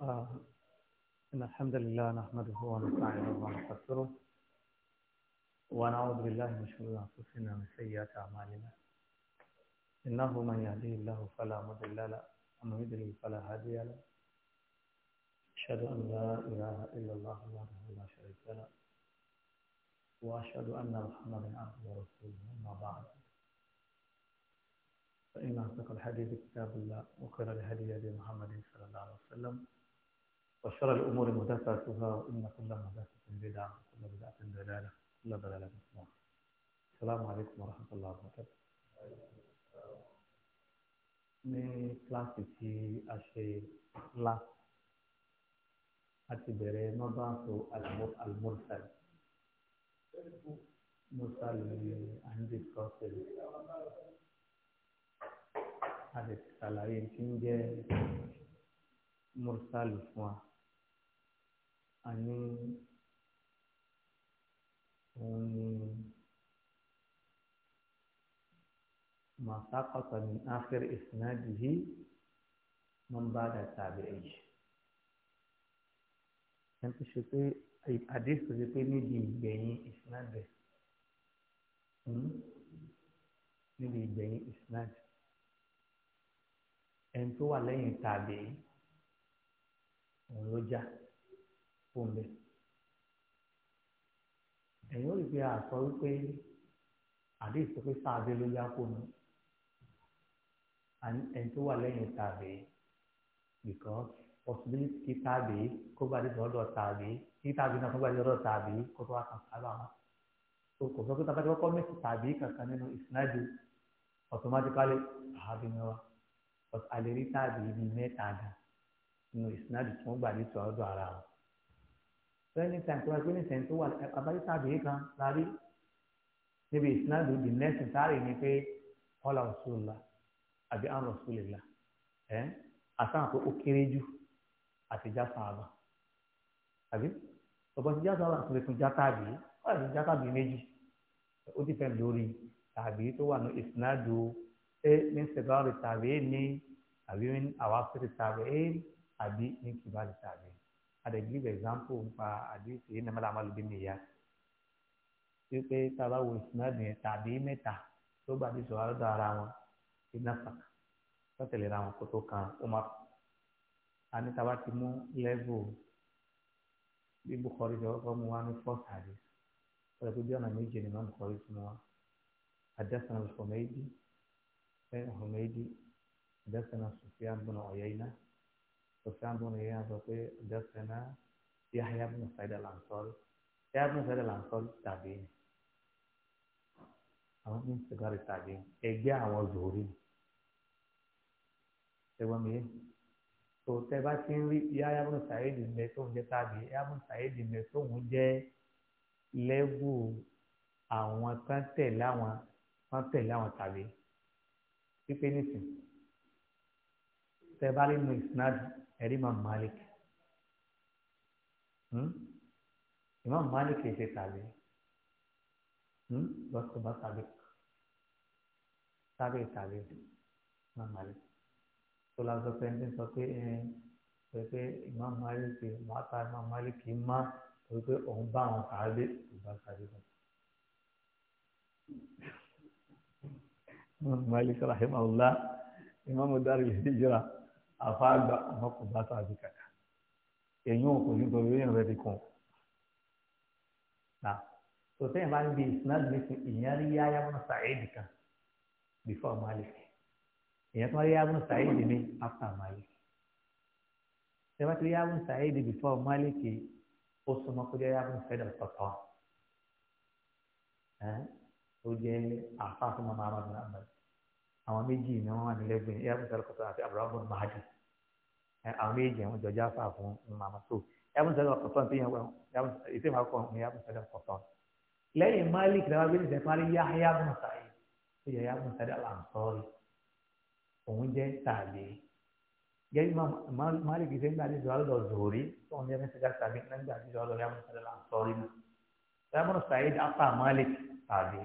آه، إن الحمد لله نحمده ونستعينه ونستغفره ونعوذ بالله من شرور أنفسنا ومن سيئات أعمالنا إنه من يهديه الله فلا مضل له ومن يضلل فلا هادي له أشهد أن لا إله إلا الله وحده لا شريك له وأشهد أن محمدا عبده ورسوله أما بعد فإن أصدق الحديث كتاب الله وخير الهدي هدي محمد صلى الله عليه وسلم وشر الأمور محدثاتها وإن كل محدثة بدعة وكل بدعة دلالة وكل دلالة في السلام عليكم ورحمة الله وبركاته ní kíláàsì tí a ṣe lá a ti bẹ̀rẹ̀ nọ́bàṣọ almursal mursal andy scottel a lè ṣàlàyé tí ń jẹ́ mursal fún wa. àní òun ni màsákọ̀tọ̀ ní áfírí ìsìnàjì yìí máa ń bá dà tàbí èyí. ẹni tó ṣe pé àdéhùn tó ṣe pé níbi ìgbẹ̀yìn ìsìnàjì hmm? níbi fún mi ẹ̀yin ó rí pé àsọ wípé àdé ìsọpé sáadé ló yá kó mi ẹni tó wà lẹ́yìn tàbí because possibility kí tàbí kó gbàdé lọ́dọ̀ tàbí kí tàbí náà kó gbàdé lọ́dọ̀ tàbí kó tó wà kàn sábà wọn so kò sọ pé tàbí kọ́kọ́ mẹ́sì tàbí kankan nínú ìsinájú automatically àhábí náà wá but àlè rí tàbí bíi mẹ́ta dà nínú ìsinájú tí wọ́n gbàdé sọ̀rọ̀ ara wọn sẹ́ni tẹ̀ǹtọ́ ẹgbẹ́ ní tẹ̀ǹtọ́ wà abáyíká àbẹ̀yẹ kan lárí níbi ìsinádù di nẹ́ẹ̀sì sáré ni pé ọ̀là òṣùlá àbí àrùn òṣùlélá ẹ̀ àtàwọn tó ó kéré jù àtijá sáàbà àbí ọ̀bọ̀n ti já sáàbà tó lè tún já tàbí ọ̀là tó já tàbí méjì ó ti fẹ́ lórí tàbí tó wà ní ìsinádù ẹ ní sẹ̀gáàrì tàbí ní àbí ní àwáfẹ́rẹ́ tàbí ẹ àbí ní kìbárì tàbí. Ada give example nípa àdìsí nàmẹ́lá nama nìyá wípé tábà wo ìsìnàdì yẹn tàbí mẹ́ta tó gbà bí sọ̀rọ̀ àlọ́dọ̀ ara wọn ti náfà tọ́tẹ̀lẹ̀ ra wọn kó tó kan ọmọ a ní tábà ti mú level bí Bukhari sọ̀rọ̀ fọ́ mu wá ní first hadith wọ́n ti bí ọ̀nà méje ni wọ́n Bukhari ti mú wá adásánà Humaydi ẹ̀ eh, Humaydi adásánà Sufyan bin Uyayna. سفيان بن عيان سوتي حدثنا يحيى بن سعيد الأنصاري يحيى بن سعيد الأنصاري تابعين àwọn ní sìgárì tadi. ẹgbẹ́ àwọn zòrí ẹ̀gbọ́n mi tó tẹ bá ti ń rí ìyá yabun saheed mẹ tó ń jẹ tàbí yabun saheed mẹ tó ń jẹ lẹ́wù àwọn kan tẹ̀lé àwọn kan tẹ̀lé àwọn tàbí pípé nìsín tẹ bá rí mu ìsinádùn ẹ̀rí Imam Malik hmm? Imam Malik kì í ṣe tàbí lọ́sọ̀ hmm? bá tàbí tàbí tàbí Imam Malik tó la sọ pé ẹni sọ pé ẹ pé Imam Malik kì í má ta Imam Malik kì í má torí pé òun bá àwọn tàbí ìgbà tàbí Imam Malik rahimahullah Imam Darul Hijra àfáàgbà àwọn kò bá sáà dìkàdà èyí ò kò ní gbòòrò èèyàn rẹ ti kàn náà tó sẹ́yìn bá ń bi isnad nísìn ìyẹn rí yáyá wọn Sa'id kan before Malik ìyẹn tó rí yáyá wọn Sa'id ní after Malik sẹ́yìn bá ti rí yáyá wọn Sa'id before Malik ó súnmọ́ kó jẹ́ yáyá wọn Sa'id ọ̀tọ̀ọ̀tọ̀ ó jẹ́ àfáàfún mọ́mọ́ amadu náà àwọn méjì ni wọ́n wà nílẹ̀ gbìn yáyá wọn Sa'id ọ̀tọ̀ọ̀tọ̀ àti Abraham mahadi àwọn méjì àwọn jọjá fà fún màmá so yàbùn sọdọ kọtọ ní tẹyàn wọn yàbùn ètò ìmọ̀ ní yàbùn sọdọ kọtọ lẹ́yìn malik náà wọ́n gbé parí yahya bùn sa'id ó yẹ yahya bùn sa'id malik ṣe ń gbà ní ìṣòro lọ zòrí tó ń yẹ ní sẹ́gà tàbí ní gbà ní ìṣòro lọ yahya bùn sa'id al-ansari mu afa malik tàbí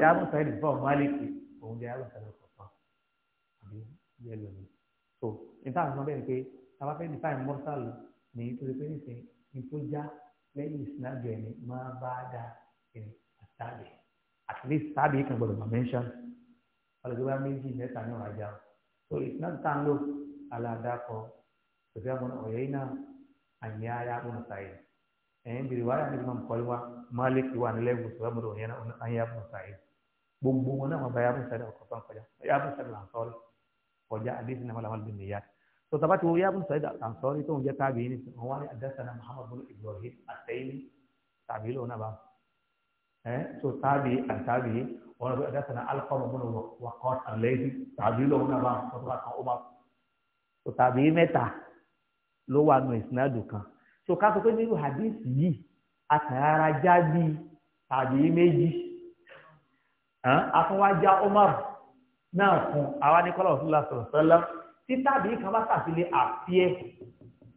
yahya bùn sa'id malik òun jẹ́ yahya bùn sa'id kọtọ àbí yẹ lónìí so níta àwọn bẹ́ẹ̀ ni pé tàbá fẹ́ ni mọ́sálù ní torí pé nìsín ìfó já lẹ́yìn ìsìnàjò ẹni máa bá dá ẹni àtàbí at least tàbí kan gbọdọ̀ máa mention ọlọ́dún wa méjì mẹ́ta náà wà já so ìsìnàjò tá à ń lò aládàkọ òfin àwọn ọ̀yẹ́ iná àyè ara ọ̀nà sàyè ẹ̀yìn bìrì wàhálà níbi máa ń kọ́lé wa máa lè kí wà ní lẹ́gùn tó lọ́mọdé òyìn àyè ọ̀nà sàyè gbogbo wọn náà wọn bá yàgùn sàdé ọkọ̀ tó ń kọjá yàgùn sàdé là ń sọ́ọ́lẹ̀ kọjá àdéhùn náà wọn làwọn lè tọ́tàbá ti wo yá bùn sọ́yìn àǹsọ́rí itu ń tabi ini. yìí nìsín wọn wá muhammad bin ibrahim àtẹ́yìn tábì lòun náà bá Eh, so tabi, àtàbì yìí wọn ada bí al alqama bin waqas àlẹ́yìn tábì lòun náà bá wọn tó bá kan ó bá so tábì yìí mẹ́ta ló wà nù so ká sọ pé nínú hadith yìí àtàrà já bí tábì yìí méjì àtúnwájá umar náà fún àwa ní kọ́lá ọ̀sùn lásán sọ́lá tí tàbí kan bá tàbílẹ̀ àfíẹ́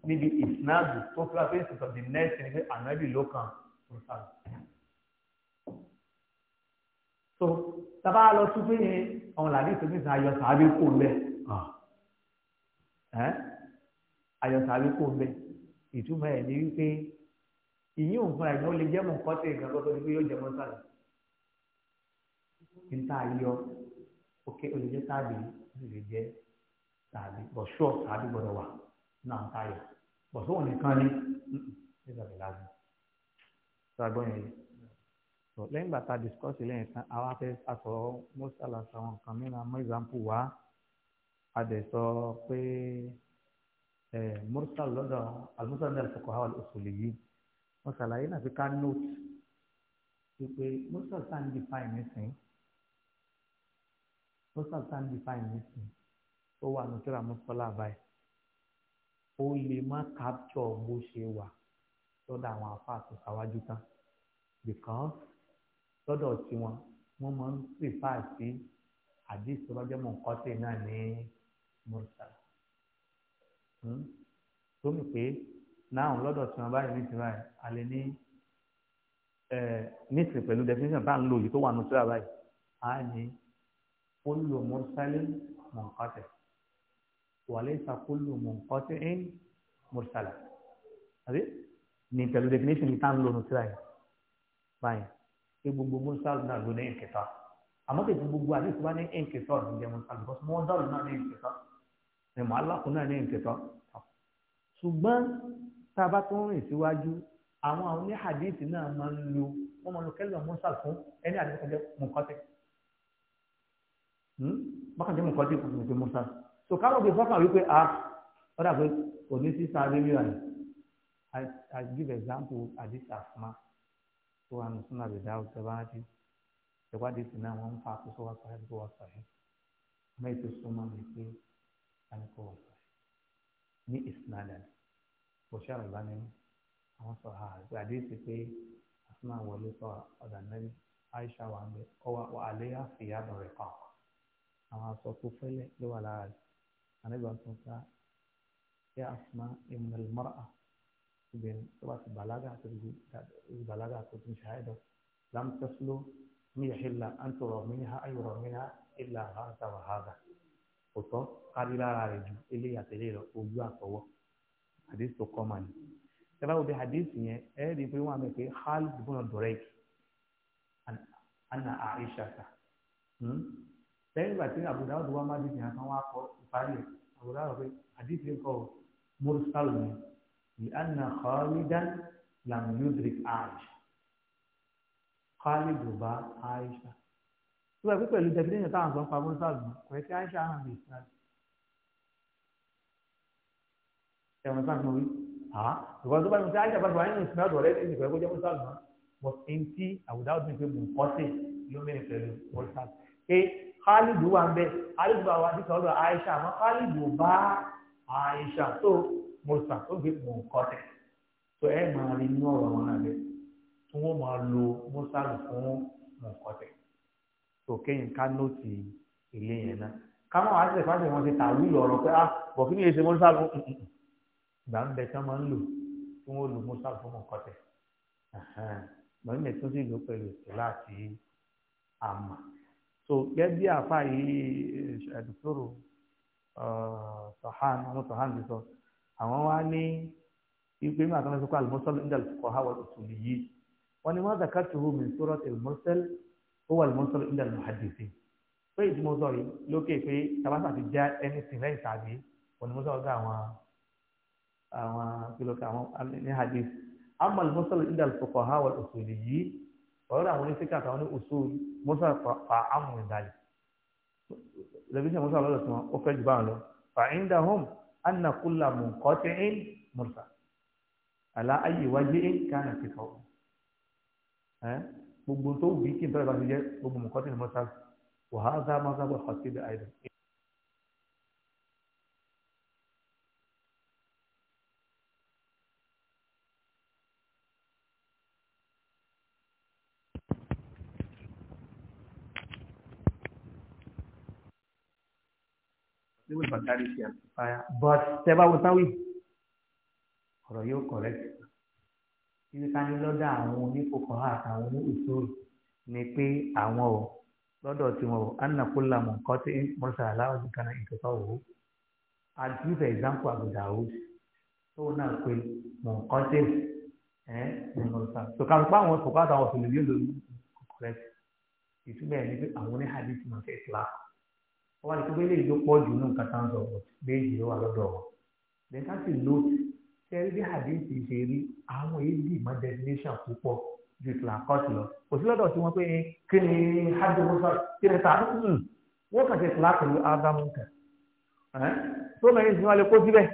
níbi ìsinádù tó fi wáá fẹ́ẹ́ sọ̀tọ̀ di nẹ́ẹ̀sì ní pé ànábì ló kan rúṣàlù. so tábà lọ tún pé yẹn àwọn làdí ìsòmí ìsìn ayọ̀ sàábí kò mbẹ́ ah. ayọ̀ sàábí kò mbẹ́ ìtumọ̀ ẹ̀ ní wípé ìyín òun fúnra ìgbà ó lè jẹ́ mọ̀ kọ́tì ìgbà tó tóbi pé yóò jẹ́ mọ́ sàlẹ̀ níta ayọ̀ òkè olùjẹ́ tàbí olùjẹ́ tàbí bọ̀ṣọ́ tàbí gbọ́dọ̀ wà náà ń tayọ̀ bọ̀ṣọ́ òun nìkan ní nígbà tí láti gbàgbọ́ yẹn so lẹ́yìn a discourse lẹ́yìn tán àwa fẹ́ sọ mọ́sálà sàwọn nǹkan mìíràn mọ́ example wá a dẹ̀ sọ pé mursal lọ́dọ̀ almursal ní al-fuqaha al-usuliyyin wọ́n ṣàlàyé náà fi ká note wípé mursal tá ń define nísìn mursal tá ń define nísìn ó wà ní tíra mọ́sálà báyìí ó lè má capture bó ṣe wà lọ́dọ̀ àwọn afá àtúnṣàwájú tán because lọ́dọ̀ tiwọn wọ́n máa ń prefer sí hadith tó bá jẹ́ mọ̀ nǹkọ́tì náà ní mursal hmm? tó mi pé náà lọ́dọ̀ tiwọn báyìí ní tiwọn báyìí a ní nísìnyí pẹ̀lú definition tá à ń lò yìí tó wà ní tíra báyìí a ní ó lò mursalin mọ̀ wàlẹ́sà kúlù mọ̀nkọ́tẹ́ ẹ̀ mọ̀sálà àbí ní Ni definition yìí tá ń lónú síra yìí báyìí pé gbogbo mọ̀sálà náà ló ní ẹ̀kẹta àmọ́ tètè gbogbo àdéhùn bá ní ẹ̀kẹta ọ̀rọ̀ ìjẹun mọ̀sálà because mọ̀ọ́dọ́rù náà ní ẹ̀kẹta ẹ̀ mọ̀ alákùn náà ní ẹ̀kẹta ṣùgbọ́n tá a bá tún rìn síwájú àwọn àwọn ní hadith náà máa ń lo wọ́n máa lo kẹ́lọ́ mọ̀sálà fún ẹni àdéhùn kan jẹ́ mọ̀kọ́tẹ́ hmm? bákan jẹ́ mọ̀kọ́tẹ́ kò so káwọn òbí fọkàn wípé a ah, ó dà pé kò ní sísan adébíyà ni i give example adis asma tó wà ní súnà bẹ̀dá ọ̀sẹ̀bánájì ìwádìí sì náà wọ́n ń fa àkóso wa sọ̀rọ̀ àdúgbò wa sọ̀rọ̀ ọmọ ètò súnmọ́ mi pé àdúgbò wa sọ̀rọ̀ ní ìsìnàdà bọ̀ṣẹ́ àrùbá ni àwọn sọ̀rọ̀ àgbàdì sí pé asma wọlé sọ ọ̀dà náà Aisha wa ń bẹ ọwọ́ àléyà fìyà bọ̀rẹ̀ pàpà àwọn aṣọ tó fẹ́lẹ́ ló wà lára rẹ̀ ànábìwá sọ pé ẹ àfúnà ìmọ̀lẹ̀ mọ́ra obìnrin tó bá ti bàlágà tó ti bàlágà tó ti ṣàyẹ̀dọ̀ lam taslo mi yahilla an tọrọ mi ha ayọrọ mi ha illa hàdà wà hàdà kò tọ́ kárí lára rẹ̀ ju eléyà tẹ̀lé lọ ojú àtọwọ́ àdéhùn tó kọ́ màní tẹ́lá wo bí hadisi yẹn ẹ́ rí i pé wọ́n á mẹ́ pé Khalid ibn Durayk ana Aisha ta hmm? lẹ́yìn ìgbà tí Abu Dawud wá má dìde àtàwọn akọ ìparí ẹ̀ àwòrán rẹ pé àdìsí kọ mursal ni ní anna khalidan lam yudrik aisha khalid bá aisha tó bá yẹ pé pẹ̀lú definition táwọn sọ ń pa mursal ni kò yẹ kí aisha hàn bí islam ẹ̀wọ̀n sáà tó wí ha ìwà tó bá yẹ kí aisha bá tó wà nínú islam rẹ ní ìgbà mursal ni but ntí àwùdá ọdún ìpè mú pọ́sẹ̀ ló mursal pé kálídù wà bẹ́ẹ̀ kálídù bá wà nípa ọ̀dọ̀ àìṣà àmọ́ kálídù bá àìṣà tó mọ̀sà tó gbé mọ̀ kọ́tẹ̀ tó ẹ̀ máa rí inú ọ̀rọ̀ wọn náà bẹ́ẹ̀ tí wọ́n máa lo mọ́sálù fún mọ̀ kọ́tẹ̀ tó kéyìn ká nóòtì ilé yẹn náà káwọn àwọn àṣẹ fáṣẹ wọn ti tà wílò ọ̀rọ̀ pé ah bọ̀ kí ni èsì mọ́sálù gbà ń bẹ tán máa ń lò tí wọ́n lo mọ́sálù fún mọ̀ kọ́tẹ̀ mọ̀ so gẹ́gẹ́ bí àfa yìí ẹ̀dùtòrò sọ̀hán ọ̀nà sọ̀hán ti sọ àwọn wá ní ipe mi àtàwọn ẹ̀sọ́ kọ́ àlùmọ́sọ́lù ń dàlù kọ́ hàwọ́ òtún yìí wọ́n ní wọ́n dàkà tó omi sọ́rọ́ tẹ̀lùmọ́sẹ́lù ó wà àlùmọ́sọ́lù ń dàlù hàdìsí pé ìdìmọ̀ sọ yìí lókè pé tabasa ti já ẹni sìn lẹ́yìn tàbí wọ́n ní wọ́n sọ̀rọ̀ àwọn àwọn kìlọ̀ àwọn ní hàdìsí àmọ́ àlùmọ́sọ́lù ń dàlù kọ́ hàwọ́ òtún yìí ọ̀rọ̀ àwọn oníṣẹ́kà àtàwọn ní òṣù mọ́sà pa áhùn ìdálẹ̀ lẹ́bíṣẹ́ mọ́sà lọ́dọ̀ tí wọ́n ó fẹ́ jù báwọn lọ fa inda hum anna kulla munqati'in mursal ala ayyi wajhin kana fi kaw eh gbogbo tó wù kí n tọ́lẹ̀ bá ti jẹ́ gbogbo munqati'in mursal wa hadha mazhabu al-khatib aidan dárí sí àtúfáyà but tẹ́bá wo sáwì ọ̀rọ̀ yóò correct títí ká ní lọ́dọ̀ àwọn onífòkàn àtàwọn oníṣòro ni pé àwọn ò lọ́dọ̀ tiwọn ò annapola mọ̀kọ́tì mọ́sá aláwọ̀ kan ìtọ́fà wò ó I'll give an example Abu Dawud tóun náà pé mọ̀kọ́tì ẹ̀ mọ̀sá tó ká ló pa àwọn fòkàn àtàwọn òṣèlú yóò lò ní correct ìtumọ̀ ẹ̀ ní pé àwọn oníhàdí ti mọ̀ sí ìtura wọ́n á lè pé lè ló pọ̀ jù nínú nǹkan tá à ń sọ méjì ló wà lọ́dọ̀ wọn then ká sì lo tẹ́lẹ̀ bí àdéhùn ṣe rí àwọn èébì mọ́ destination púpọ̀ ju ìtìlákọ́sì lọ kò sí lọ́dọ̀ tí wọ́n pé kí ni hajjumusa kí ni tààrà hmm. wọ́n kàn ṣe ìtìlákì lu ádámùkà tó mẹ́rin sí wọn lè kó síbẹ̀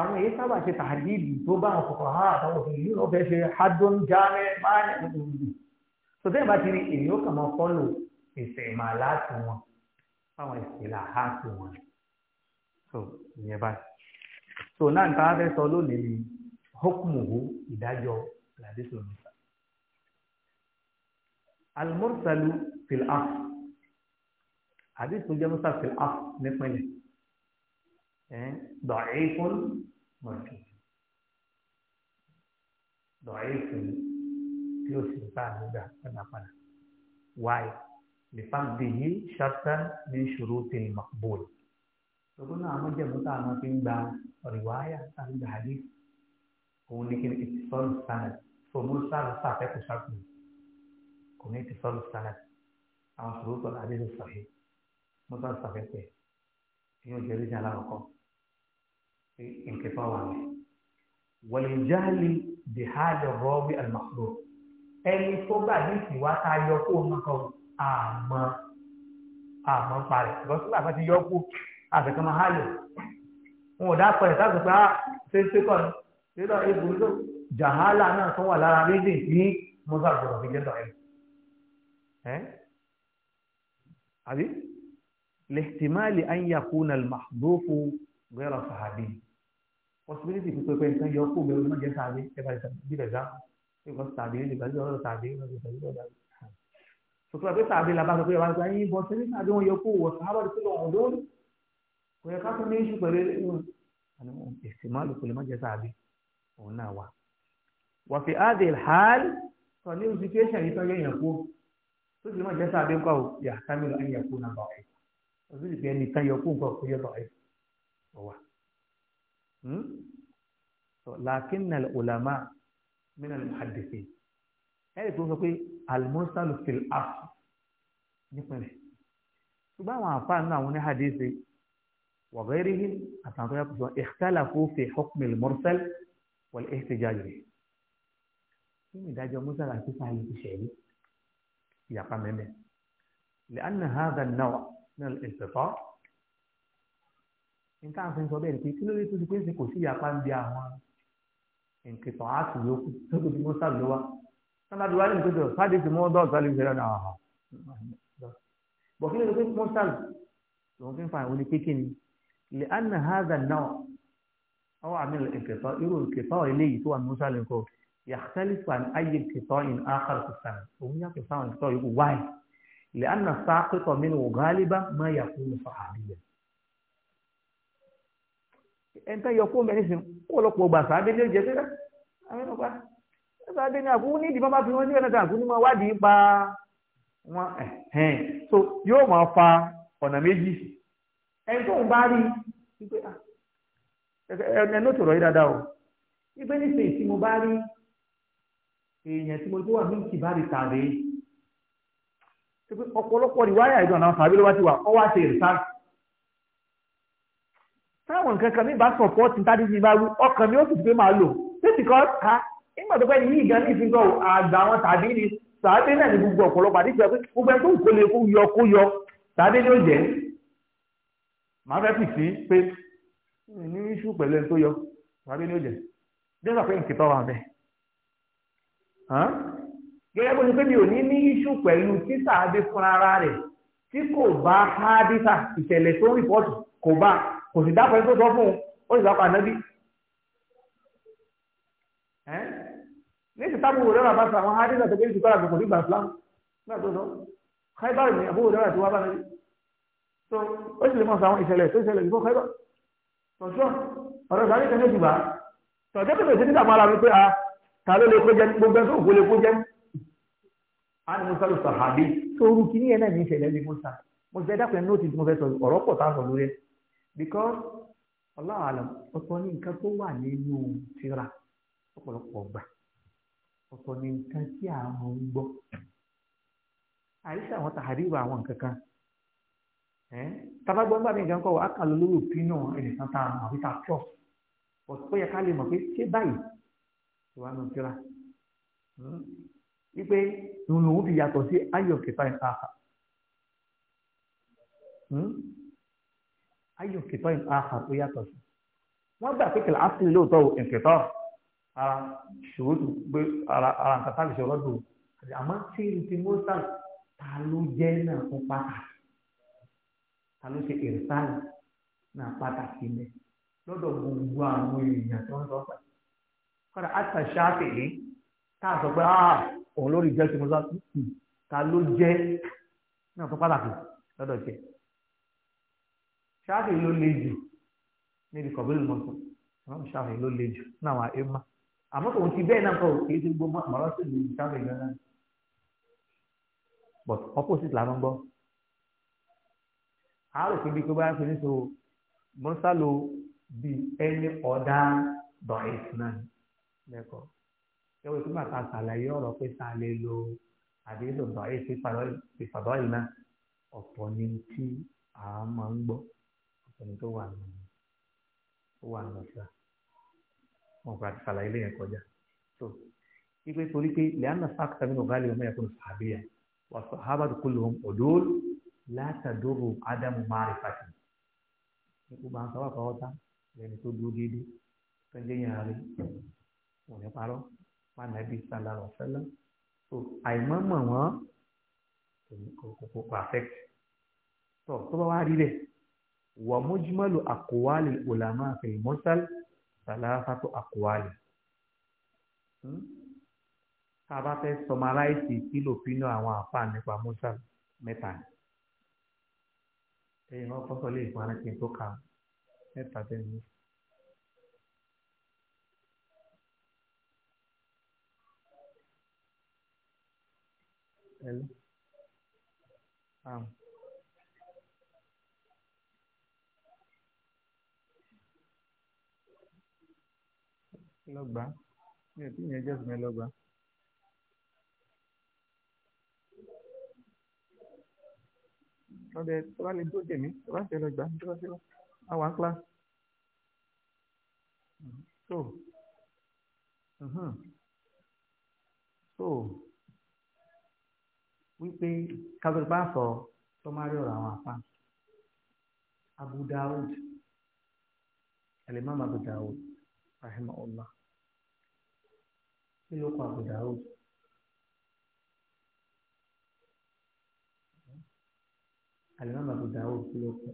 àwọn èyí sábà ṣe tàdíìlì tó bá àwọn kòkòrò àtàwọn òfin fáwọn ìṣẹ̀lẹ̀ àháàtì wọn so ìyẹn báyìí so náà nǹkan á fẹ́ sọ lónìí ni hókùmùhù ìdájọ́ àdìsí olùsà alimọ́sálù fìlàf àdìsí olùjẹ́mọ́sá fìlàf nípínlẹ̀ dọ̀ẹ́fún mọ̀tò dọ̀ẹ́fún tí ó sì lifadihi ṣartan ní shurutil maqbul tòkó náà àwọn jẹ̀mú tá a máa fi ń gba rìwáyà tá a ń gba hadith òun ní kí ni ìtìsọ́lù sanad fòmù sáàlù sàfẹ́kù sàkùn kò ní ìtìsọ́lù sanad àwọn shurutil hadith sahih mọ́tò sàfẹ́kù ẹ̀ yóò jẹ́ lójú aláwọ̀kọ́ nkẹfà wà ní. wọ̀lẹ̀jáàlì bihadar rawi al-mahdhur ẹni tó bá àdéhùn ìwà tá a àmọ́ àmọ́ ń parẹ̀ ṣùgbọ́n sígbà kan ti yọ kú àfẹ̀kẹ́ máa hálò wọn ò dápọ̀ ẹ̀ sáàtò pé á ah, ṣe ń sékọ̀ ní lọ egbò ló jàhálà náà tó wà lára méjì tí musa gbọdọ̀ fi jẹ́ dọ̀rẹ́ ẹ́ àbí lẹ́tìmáàlì anyakuna mahdofu gbẹ́rọ̀ sàhàbí possibility pípẹ́ nǹkan yọ kú mi ò ní jẹ́ sàbí ẹ̀ bá ti sàbí bí lẹ̀ dá ẹ̀ bá ti sàbí ẹ̀ bá ti sàbí ẹ̀ bá ti sàbí ẹ̀ bá ti sàbí sọ̀tún àti sàbí la bá sọ pé ọba gba yín bọ́ sẹ́ni sàbí wọn yọ kó wọ sàbá rẹ̀ sílẹ̀ ọ̀hún lórí kò yẹ ká tún ní iṣu pẹ̀lú ẹ̀rẹ́ wọn. èsì máa lò kò lè má jẹ sàbí òun náà wà. wà fi áàdì hàl hmm? sọ ní situation yìí tó yẹ yẹn kú tó sì má jẹ sàbí kọ́ ò yà sámi lọ ẹ̀yẹ kú náà bọ̀ ẹ̀ o sì fi ẹni tán yọ kú nǹkan kó yẹ bọ̀ ẹ̀ ọ̀wà. lakin na ulama min al muhaddithin ẹ̀rì tó sọ pé alimọ́sálù fil afu nípìnlẹ̀ ṣùgbọ́n àwọn àfa nínú àwọn oníhàdíṣe wàgẹ́rìhì àtàwọn tó yàtọ̀ ikhtalafu fi hukmi al-mursal wal ihtijaj bihi kí ni ìdájọ́ mursal àti sáyẹn ti ṣẹ̀lẹ̀ ìyàpá mẹ́mẹ́ لأن هذا النوع من الاستطاع nǹkan àfihàn sọ bẹ́ẹ̀ ni pé kí ló dé tó ti pé kò sí ìyàpá ń bi àwọn nkìtọ̀ àti yòókù tó tóbi mọ́sálù ló wá sábà tí wàá lè gbèsè sáàdì tí mo dọ̀ sálẹ̀ ìṣẹ̀lẹ̀ náà hàn bọ̀ kí ló ló fi mọ́sán lòun fi ń fa àwọn ní kékin lè á nà ha zà náà ọwọ́ àmì ìkẹtọ́ irú ìkẹtọ́ eléyìí tó wà ní mọ́sán lẹ́kọ̀ọ́ yàtẹ́lẹ̀ fún ayé ìkẹtọ́ in áhà sàn òun yàtọ̀ sáwọn ìkẹtọ́ yòókù wáyé lè á nà sáàkẹ́tọ̀ mi ní fàhàdìyà sábàdé ní àkúkú ní ìdìbọn bá fi wọn ní ọ̀nà tàǹkú ní mọ wádìí pa wọn ẹ̀hẹ́n so yóò máa fa ọ̀nà méjì ẹni tó ń bá rí wípé ah, ẹ ní òtò rọ̀ yí dáadáa o wípé nísìnyí tí mo bá rí èèyàn tí mo tó wà ní ìkìbárì tàbí ọ̀pọ̀lọpọ̀ ìwáyà ìdùn àwọn tàbí ló wá ti wà ọwọ́ àti ìrìsà táwọn nǹkan kan mi bá sọ̀pọ̀ tí tádé mi bá wú ọkàn mi ó sì ti pé máa lò títí kan ká nígbà tó pẹ́ ní yìí gan ní ìfihàn àgbà àwọn tàbí ni tàbí náà ní gbogbo ọ̀pọ̀lọpọ̀ àti ìfẹ́ pé gbogbo ẹni tó ń kó lè kó yọ kó yọ tàbí ni ó jẹ́ màá fẹ́ pì sí pé ní iṣu pẹ̀lú ẹni tó yọ tàbí ni ó jẹ́ dẹ́sà pé nkìtọ́ wà bẹ́ẹ̀ gẹ́gẹ́ bó ṣe pé mi ò ní ní iṣu pẹ̀lú títà adé fún ara rẹ̀ tí kò bá hádìsà ìṣẹ̀lẹ̀ tó ń rìpọ́tù kò bá kò sì dápẹ́ ní ìsìn tábù òrẹ́ rà bá sọ àwọn adé nàtọ̀ kéjì kọ́ra gbogbo nígbà fúlá nígbà tó sọ káíbà rẹ̀ àbúrò rẹ̀ àti wá bá nàbí tó ó sì lè mọ̀ sọ àwọn ìṣẹ̀lẹ̀ tó ṣẹlẹ̀ ìfọ́ káíbà tọ̀sọ́ ọ̀rọ̀ sáré kan méjì bá tọ̀jọ́ tó fèsì nígbà mọ́ra mi pé a ah, ta ló lè kó jẹ gbogbo ẹ̀sọ́ òkú lè kó jẹ a ni musa ló sọ àbí sóru kí ní ẹ̀ náà ní ìṣẹ̀lẹ̀ ní musa mo fẹ́ dápẹ́ nóòtì tí mo fẹ́ sọ ọ̀rọ̀ pọ̀ tá a sọ lórí ẹ̀ because ọlọ́run àlọ́ ọ̀tọ̀ ní nǹkan tó wà nínú tírà ọ̀pọ̀lọpọ̀ ọgbà ọ̀tọ̀ ni nǹkan tí àwọn ń gbọ́ àyíṣà àwọn tàríwà àwọn nǹkan kan tabagbọ́n nígbà míì nǹkan kọ́ wa kà ló lórí òfin náà ẹnìkan tá a mọ̀ àbí tá a tọ̀ ọ̀tọ̀ yẹ ká lè mọ̀ pé ṣé báyìí ìwà náà kíra hmm? wípé lòun fi yàtọ̀ sí ayọ̀ kẹta ẹ̀ káàkà hmm? ayọ̀ kẹta ẹ̀ tó yàtọ̀ sí wọ́n gbà pé kìlá áfírí lóòótọ́ ẹ̀ ara ṣòro tó gbé ara ara nǹkan tá a lè ṣe ọlọ́dún àmọ́ tí ti mọ́sá ta ló jẹ́ náà fún pàtàkì ta ló ṣe ìrìsáàlì náà pàtàkì lẹ lọ́dọ̀ gbogbo àwọn èèyàn tó ń sọ pẹ̀ kọ́dà àtà ṣáàtì yìí tá a sọ pé ah òun lórí jẹ́ ti mọ́sá hmm, ta ló jẹ́ náà fún pàtàkì lọ́dọ̀ jẹ́ ṣáàtì ló le jù níbi kọ̀bílì mọ́tò ṣáàtì ló le jù náà wà á é má àmọ́ tòun ti bẹ́ẹ̀ náà kọ́ kì í ṣe gbogbo mọ̀rọ́ sí ìlú ìtàwé gan-an but opposite la máa ń gbọ́ àárò kí bíi tó bá ń ṣe níṣó mọ́sálò bíi ẹni ọ̀dà dọ̀ẹ́sì náà lẹ́kọ̀ọ́ yẹ́wò tó bá ta ṣàlàyé ọ̀rọ̀ pé ta lè lo àdéhùn dọ̀ẹ́sì ìfàdọ́ yìí náà ọ̀pọ̀ ni tí a máa ń gbọ́ ọ̀pọ̀ ni tó wà nù tó wà nù síra wọn kò àti sàlàyé lè yẹn kọjá so ipe torí pé lẹ́yìn fáàkì tàbí nù gáàlì ọmọ yẹn kò ní sàbíyà wà sọ hábàdù kó lòun òdòdó látàdóró ádámù márì pàtì ikú máa ń sọ wàá fọwọ́ tá lẹ́ni tó dúró déédéé tó ń jẹ́ yẹn àárẹ̀ wọn ní parọ́ so àìmọ́mọ̀ wọn kò pàfẹ́kì tó tó bá wá rí rẹ̀ sàlàfàtò àkùwálì hmm? tá a bá fẹ́ sọmaláìsì kílò pínú àwọn àfáà nípa musa mẹ́ta ẹ̀yin wọn kọ́kọ́ lè fún ara kí n tó kà á mẹ́ta bẹ́ẹ̀ ni. Hello. lọ́gbà mi ò tí ìyẹn jẹ́ ìsinmi lọ́gbà. ọdẹ tó bá lè dúró dèmí tó bá ṣe lọ́gbà tó bá ṣe lọ àwọn akla. so uh-huh. so wípé kábíyèsí bá sọ tó máa rí ọ̀rọ̀ àwọn àpá Abu Dawud al Abu Dawud rahimahullah kí ló kọ Abu Dawud. Al-Imam Abu Dawud kí ló kọ.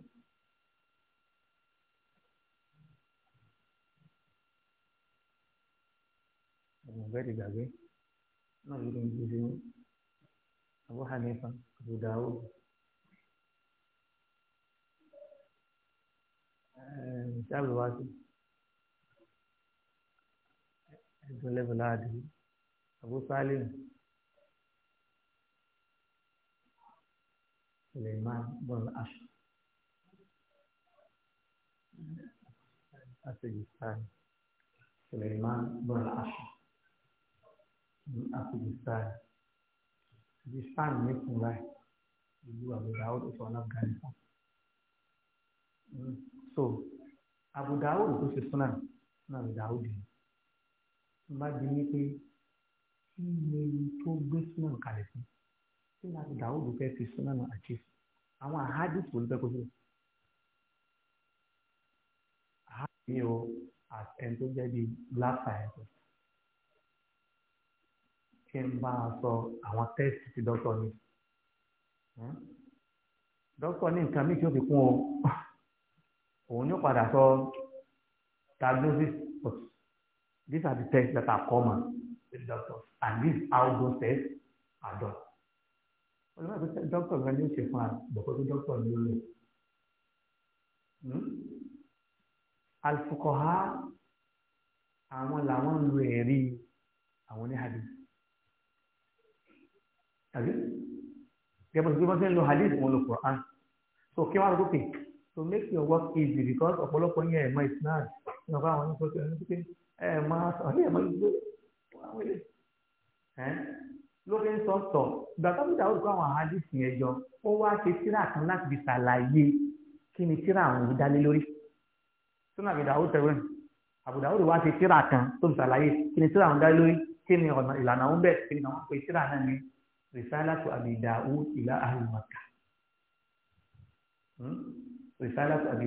ọ̀gbẹ́rì gbàgbé náà ló ń Abu Hanifa Abu Dawud. Ṣé àlùwá ìdúlẹ̀ bọ̀lá àdìrí àbú sálìm suleiman bọ́n aṣọ asèjìsàn suleiman bọ́n aṣọ asèjìsàn asèjìsàn ní kùnlá ìlú àbúrò àwọn ìfọ̀nà afghanistan. so abu dawud tó ṣe súnà súnà abu dawud yìí má di ní pé kí ni tó gbé súnà kalẹ̀ sí kí ni àti dàwùdù fẹ́ fi súnà náà àti àwọn àhádìsì wo fẹ́ kó sílẹ̀ àhádìsì yìí o ẹni tó jẹ́ bíi black scientist kí n bá a sọ àwọn test tí dọ́kítọ̀ ní hmm? dọ́kítọ̀ ní nǹkan míì tí ó fi kún o òun yóò padà sọ diagnosis These are the tests that are common with doctors, and this is how those tests are done. Olùwà tó ṣe dọ́kítọ̀ rẹ ní oṣù fún àgbọ̀kọ́ tó dọ́kítọ̀ ní olè. Hmm? Alfukoha àwọn làwọn ń lo ẹ̀rí àwọn ní hadith. Tàbí gẹ́gẹ́ bí wọ́n ti ń lo hadith wọn lo Quran. So kí wọ́n á lọ́kọ̀ to make your work easy because ọ̀pọ̀lọpọ̀ yẹn ẹ̀mọ́ ìsinmi àti ìsinmi àwọn ọ̀nà tó ṣe ẹni pé ẹ máa sọ ní ẹ̀mọ́ igbó wọ́n wẹ̀lẹ̀ ẹ́ ló fi ń sọ sọ ìgbà tó ń dà ó gbọ́ àwọn àádìsì yẹn jọ ó wá ṣe tírà kan láti fi ṣàlàyé kí ni tírà àwọn yìí dálé lórí sọ́nà àbùdá ó tẹ̀wé àbùdá ó lè wá ṣe tírà kan tó fi ṣàlàyé kí ni tírà àwọn dálé lórí kí ni ọ̀nà ìlànà ó bẹ̀ kí ni àwọn pé tírà náà ni risalatu Abi Daud ila ahli Makkah hmm? risalatu Abi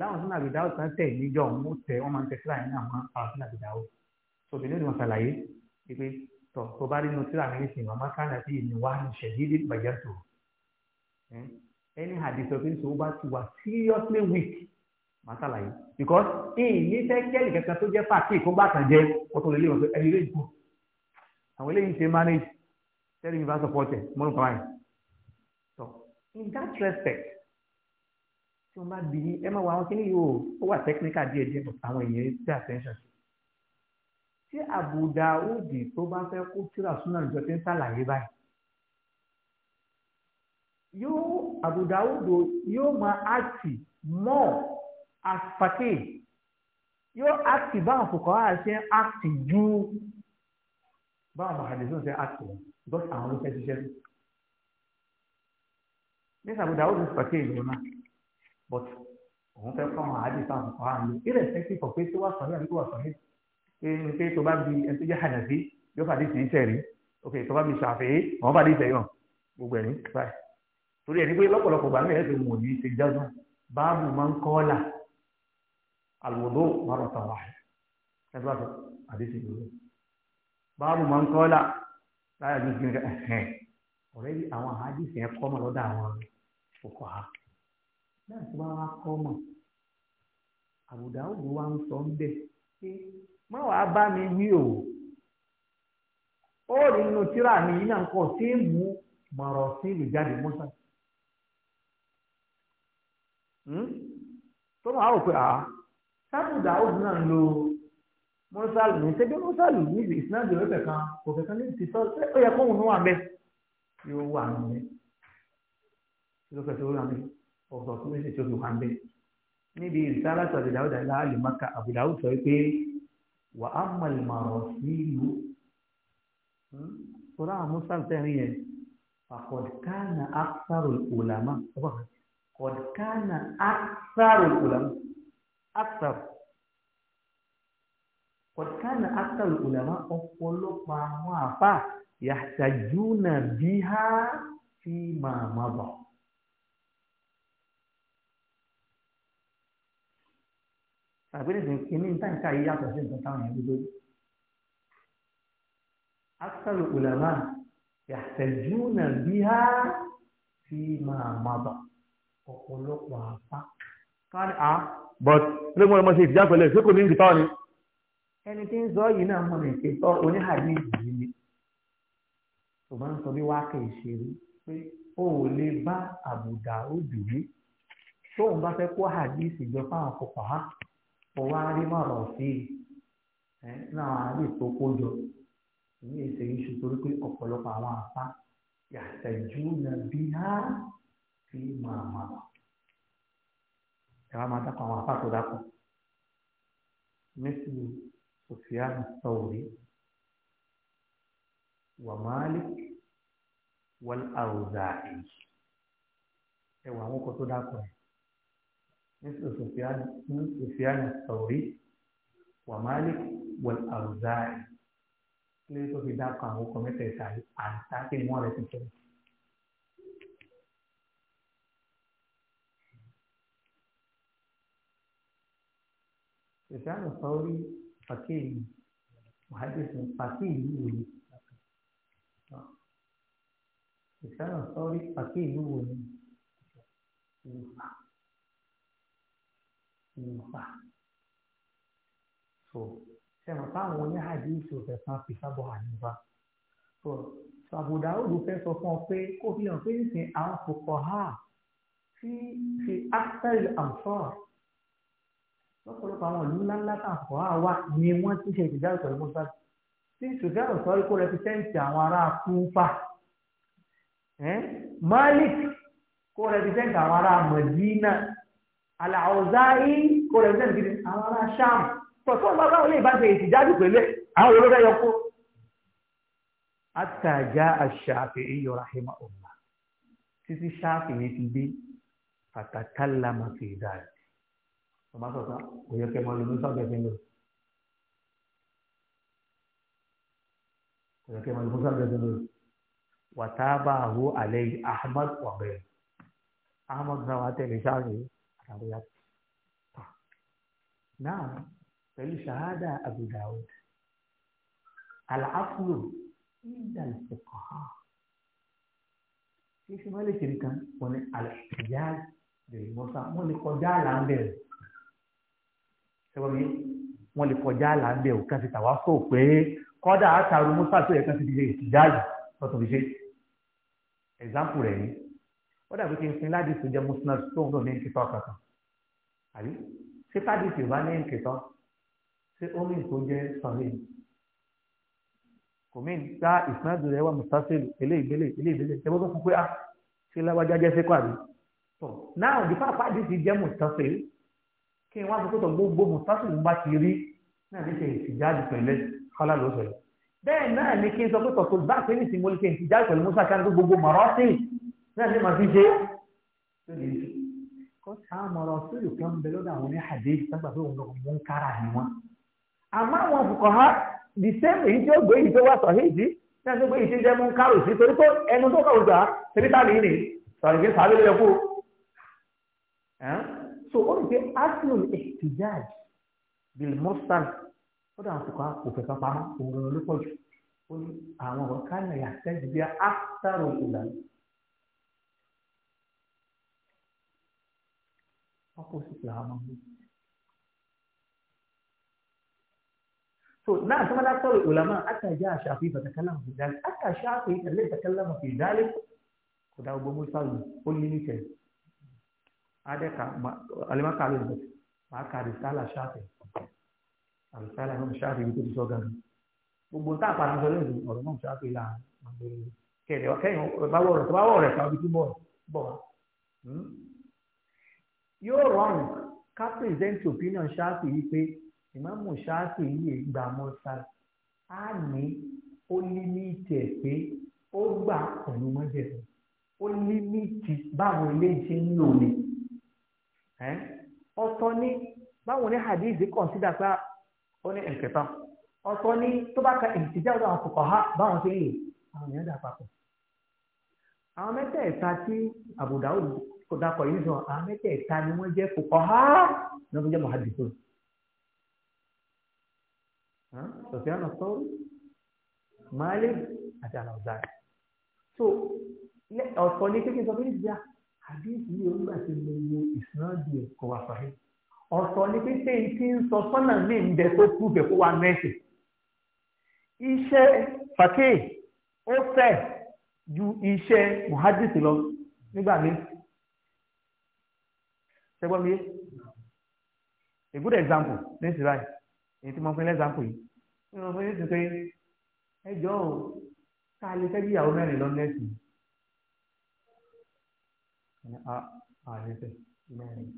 láwọn sínú àbìdáwò kan tẹ̀ níjọ́ mo tẹ̀ wọ́n máa ń tẹ̀ síra yẹn náà máa ń pa sínú àbìdáwò sọ̀tún nínú ṣàlàyé pé tọ̀ tó bá rí inú síra mi nìsín màmá kánà sí ìní wá ṣẹ̀dídì bàjẹ́ tó ẹni àdìsọ̀ pé sọ bá ti wà seriously weak màá ṣàlàyé because ìní fẹ́ kẹ́lì kankan tó jẹ́ pàtí ìkógbà kan jẹ́ kótó lè lè wọn pé ẹni lè dùn àwọn eléyìí ṣe manage tẹ́lẹ̀ mi bá support ẹ̀ mọ́nù kọ́ báyìí so in that respect tí wọ́n bá bì í ẹ máa wọ àwọn kíní yìí o ó wà technical díẹ̀ díẹ̀ àwọn èèyàn ti attention sí. tí Abu Dawud tó bá fẹ́ kó tíra súnà ìjọ ti ń sàlàyé báyìí yóò Abu Dawud yóò máa àti mọ́ àfàkè yóò àti báwọn fòkàn á ṣe àti ju báwọn màhàdìsún ṣe àti wọn bọ́sì àwọn ló fẹ́ ṣiṣẹ́ nígbà Abu Dawud fàkè ìlú but òun fẹ́ fún àwọn àádìsá àwọn ọ̀hán lò irrespective of pé tí wàá sọ̀rọ̀ àbí kò wàá sọ̀rọ̀ ní pé tó bá bi ẹni tó jẹ́ hànàfí yóò fàdí sí iṣẹ́ rí ok tó bá bi ṣàfihàn àwọn fàdí ìṣẹ́ yàn gbogbo ẹ̀rí báyìí torí ẹni pé lọ́pọ̀lọpọ̀ gbàgbé ẹ̀ tó mọ̀ ní ṣe jásùn báàbù máa ń náà tí a kọ́ mọ̀ àbùdá òdò wa ń sọ ń bẹ̀ bá mi wí o ó rí inú tíra mi yìí náà kọ́ tí mú mọ̀rọ̀ sí ìlú jáde mọ́sá hmm? tó máa rò pé àá sábùdá òdò náà lo mọ́sálù ní ṣẹ́gbẹ́ mọ́sálù ní ìsìnájú ọ̀rẹ́fẹ̀ kan kò fẹ́ kan ní ọ̀sọ̀ tó méjì tó fi wà ń bẹ̀. níbi ìsára sọ̀rọ̀ dáwọ́dà láàlì maka àbùdáwù sọ pé wà á mọ̀lẹ́mọ̀rọ̀ sí ìlú. Hmm? sọ̀rọ̀ àwọn mùsàlù tẹ̀rín yẹn àkọ̀dùkánà àkàrò ìkòlámà kọ̀dùkánà àkàrò ìkòlámà àkàrò. kọ̀dùkánà àkàrò ìkòlámà ọ̀pọ̀lọpọ̀ àwọn àfà yàtàjúnà bíhá fi màmá bọ̀. àgbélébùn kìíní táǹkà yìí yàtọ̀ sí nǹkan táwọn yẹn lórí. aksaru ulama yahtajuna biha fi máa mọ̀bà ọ̀pọ̀lọpọ̀ àpá. káàdì á but ilé mọ́ ọmọ ṣe ìdíjà pẹ̀lú ẹ̀ ṣé kò ní ìdí táwọn ni. ẹni tí ń sọ yìí náà mọ̀ ní ìṣètò oníhàdí yìí ni. ṣùgbọ́n sọ bí wákè ìṣeré pé o ò lè bá àbùdá òbí tóun bá fẹ́ kó àdìsí jọ fáwọn kòkòrò ọwọ́ arímọ̀rọ̀ sí ẹ náà àárí tó kó jọ ní èsè iṣu torí pé ọ̀pọ̀lọpọ̀ àwọn àpá yàtẹ̀jú na bí á fi máa mà wà. ẹ wá máa dákọ̀ àwọn àpá tó dákọ̀ mẹ́sì Sufyan Thawri wa Malik wal Awza'i ẹ wà àwọn ọkọ̀ tó dákọ̀ yẹn. مثل سفيان من سفيان الثوري ومالك والأوزاعي ليس في ذاك هو كمية تسالي عن تاكي موالة تسالي سفيان الثوري فقيه محدث فقيه يقول سفيان الثوري فقيه يقول nípa so sẹ́wọ̀n táwọn oníhàdí ìṣòfẹ́ kan fi sábọ̀ àníbá so sàbùdà òdù fẹ́ sọ fún ọ pé kó fi hàn pé nísìn àwọn kòkò ha fi fi axel amfor lọ́pọ̀lọpọ̀ àwọn ìlú ńláńlá tàn kọ́ ha wà ni wọ́n ti ṣe ìdíjà ìtọ́jú mọ́tà tí ìṣòfẹ́ ọ̀sọ́ ikú rẹpítẹ́ǹtì àwọn ará kúńfà Malik kó rẹpítẹ́ǹtì àwọn ará Mẹdínà àlàózáì kò rẹ̀ sẹ́ni gidi àwọn ará sáàmù tọ̀tọ̀ bá báwọn lè bá ṣe ìtìjáde pẹ̀lú ẹ̀ àwọn olóògbé yọ kó. àtàjà àṣàfẹ́ iyọ̀ rahima ọ̀la títí sáàfì yìí ti dé pàtàkàlà máa fi dáa ọmọ sọ̀tà kò yẹ kẹ́ máa lo شهريات نعم فعل شهادة أبو داود العقل عند الفقهاء kìí ṣe mọ́lẹ̀ kiri kan wọ́n ní àlẹ́yà lèyìn mọ́sá wọ́n lè kọjá àlàńbẹ̀ o ṣẹ́wọ́n mi wọ́n lè kọjá àlàńbẹ̀ o kan ti tàwa fò pé kọ́dà àtàrú mọ́sá tó yẹ kan ti di ìtìjáàjì lọ́tọ̀ fi ṣe ẹ̀zámpù rẹ̀ wọ́n dàbí kí n sin ládìsí jẹ́ musnad tóun náà ní nkìtọ́ kankan àbí ṣé ládìsí ò bá ní nkìtọ́ ṣé omi tó jẹ́ sọ̀rọ̀ kò mí ta ìsinadù rẹ̀ wà mùsàsílù eléyìí gbélé eléyìí gbélé ṣé wọ́n tó fún pé a ah, ṣe lágbájá jẹ́ sẹ́kọ̀ àbí tó náà òdì fáfá àdìsí jẹ́ mùsàsílù kí n wá sọ pé tó gbogbo mùsàsílù bá ti rí náà ní ṣe ìtìjáde pẹ̀lẹ́ kọ́lá ló sọ yìí bẹ́ẹ̀ náà ni kí n sọ pé tọ̀tọ̀ bá pé ní ìsìnkú kí n ti jáde pẹ̀lú musa kan tó gbogbo mọ̀rọ́sìn náà ṣe máa fi ṣe tó lè rí kó sáàmù ọ̀rọ̀ sórí kan bẹ lọ́dọ̀ àwọn ní hadith sábà pé òun lọ mú ń kára ni wọn. àmọ́ àwọn fùkọ̀ ha the same èyí tí ó gbé yìí tó wà sọ èyí náà tó gbé yìí tí ń jẹ́ mú ń kárò sí torí pé ẹnu tó kàwé gbà tẹ̀lé tàbí yìí ni sọ̀rọ̀ kí sàbẹ̀ lè kú. so ó rí pé aslul bil mursal lọ́dọ̀ àwọn fùkọ̀ ha kò fẹ́ kan pamọ́ òun ló pọ̀ jù ó ní àwọn ọ̀rọ̀ kánà opposite la máa ń gbé. so náà tí wọ́n dá sọ̀rọ̀ ìwòlámà àtàjà àṣàfi ìfàtàkálà fi dálé àtàṣà àfi ìtàlẹ́ ìtàkálà fi dálé kò dá gbogbo sáré ó yé ní tẹ̀lé adẹ́ka alimaka ló ń bẹ̀ máa ka àdìsálà ṣáàfẹ̀ àdìsálà náà ṣáàfẹ̀ ibi tó ti sọ gan-an gbogbo tá a padà sọ lẹ́yìn ọ̀rọ̀ náà ṣáàfẹ̀ là ń gbé kẹ̀lẹ́ kẹ́yìn báwọ̀ rẹ̀ báwọ̀ rẹ̀ kàwé tó bọ̀ bọ̀ yóò rọrùn ká present opinion ṣáàtì yìí pé ìmáàmù ṣáàtì yìí gbà mọ́sá á ní ó límìtì ẹ̀ pé ó gbà pẹ̀lú mọ́jẹ̀rẹ̀ ó límìtì báwọn eléyìí ṣe ń lò ní. ọ̀tọ̀ ní báwọn ní hadith consider pé ó ní ẹ̀kẹta ọ̀tọ̀ ní tó bá ka ìtìjà ọ̀dọ̀ àwọn kòkò ha báwọn ṣe ń lò àwọn èèyàn dà papọ̀. àwọn mẹ́tẹ̀ẹ̀ta tí àbùdáwò kò dákọ̀ yìí sọ àwọn mẹ́tẹ̀ẹ̀ta ni wọ́n jẹ́ kò kọ́ ha náà tó jẹ́ mọ̀hádìsó. sọ̀fẹ́ àná sọ́ọ́rù máàlì àti àlàọ̀dà. so ọ̀sọ̀ ni kékeré sọ fún ìdíyà àdéhùn yìí ó gbà tí mo wo ìsúnáàdì kò wà fàáyé. ọ̀sọ̀ ni pípé tí ń sọ sọ́nà mi ń bẹ tó kú bẹ̀ kó wa mẹ́sì. iṣẹ́ fàkè ó fẹ̀ ju iṣẹ́ mọ̀hádìsó lọ nígbà míì ṣẹgbọ́n mi yé a good example ní ìsirà yìí èyí tí mo fún ilé example yìí nínú ọmọ yìí ti pé ẹ jọ ò ká lè fẹ́ bí ìyàwó mẹ́rin lọ nẹ́ẹ̀sì àlẹ́fẹ̀ mẹ́rin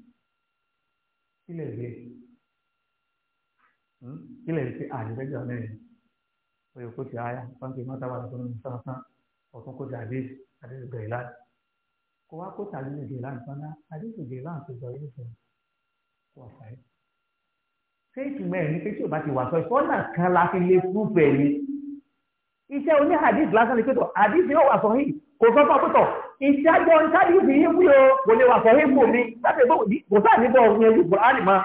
kílẹ̀ rí kílẹ̀ rí pé àlẹ́fẹ̀ bí ìyàwó mẹ́rin oyè kó ti àyà wọn kì í mọ́ta wà lọ́sọ̀rọ̀ nìkan ọ̀tún kó ti àdéhùn àdéhùn bẹ̀rẹ̀ láti kó wá kó tàbí lè dèrà nǹkan náà àdéhùn dèrà nǹkan jọ yóò fún wà fàáyé. ṣé ìtumọ̀ ẹ̀ ní pé tí o bá ti wà sọ ìfọ́nà kan la fi lè fún bẹ́ẹ̀ ni iṣẹ́ oní hadith lásán ni pẹ́tọ̀ hadith yóò wà sọ yìí kò sọ fún apẹ́tọ̀ iṣẹ́ àjọ ní hadith yìí wí o kò lè wà sọ yìí fún mi láti ẹgbẹ́ òní kò sáà níbọ̀ ọ̀hún ẹni kò á nì máa.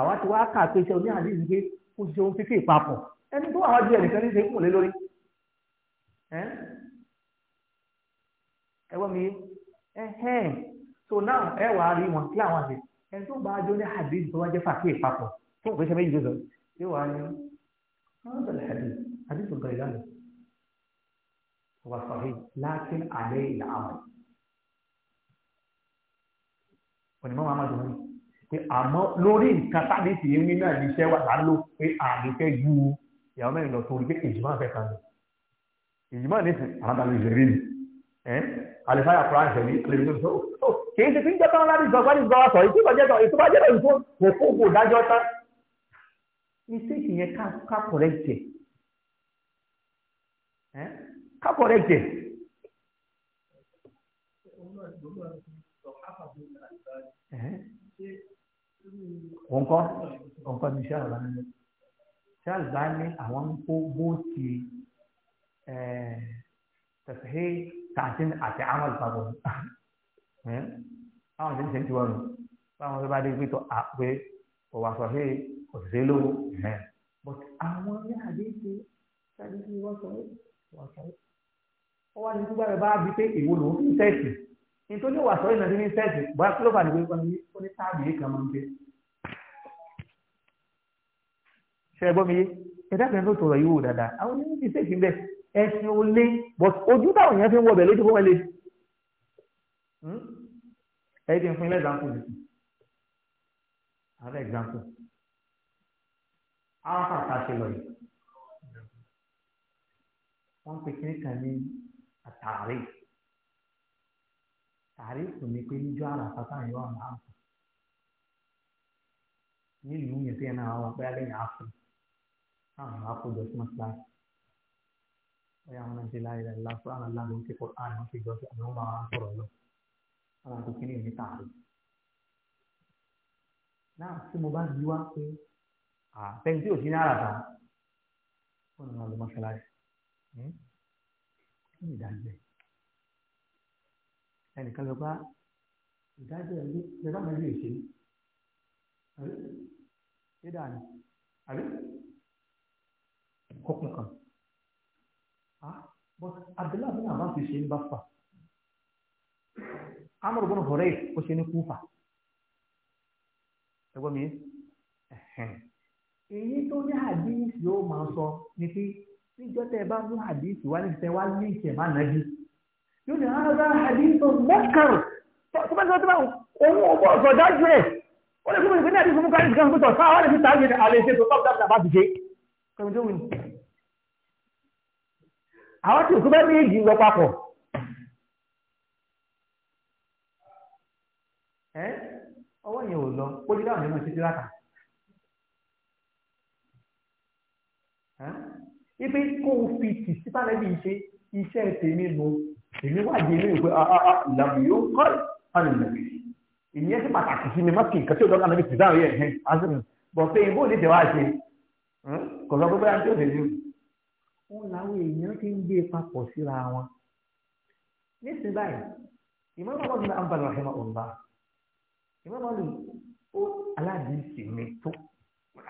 àwa ti wá kà pé iṣẹ́ oní hadith yìí pé ó ṣe ohun fífi ìpapọ̀ ẹni tó àwọn ju ẹnìkan ní ṣe kúrò lé lórí. ẹ wọ́n mi ẹhẹn so now ẹ wà á rí wọn kí àwọn àti ẹni tó bá jó ní hadith tó wá jẹ́ fàkíyè papọ̀ tó ń pèsè méjì tó sọ yóò wá ní wọn bẹ̀rẹ̀ hadith hadith tó ń bẹ̀rẹ̀ lánàá wà sọ̀rọ̀ lákìn àlẹ́ ìlà àwọn onímọ̀ mamadu wọn pé àmọ́ lórí nǹkan tábí tì í wí náà ní iṣẹ́ wà pé àmì fẹ́ ju ìyàwó mẹ́rin lọ sórí pé èjì fẹ́ kan lọ èjì nífẹ̀ẹ́ àwọn àgbàlejò rí ni àlefáyà france rí lèmi tó tó kì í ṣe kí n jẹ́ tán láti sọ pé ìgbà wa sọ èyí tó bá jẹ́ tán èyí tó bá jẹ́ tán ìfún kò kó kò dájọ́ tán. mistake yẹn ká ká correct ẹ̀ ká correct ẹ̀. òǹkọ́ òǹkọ́ ní sàlùbá ní sàlùbá ní àwọn ń kó bóòtì tẹ̀síhé tàǹtí àti àwọn ìpapọ̀ àwọn ìṣẹ̀lẹ̀ ṣe ń tiwọ́nù báwọn tó bá dé pítọ̀ àpé ọ̀wà sọ̀hé òṣìṣẹ́ lówó but àwọn ní àdéhùn ṣáàdé tí wọ́n sọ wọ́n sọ ó wá ní gbogbo àgbẹ̀ bá bi pé ìwo lòún fi sẹ́ẹ̀sì nítorí ní wàsọ̀rọ̀ ìnàdí ní sẹ́ẹ̀sì bóyá kí ló bá nìgbẹ́ kan ní oní táàbì yìí kan máa ń gbé. ṣé ẹ gbọ́ mi yé ẹ dábìrin ló tọrọ yìí wò dáadáa àwọn onímọ̀ fi sẹ́ẹ̀sì bẹ́ẹ̀ ẹ̀sìn ò lé but ojú táwọn èèyàn fi ń wọbẹ̀ lójú hmm? fún ẹ lé ẹ̀yìn tí ń fún ilé example nìkan another example alpha ta ṣe lọ yìí wọ́n pe kí nìkan ní àtàrí àtàrí kò ní pé níjọ́ àràfà táwọn yóò máa ń nílùú yẹn tí ẹ náà wà pé alẹ́ yẹn á fún táwọn yóò á kó jọ sí ẹ̀yà wọn ti láyé rẹ̀ lásán àwọn aláàbò ń kékọ̀ọ́ àrùn ti gbọ́ sí àwọn ọmọ àwọn sọ̀rọ̀ lọ àwọn kò kíní ìní tààrí. náà tí mo bá bí wá pé àtẹni tí ò sí ní àràbà ó nà lọ mọ́ṣáláṣí kí ni ìdájọ́ ẹnìkan lọ kan. Ah, but abdullahi bin abbas ṣe ní basfa amr bin horeif ó ṣe ní kúfà ẹgbọ́n mi èyí tó ní hadith yóò máa sọ ni pé níjọ́ tẹ́ ẹ bá mú hadith wá ní ìfẹ́ wá ní ìṣẹ̀ má nàbí yóò ní ara hadith mọ́kàn tó bá sọ tó bá òun ò bọ̀ sọ dájú ẹ̀ ó lè fún mi pé ní àdéhùn mú kárí ìgbà fún mi sọ sáà àwọn tí òkú bá ní èjì lọ papọ̀ ẹ ọwọ́ yẹn ò lọ ó di láwọn ẹ̀mọ́ títí láta ibi kó o fi tì sí pálẹ̀ bí ṣe iṣẹ́ tèmi mu èmi wá di ilé ìwé ah, ah, ah, ìlànà yóò kọ́ ànàmì ìyẹn sí pàtàkì sí mi má kì í kàtí ọ̀dọ́ kan náà bí tìdáwọ̀ yẹn bọ̀ pé ìbò ní tẹ̀wá ṣe kò sọ pé bóyá tí ó lè ní o òun làwọn èèyàn ti ń gbé papọ̀ síra wọn. nísìnyí báyìí ìmọ̀ bàbá mi máa ń balùwà ṣe máa ń bá ìmọ̀ bàbá mi ó aládìsí mi tó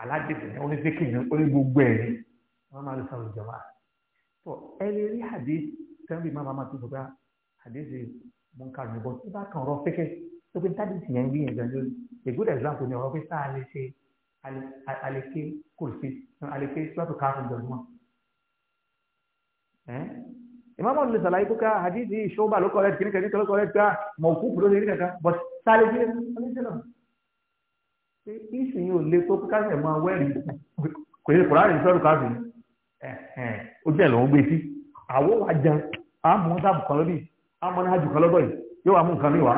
aládìsí mi oníṣẹ́kì mi ó ní gbogbo ẹ̀ ní wọ́n máa lọ sọ̀rọ̀ ìjọba. tó ẹ lè rí hadith sẹ́ńbì máa máa tó sọ pé hadith mọ̀nkà ní bọ́ tó bá kàn rọ fẹ́kẹ́ tó fi tádìsí yẹn gbìyànjú lórí a good example ni ọ̀rọ̀ pé sáà lè ṣe alẹ́ alẹ́ ké kùrùsí alẹ́ ké sọ́tù káàkiri jọ̀ọ́ ìmáàmù ọ̀dùnlé sàlàyé kó ká hadith yìí ṣọ́ọ́bà ló kọ́ rẹ̀ kìnnìkan ní kọ́ rẹ̀ ká mọ̀ọ́kú ló ní kàkà but sáré bí ọlọ́sẹ̀lọ̀ ṣe iṣu yìí ò le tó káṣẹ̀ máa wẹ́rì kò yẹ kùrá rẹ̀ sọ́rọ̀ káfí ó jẹ́ lòún gbé sí àwọ̀ wa jẹun àmọ́ sábù kan lóbì àmọ́ ní hajj kan lọ́bọ̀ yìí yóò wá mú nǹkan mi wá.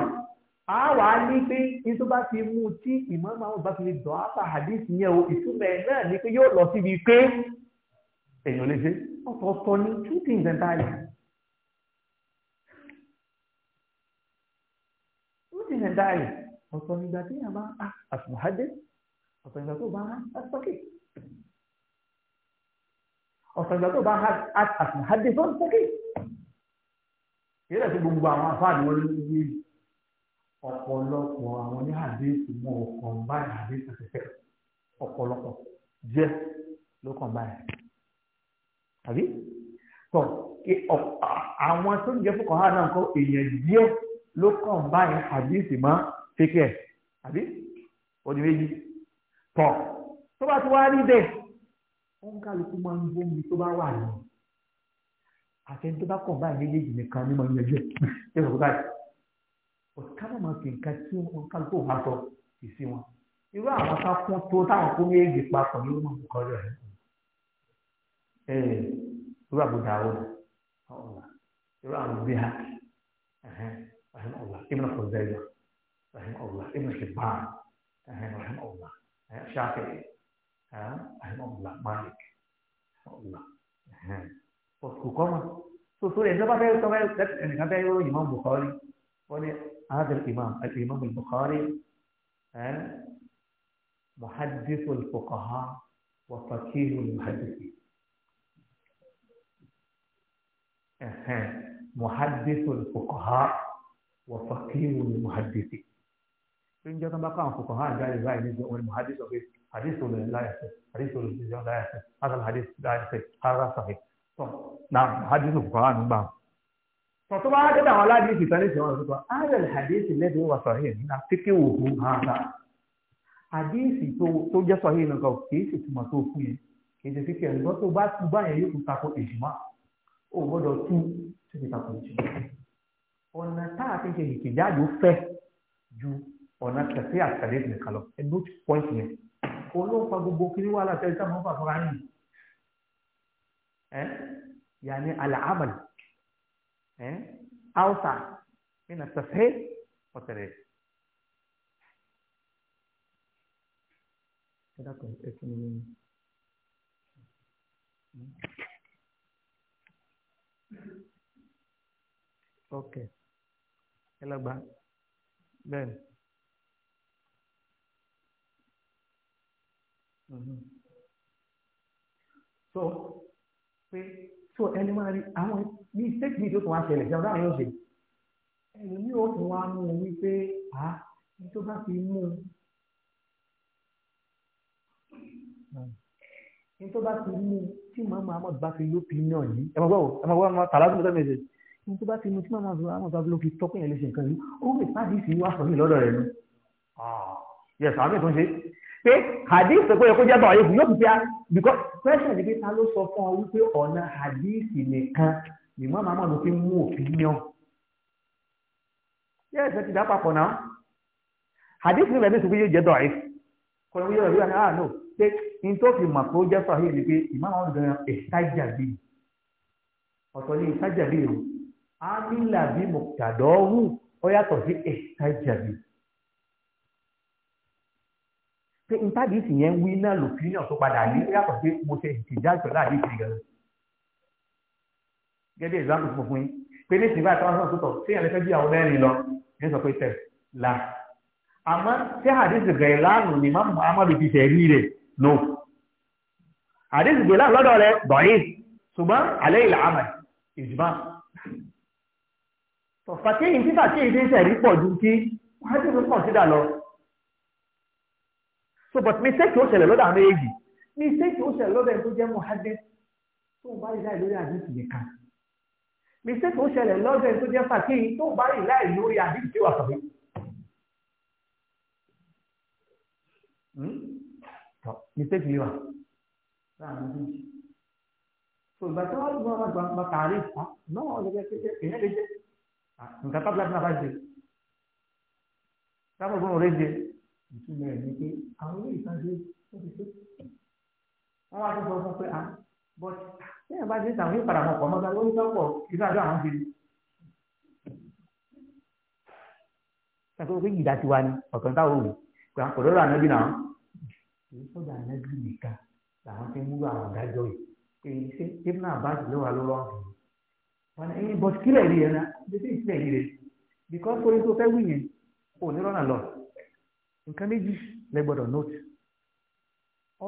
a wà á ní pé ní tó bá fi mú tí ìmáàmù àwọn bá fi èèyàn lè ṣe ọ̀tọ̀ọ̀tọ̀ ní two things entirely two things entirely ọ̀tọ̀ nígbà tí yàrá bá àṣùwádé ọ̀tọ̀ nígbà tó bá àṣùwákè ọ̀tọ̀ nígbà tó bá àṣùwádé tó ń sókè ìrẹsì gbogbo àwọn afáàdì wọn lórí ọ̀pọ̀lọpọ̀ àwọn ní àdéhùn mọ́ ọ̀kan báyìí àdéhùn àtẹ̀tẹ̀ ọ̀pọ̀lọpọ̀ jẹ́ ló kàn báyìí àbí tọ àwọn tó ń jẹ fún kọ̀ọ̀hán náà kọ́ èèyàn díẹ̀ ló kàn báyìí àdìsí mọ́ fẹ́kẹ̀ àbí ó di méjì tọ tó bá ti wá rí bẹ́ẹ̀ ó ń kálukú máa ń bómi tó bá wà ní àtẹni tó bá kàn báyìí méjèèjì nìkan ní máa ń yẹjú ẹ̀ ṣe kó báyìí ọ̀ká náà máa fi nǹkan tí wọ́n kálukú wà sọ ìsí wọn irú àwọn tá kún tó táwọn kún méjèèjì papọ̀ ní ó máa ń kọ́ ايه ابو داوود الله ابو بها رحم الله ابن خزيمة رحم الله ابن حبان رحم الله شافعي رحم الله مالك رحم الله فكما سوسو إذا ما بيو تمايل ذات إن كان بيو الإمام بخاري ولا هذا الإمام الإمام البخاري محدث الفقهاء وفقيه المحدثين muhadisu fukaha wa fakiru ni muhadisi ṣé ń jẹ́ tán bá káwọn fukaha jáde báyìí ní ìwọ̀n muhadisu pé hadisu lè láyàṣẹ hadisu lè jẹun láyàṣẹ hasan hadisu láyàṣẹ hara sahih tọ́ na muhadisu fukaha nù gbà wọn. tọ́tọ́ bá dé àwọn aládìí ti tán ní ìṣẹ́wọ̀n tó tọ́ ààrẹ hadisu lẹ́dọ̀ wà sahih nínú akéké wò fún hàtà hadisu tó jẹ́ sahih nìkan kì í ṣètùmọ̀ tó fún yẹn kì í ṣe kíkẹ́ ẹ̀ o gbọ́dọ̀ tú títí takò jù ọ̀nà tá a ti ṣe ìtìjáde fẹ́ ju ọ̀nà tẹ̀sí àtẹ̀lé nìkan lọ ẹ lóòtú pọ́ìntì yẹn olóńpa gbogbo kiri wàhálà tẹ̀lé sáà mọ́fà fúnra yìí ẹ yàní àlàámàlì ẹ áwùsà nínú tẹ̀sí ọ̀tẹ̀lẹ̀. Gracias. ok ẹ lọ gbà bẹ́ẹ̀ mhm. so pé so ẹni máa rí àwọn ní state media tó wá ṣẹlẹ̀ ṣẹlẹ̀ láwọn yóò ṣe ẹni mi ò tún wá mú un wípé a tó bá fi mú un ní tó bá fi mú un tí màmá àmọ́ ní tó bá ti mu tí màmá àbúrò àwọn bàbá lókè tọ́kùn yẹn lè ṣe nǹkan yìí ó lè pàdé ìsìn wá sọ mí lọ́dọ̀ rẹ̀ nù. Ah, yẹ sàmì tún ṣe pé hadith pé kó jẹ́ bá ọ̀yẹ́ fún yóò fi fíà because question ni pé ta ló sọ fún ọ wípé ọ̀nà hadith nìkan ni màmá àmọ́ ló fi mú opinion. yẹ ẹsẹ ti dá papọ̀ náà hadith ni bẹ̀rẹ̀ mi sọ pé yóò jẹ́ dọ̀ ẹ̀ kọ́ ẹ̀ wíyọ̀ rẹ̀ ah no pé n tó fi mà kó jẹ́ sọ àhíyè ni pé ìmáàmù ọ̀dọ̀ ìsájà bíi ọ̀tọ̀ ní amílà bí mọ̀tàdọ́hù ó yàtọ̀ sí ẹ̀ẹ́dájàbí. pé ntàdí sì yẹn wí náà lòpínìọ̀ tó padà ní ó yàtọ̀ sí mo ṣe ìjà ìṣọ̀lá àdé ìṣẹ̀lẹ̀ gan. gẹ́gẹ́ bí ìzáàmù fún fún yín pé ní ìsìn báyìí tí wọ́n sọ̀rọ̀ sọ̀tọ̀ sí ìyàlẹ́ fẹ́ bí àwọn mẹ́rin lọ ní sọ pé tẹ̀ la. àmọ́ tí àdéhùn gẹ̀ẹ́ lánàá ni má amadu ti tẹ̀ rí rẹ̀ no. àdéhùn gẹ̀ẹ́ lánàá lọ́dọ̀ rẹ̀ bọ̀yìn ṣùgbọ́n àlẹ́ ìlà fàtíyì tí fàtíyì dé sẹ̀rí pọ̀ ju tí wọ́n ti fi consider lọ. so but mistake ó ṣẹlẹ̀ lọ́dọ̀ àwọn èyí mistake ó ṣẹlẹ̀ lọ́dọ̀ ẹni tó jẹ́ muhammed tó ń bá rí láì lórí àdìsí nìkan mistake ó ṣẹlẹ̀ lọ́dọ̀ ẹni tó jẹ́ fàtíyì tó ń bá láì lórí àdìsí tí wà sọ̀rọ̀. Hmm? mistake ni wa láàrin méjì so ìgbà tí wọ́n lọ bá gbà tààrí ìfà ah, náà ọ̀lẹ́gẹ́ kékeré nǹkan tábìlì àti nàfàṣe tábìlì fún òrèje ìtumọ̀ ẹ̀ ní pé àwọn ilé ìtajà ó ti ṣe wọ́n wá tó sọ fún pé ah but ṣé ẹ̀ bá dé tàwọn yóò padà mọ̀ pọ̀ mọ́ta lórí sọ́pọ̀ inú àjọ àwọn ti di. sàkóso pé ìdá tiwa ni ọ̀tọ̀ táwọn òwò pé àwọn kò lọ́rọ̀ ànábì náà èyí sọ́dọ̀ ànábì nìkan làwọn fi ń mú àwọn àdájọ́ yìí pé iṣẹ́ ibùdó àbáṣe ló lọ́wọ́ wọn ní bọ́t kílẹ̀ rí yẹn náà bíbí ìkílẹ̀ rí rẹ̀ because orin tó fẹ́ wí yẹn ò ní rọ́nà lọ nǹkan méjì lẹ gbọ́dọ̀ note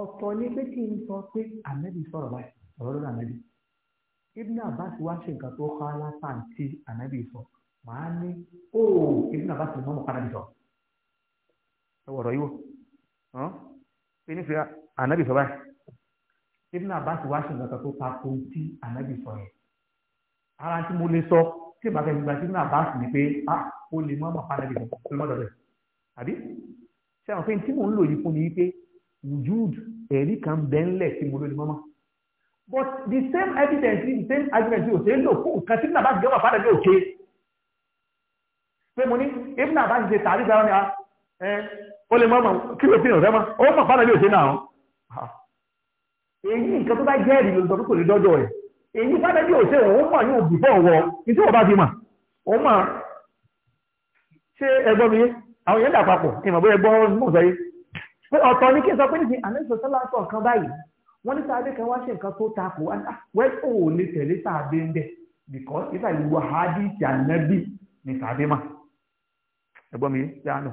ọ̀tọ̀ ni pé kí n sọ pé ànábì sọ̀rọ̀ báyìí ọ̀rọ̀ lọ́dọ̀ ànábì Ibn Abbas wá ṣe nǹkan tó kọ́ aláfàǹtì ànábì sọ màá ní ó Ibn Abbas ní wọ́n mọ̀ kánábì sọ ẹ wọ̀rọ̀ yìí wò ṣe ní fi ànábì sọ báyìí Ibn Abbas wá ṣe nǹkan tó ta kó tí ànábì sọ yẹn ara tí mo lè sọ tí ìbá kẹ́kẹ́ gba sínú àbá sì ni pé a ah, ó lè mú àbàfà náà dìbò ó lè mọ́ dọ̀dọ̀ àbí ṣé àwọn fẹ́ni tí mò ń lò yìí fún mi pé wùjúùd ẹ̀rí kan bẹ́ ńlẹ̀ tí mo ló lè mọ́mọ́ but the same evidence the same argument yóò ṣe é lò fún nǹkan tí nàbà gbé wà fàdà yóò ṣe pé mo ní ebi nàbà ti ṣe tààrí gbára ni a ah, ẹ ó lè mọ́mọ́ kí ló fi hàn fẹ́ mọ́ ó mọ̀ fàdà yóò náà ah. èyí nǹkan tó bá jẹ́ ìrìn tó kò lè dọ́jọ́ rẹ̀ èyí bá lẹ́bí ò ṣe òun mà yóò bù bọ́ wọ ní tí wọ́n bá fi mà òun mà ṣé ẹgbọ́n mi àwọn èèyàn dà papọ̀ ìmọ̀ bóyá ẹgbọ́n mọ̀ sọ yìí pé ọ̀tọ̀ ní kí n sọ pé nìsín àlẹ́sọ̀ sọ́lá sọ nǹkan báyìí wọ́n ní kan wá ṣe nǹkan tó takò ah, wẹ́ ò lè tẹ̀lé sáadé ń bẹ̀ nìkọ́ nígbà ìwọ hadith ànábì ní sáadé mà ẹgbọ́n mi yánu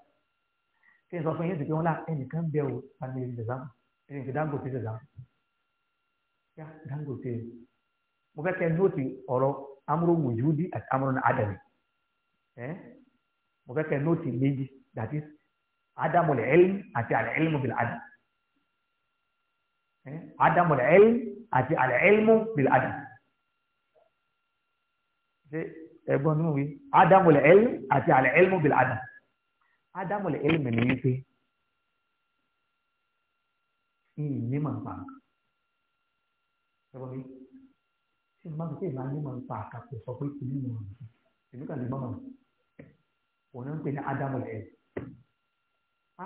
kí n sọ fún yín sì pé wọn lá ah, ẹnìkan bẹ o àmì ìdẹ̀sán ẹnìkan Dangote ìdẹ̀sán yá Dangote mo fẹ́ kẹ́ nóòtì ọ̀rọ̀ amúrò wùjúdí àti amúrò àdàmì ẹ mo fẹ́ kẹ́ nóòtì méjì dàtí àdàmọ̀lẹ̀ ẹ̀lì àti àlẹ̀ ẹ̀lì mọ̀bìlì àdà ẹ àdàmọ̀lẹ̀ ẹ̀lì àti àlẹ̀ ẹ̀lì mọ̀bìlì àdà ṣé ẹ̀gbọ́n nínú wí àdàmọ̀lẹ̀ ẹ̀lì àti àlẹ̀ ẹ̀lì mọ̀bìlì àdà ádámù lè ẹlẹmẹ ní wípé ìyìn ní màá pa ẹ̀gbọ́n mi ṣé n bá mi ṣe ìlànà ní màá pa àkàkọ sọ pé kìíní mọ èmi kàn lè mọ màá wọn náà ń pè ní ádámù lè ẹlẹ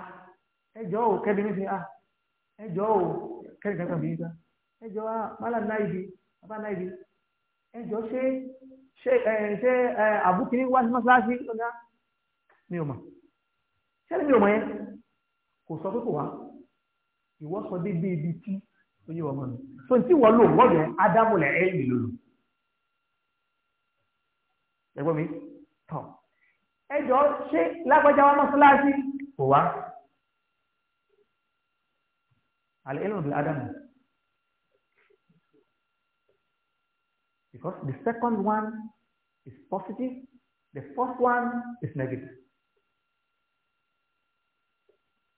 ah ẹjọ́ o kẹbi mi fi ah ẹjọ́ o kẹbi kankan mi gbà ẹjọ́ a mala náìbi bàbá náìbi ẹjọ́ ṣé ṣé ẹ ṣé ẹ àbúkiri wá sí mọ́ṣáláṣí mi ò mọ̀ sẹ́ni mi ò mọ̀ yẹn kò sọ pé kò wá ìwọ sọ déédéé ibi tí ó yẹ ọmọ mi so tí wọ́n lò wọ́n yẹn ádámùlẹ̀ ẹ̀ mi lòlù ẹ̀gbọ́n mi tọ̀ ẹ jọ ṣé lágbájá wa mọ́ṣáláṣí kò wá àlẹ́ ẹ̀rọ ìbílẹ̀ ádámù because the second one is positive the first one is negative.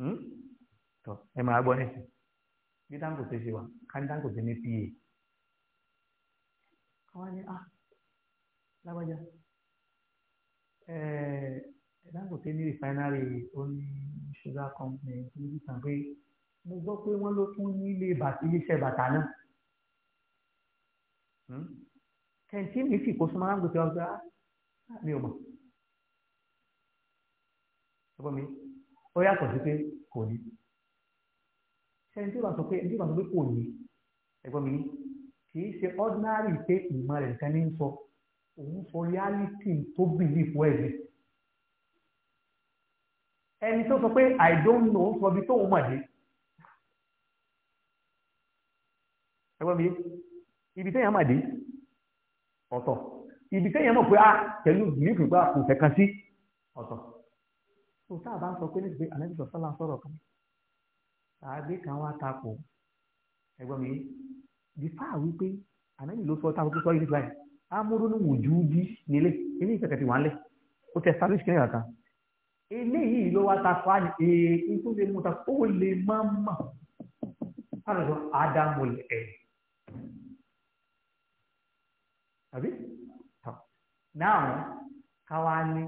Hmm? tọ ẹ máa gbọ́ nísìn bí Dangote ṣe wà ká ní Dangote ní pa káwá ni, ah lágbájá ẹ Dangote ní rìfáínárì ó ní ṣúgà company ní ìtàn pé mo gbọ́ pé wọ́n ló tún nílé iléeṣẹ́ bàtà náà hmm? kẹ̀ǹtì mi sì kó súnmọ́ Dangote ọ̀gá ah, mi ò mọ̀ ẹ gbọ́ mi ó yàtọ̀ sí pé kò ní ṣẹ́ni tí ó bá sọ pé tí ó bá sọ pé kò ní ẹ̀gbọ́n mi ní kì í ṣe ordinary pé ìmọ̀ rẹ̀ nìkan ní ń sọ òun sọ reality tó belief wẹ́ẹ̀lì ẹni tó sọ pé I don't know sọ bí tóun mọ̀ dé ẹ̀gbọ́n mi ibi téèyàn mọ̀ dé ọ̀tọ̀ ibi téèyàn mọ̀ pé a ah, pẹ̀lú belief gbà kò fẹ́ kan sí ọ̀tọ̀ tó tá a bá ń sọ pé nígbè ànábì sọ̀sọ́lá sọ̀rọ̀ kan tàbí kan wá takò ẹgbọ́n mi di fáà wípé ànábì ló sọ táwọn tó sọ yìí báyìí amúrú ní wùjú bí nílé ilé ìfẹ̀kẹ̀tì wà ń lẹ̀ ó ti establish kí ní kankan eléyìí ló wá takò á ee tó lè mú takò ó lè má mà sáré sọ ádámù ẹ̀ tàbí now káwá ní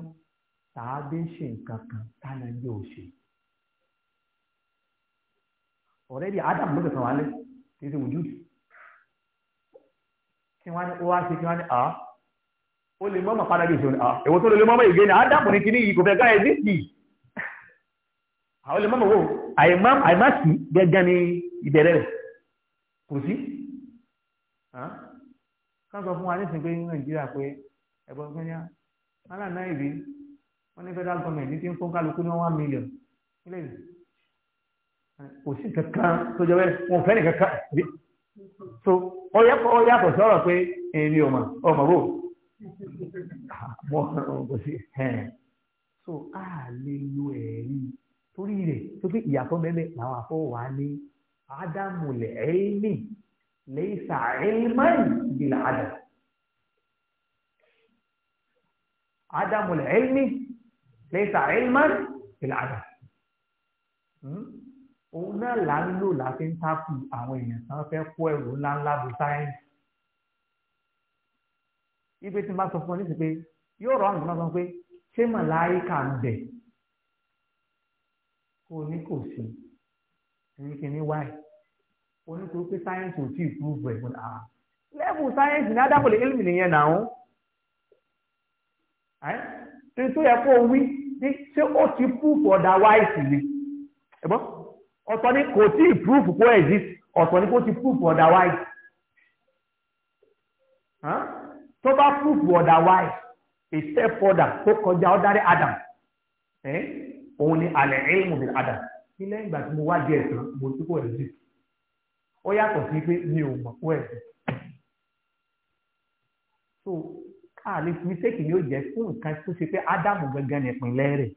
tàbí ṣe nǹkan kan tánà yóò ṣe ọ̀rẹ́dì adam ló kẹ̀kẹ́ wálé kí ṣe wùjúdì kí wọ́n á ní ó wá ṣe kí wọ́n á ní àá ah, ó lè mọ́mọ́ padà bí ìṣòro àá ah, èwo tó lè mọ́mọ́ ìgbé ni adam ní kíní yìí kò fẹ́ gáyé sí sí àwọn lè mọ́mọ́ wò àìmá sí gẹ́gẹ́ ní ìbẹ̀rẹ̀ rẹ̀ kò sí ah, ká sọ fún wa nísìnyí pé Nàìjíríà pé ẹ̀gbọ́n pé ní wọ́n ní federal government ní ti ń fún kálukú ní one million nílẹ̀ yìí kò sí kankan tó jẹ́ bẹ́ẹ̀ wọn ò fẹ́ nìkan kan so ó yàtọ̀ sọ̀rọ̀ pé èmi ò mà ò mà bò mo kò sí so a lè lo ẹ̀rí torí rẹ̀ tó pé ìyàtọ̀ mẹ́mẹ́ làwọn afọwà ní ádámù lẹ́ẹ̀mí lẹ́yìn sàrẹ́lmán bìlà ádà ádámù lẹ́ẹ̀mí lẹ́sà elman ìlànà òun náà là ń lò láti ń tápù àwọn èèyàn tán fẹ́ kó ẹrù ńláńlá bu sáyẹ́ǹsì ibi tí n bá sọ fún ọ nísìsiyìí pé yóò rọ àwọn ìgbìmọ̀ pé ṣé màláìkà ń bẹ̀ kó o ní kò sí ní kíní wáyé o ní kó o pé sáyẹ́ǹsì ò tí ì prove ẹ̀ fún àwọn lẹ́bù sáyẹ́ǹsì ní adábòlè ilmi nìyẹn náà ń tó yẹ kó wí ní ṣé ó ti proof otherwise ni ẹ̀gbọ́n ọ̀tọ̀ ni kò tí ì proof kó exist ọ̀tọ̀ ni kò ti proof otherwise tó bá proof otherwise a step further tó kọjá Adam òun ni alẹ́ ilmu Adam ní lẹ́yìn ìgbà tí mo wá díẹ̀ tán mo ti kó exist ó yàtọ̀ sí pé mi ò mọ̀ kó exist. àlè mistake ni ó jẹ́ fún nǹkan tó ṣe pé ádámù gangan nìpínlẹ̀ rẹ̀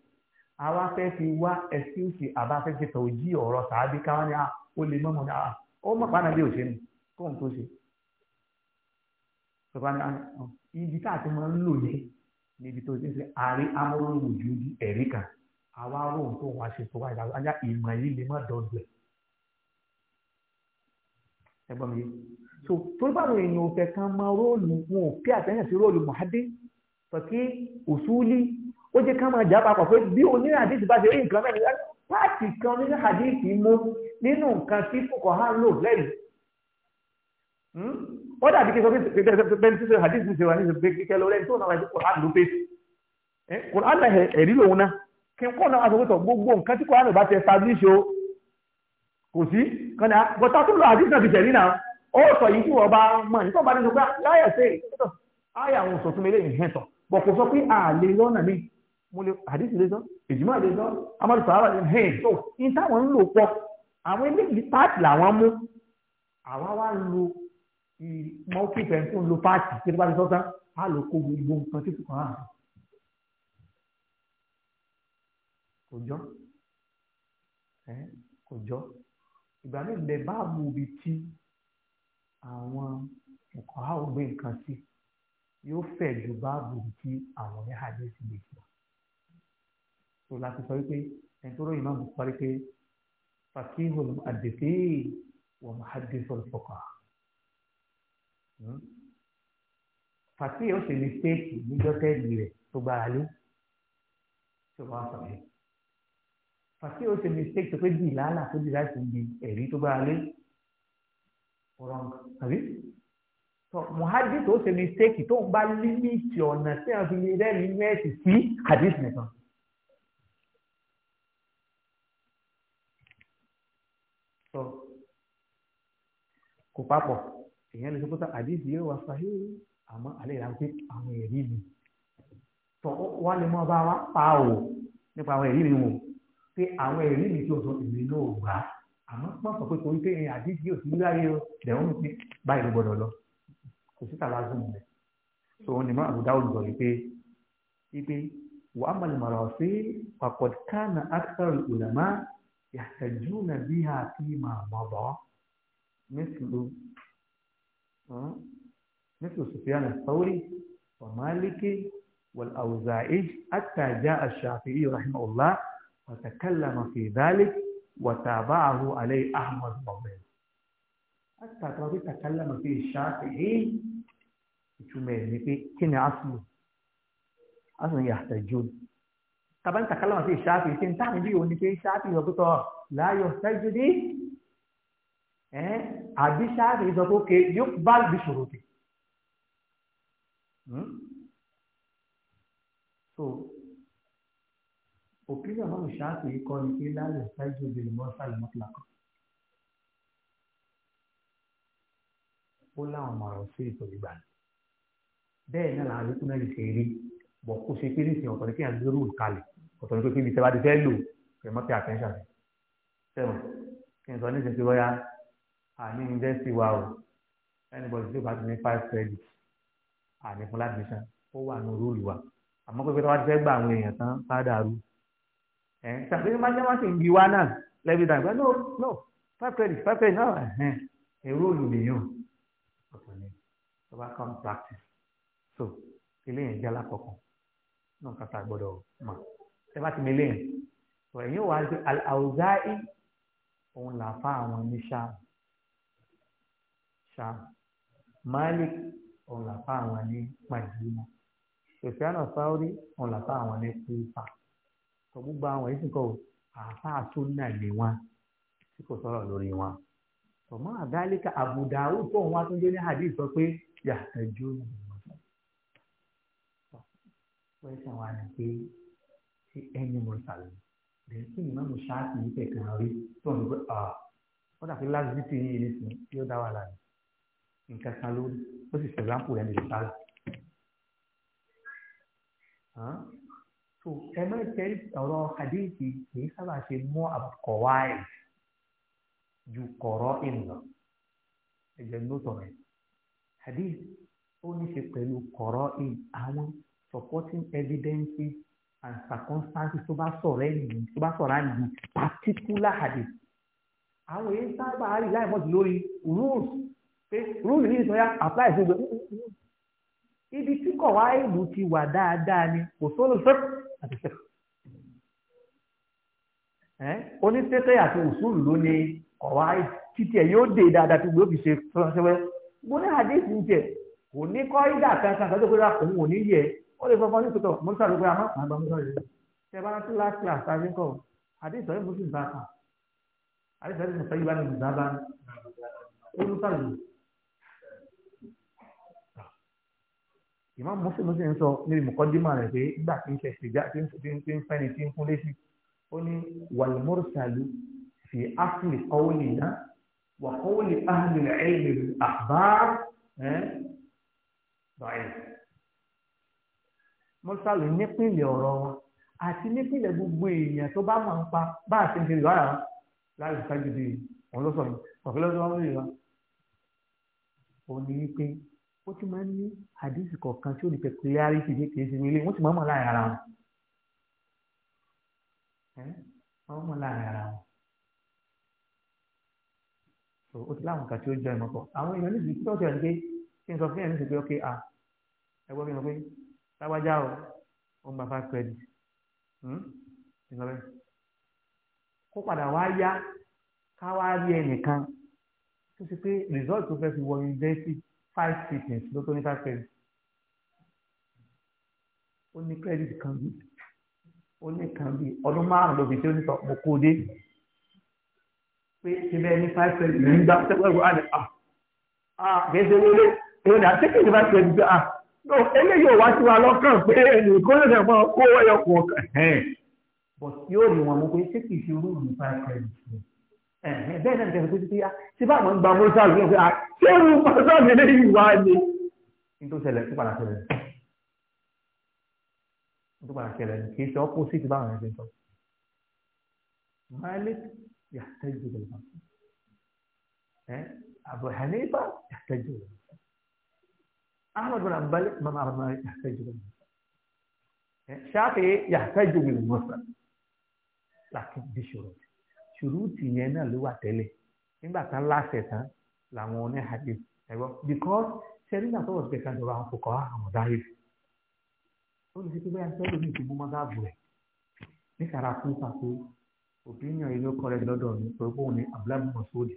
àwa fẹ́ fi wá excuse àbá fẹ́ fi tọ̀ jí ọ̀rọ̀ sàábí káwọn ni ah, ó lè mọ́mọ́ ní ah, ó mọ̀ pàánà bí òṣèlú kóhun tó ṣe oh, ibi tá a ti máa ń lò yẹn níbi tó ṣe ṣe àárín amúròyìn ojú ẹ̀rí kan àwa rohùn tó wàá ṣe tó wáyé láwọn ajá ìmọ̀ yìí lè má dọ̀dọ̀ ẹ̀ ẹ̀gbọ́n mi yìí so torí báwọn èèyàn òfẹ́ kan máa róòlù wọn ò pé àtẹ́yìn sí róòlù muhaddith pẹ̀kí usuli ó jẹ́ ká máa jà papọ̀ pé bí onírin àdìsí bá ṣe rí nǹkan mẹ́rin láti kan nínú àdìsí mú nínú nǹkan tí fúkọ̀ hàn lò lẹ́yìn hmm? ó dàbí kí n sọ pé bẹ́ẹ̀ tí sọ hadith mi ṣe wà ní ìṣe kíkẹ́ lọ lẹ́yìn tó náà wáyé Quran ló pé Quran náà ẹ̀rí lòun náà kí n kọ́ náà aṣọ pẹ̀tọ̀ gbogbo nǹkan tí Quran bá ti establish o kò sí kan náà tó lọ hadith náà fi tẹ̀lé náà ó sọ yìí tí wọ́n bá mọ̀ nítorí bá nínú pé láyà ṣe ìtọ́ àyà àwọn sọ fún mi lẹ́yìn hẹ́ sọ bọ̀ kò sọ pé àlè lọ́nà mi mo lè àdìsí lè sọ èjìmọ́ lè sọ amadu sàrà lè hẹ́ tó ní táwọn ń lò pọ̀ àwọn eléyìí páàtì làwọn mú àwa wá lo mọ́kì fẹ́ fún lo páàtì tí wọ́n bá ti sọ tán á lò kó gbogbo nǹkan títí kan hàn kò jọ kò jọ ìgbà mi lè bá àbò ibi tí àwọn ẹ̀kọ́ àwọn gbé nǹkan sí yóò fẹ̀ ju báàbù tí àwọn ọ̀rẹ́ àdé sì lè fi. tó láti sọ wípé ẹni tó ròyìn náà bù parí pé fakihul adèké wa muhaddithul fuqaha. Hmm? fàtí yóò ṣe mistéèkì níjọ́ tẹ́lì rẹ̀ tó gbára lé tó bá sọ yìí. fàtí yóò ṣe mistéèkì tó pé dì lálà tó dì láti di ẹ̀rí tó gbára lé wrong àbí so muhadi tó ṣe mistake tó ń bá límìtì ọ̀nà tí wọ́n fi lè rẹ́rìí inú ẹ̀sì sí hadith nìkan. so kò papọ̀ èèyàn lè sọ pé hadith yóò wá sahih àmọ́ àlẹ́ ìlànà pé àwọn ẹ̀rí mi tó wá lè mọ bá wa pa o nípa àwọn ẹ̀rí mi wò pé àwọn ẹ̀rí mi tí o sọ ìrìn náà wà á. àmọ́ wọ́n sọ pé torí pé ẹ̀yìn àdíjì ò sí láyé o dẹ̀wọ́n mi pé báyìí ló gbọ́dọ̀ lọ kò sí tàbá zoom rẹ̀ so wọn ni máa àbúdá olùdó yìí pé ipe wà á mọ̀lẹ̀ mọ̀rọ̀ sí pàpọ̀ká na akitari ulama yàtàjú na bí ha fi máa mọ̀ bọ́ mẹ́sìlú mẹ́sìlú sùfìyàn sáwórì wà máàlìkì والأوزاعي حتى جاء الشافعي رحمه الله وتكلم في ذلك وتابعه عليه أحمد مبين حتى ترى تكلم فيه الشافعي تشمعني في كن أصله أصلا يحتاجون طبعا تكلم فيه الشافعي كن تعمل بيه وإن فيه الشافعي يقول لا يحتاج لي àbí ṣáàrì ìsọpọ̀ òkè yóò bá bí ṣòro òpínlẹ̀ ọmọ ìṣáàtì yìí kọ́ ni pé láyọ̀ ṣáájú obìnrin mọ́ sálẹ̀ mọ́tìlá kan. ó láwọn ọmọọ̀rọ̀ sí ìtòlú gbà ní. bẹ́ẹ̀ náà làwọn yòókù náà lè ṣe rí bọ̀ kó ṣe pé nísìnyí ọ̀tọ̀ ní kí àgbẹ̀ rúùn kalẹ̀ ọ̀tọ̀ ní pé kí ìṣẹ́ bá ti fẹ́ lò kẹ̀ mọ́ àtẹ́ńṣàn sẹ́wọ̀n kí n sọ níṣẹ́ pé bóyá àní yunifásitì wa o anybody tí ó bá ní five credit àní fún láti ṣan ó wà ní rúùlù wa àmọ́ pé pé tí wọ́n ti fẹ́ gba àwọn èèyàn tán ká dàrú eh, tapi máa jẹ́ diwana lebih dah, no no five credit five credit náà ẹ̀hìn èrò olùdíyàn ọ̀tọ̀ ni tó bá come so ilé yẹn jẹ́ alákọ̀ọ́kan náà kàtà gbọ́dọ̀ mọ̀ ẹ bá ti mi lé yẹn tó ẹ̀yìn wàá ṣe fa àwọn ní ṣáà ṣáà Malik on là fa àwọn ní Madina Sufyan Sauri òun là fa àwọn ní Kúfà sọ gbogbo àwọn yìí sì kọ́ àáfàá tó nà lé wọn tí kò sọ̀rọ̀ lórí wọn. sọmọ àdáríkà Abu Dawud tó wọn tó ń gbé ní hadith sọ pé yàtọ̀ jó ní ìmọ̀tọ́. wọ́n ṣe wà ní pé ṣé ẹni mo sàlẹ̀ lẹ́yìn tí ìmọ̀ mo ṣáàtì yìí kẹ̀kẹ́ rí tó ń gbé wọ́n dàbí láti bí ti ní sùn yóò dá wà láàyè nǹkan kan lórí ó sì ṣẹ̀gbọ́n kù rẹ̀ ní ìsára so ẹ má tẹ ọ̀rọ̀ hadithi kì í sábà ṣe mú àkọwáì ju kọ̀rọ̀ ìlọ ẹ̀jẹ̀ ló sọ̀rọ̀ ẹ̀ hadith ó ní ṣe pẹ̀lú kọ̀rọ̀ ìn àwọn supporting evidences and circumstances tó bá sọ̀rọ̀ ẹ̀yìn tó bá sọ̀rọ̀ àyìn particular hadith àwọn èyí sábà rí láì mọ́tò lórí rules pé rules ní ìsọ̀yà apply sí gbogbo ibi tí kọ̀wáì ìlú ti wà dáadáa ni kò sólò sẹ́pù àti sẹ́k. oníṣẹ́kẹ́ àti òṣùlù ló ní ọ̀wá títí ẹ̀ yóò dé dáadáa tí gbogbo fi ṣe fẹ́ránṣẹ́wẹ́ gbóná àdéhùn tiẹ̀ kò ní kọ́ ìdá kankan kan tó kó dá òun ò ní yẹ ó lè fọwọ́ ní kòtò mọ́tò àdókòwé àmọ́ àgbà mọ́tò rẹ̀ tẹ bá rántí last class tá ṣe ń kọ́ àdéhùn sọ̀rọ̀ mọ́tò ìbá kan àdéhùn sọ̀rọ̀ mọ́tò ìbá kan olùkọ́ Imam Muslim ló sì ń sọ níbi mọ̀kọ́dímà rẹ̀ pé nígbà tí ń ṣe ṣèjà tí ń fẹ́ni tí ń fún létí ó ní wàlmúrúsàlù fi áfìlì kọ́wọ́lì náà wà kọ́wọ́lì áhìlì ẹ̀lì àbáà báyìí. mọ́sálù nípìnlẹ̀ ọ̀rọ̀ wọn àti nípìnlẹ̀ gbogbo èèyàn tó bá máa ń pa bá a ti ń ṣe lọ́ra láì sájú di òun ló sọ yìí kọ̀ọ̀kí lọ́sọ̀rọ̀ lórí wa. ó ní pé ó ti máa ń ní àdísì kọ̀ọ̀kan tí ó ní pẹ̀kúlíárìtì ní kìí sinmi ilé wọ́n ti máa ń mọ̀ láàrin ara wọn wọ́n so ó ti láwọn kan tí ó jọ ìmọ̀ pọ̀ àwọn èèyàn níbi tí tọ́jú ẹ̀ ń gbé kí n sọ fún ẹ̀ níbi pé ok ah ẹ gbọ́ kí n sọ pé lágbájá o ó ń gba five credit hmm? kó padà wá yá ká wá rí ẹnìkan tó ṣe pé result tó fẹ́ fi wọ university five sittings ló tó ní five credit ó ní credit kan bí ó ní kan bí ọdún márùn ló fi tí ó ní sọ mo kó dé pé síbẹ̀ ní five credit ló ń gbà sẹ́kọ̀ọ́ ìwọ àná ah ah kìí ṣe wọlé èyí ni àti kìí ṣe five credit ah no eléyìí ò wá sí wa lọ́kàn pé ẹnì kó lè fẹ́ mọ́ kó wọ́yọ̀ kọ̀ọ̀kan but yóò rí wọn mú pé ṣé kìí ṣe rúùlù five credit bẹ́ẹ̀ náà tẹ̀sán títí yá tí bá àwọn gba mọ́sá ló ń fi àṣẹ́rù mọ́sá mi lè wá ni. n tó ṣẹlẹ̀ tó padà ṣẹlẹ̀ n tó padà Malik yàtẹ́jú Abu Hanifa yàtẹ́jú lè Ahmad bin Ambali mama Ahmad yàtẹ́jú lè máa fún Shafi yàtẹ́jú lè máa fún bí ṣòro ti ṣùrùtì yẹn náà ló wà tẹ́lẹ̀ nígbà tán láṣẹ tán làwọn oníhàdì ẹ̀rọ because ṣẹ́rí náà sọ̀rọ̀ sí ẹ̀ka ìjọba àwọn kò kọ́ àwọn dáyé ó lè ṣe pé bẹ́ẹ̀ sọ́dọ̀ ní ìṣubú mọ́gàbù rẹ̀ ní sàràkú pàtó opinion yìí ló kọ́rẹ́ lọ́dọ̀ mi pé bóun ni abdullahi masoud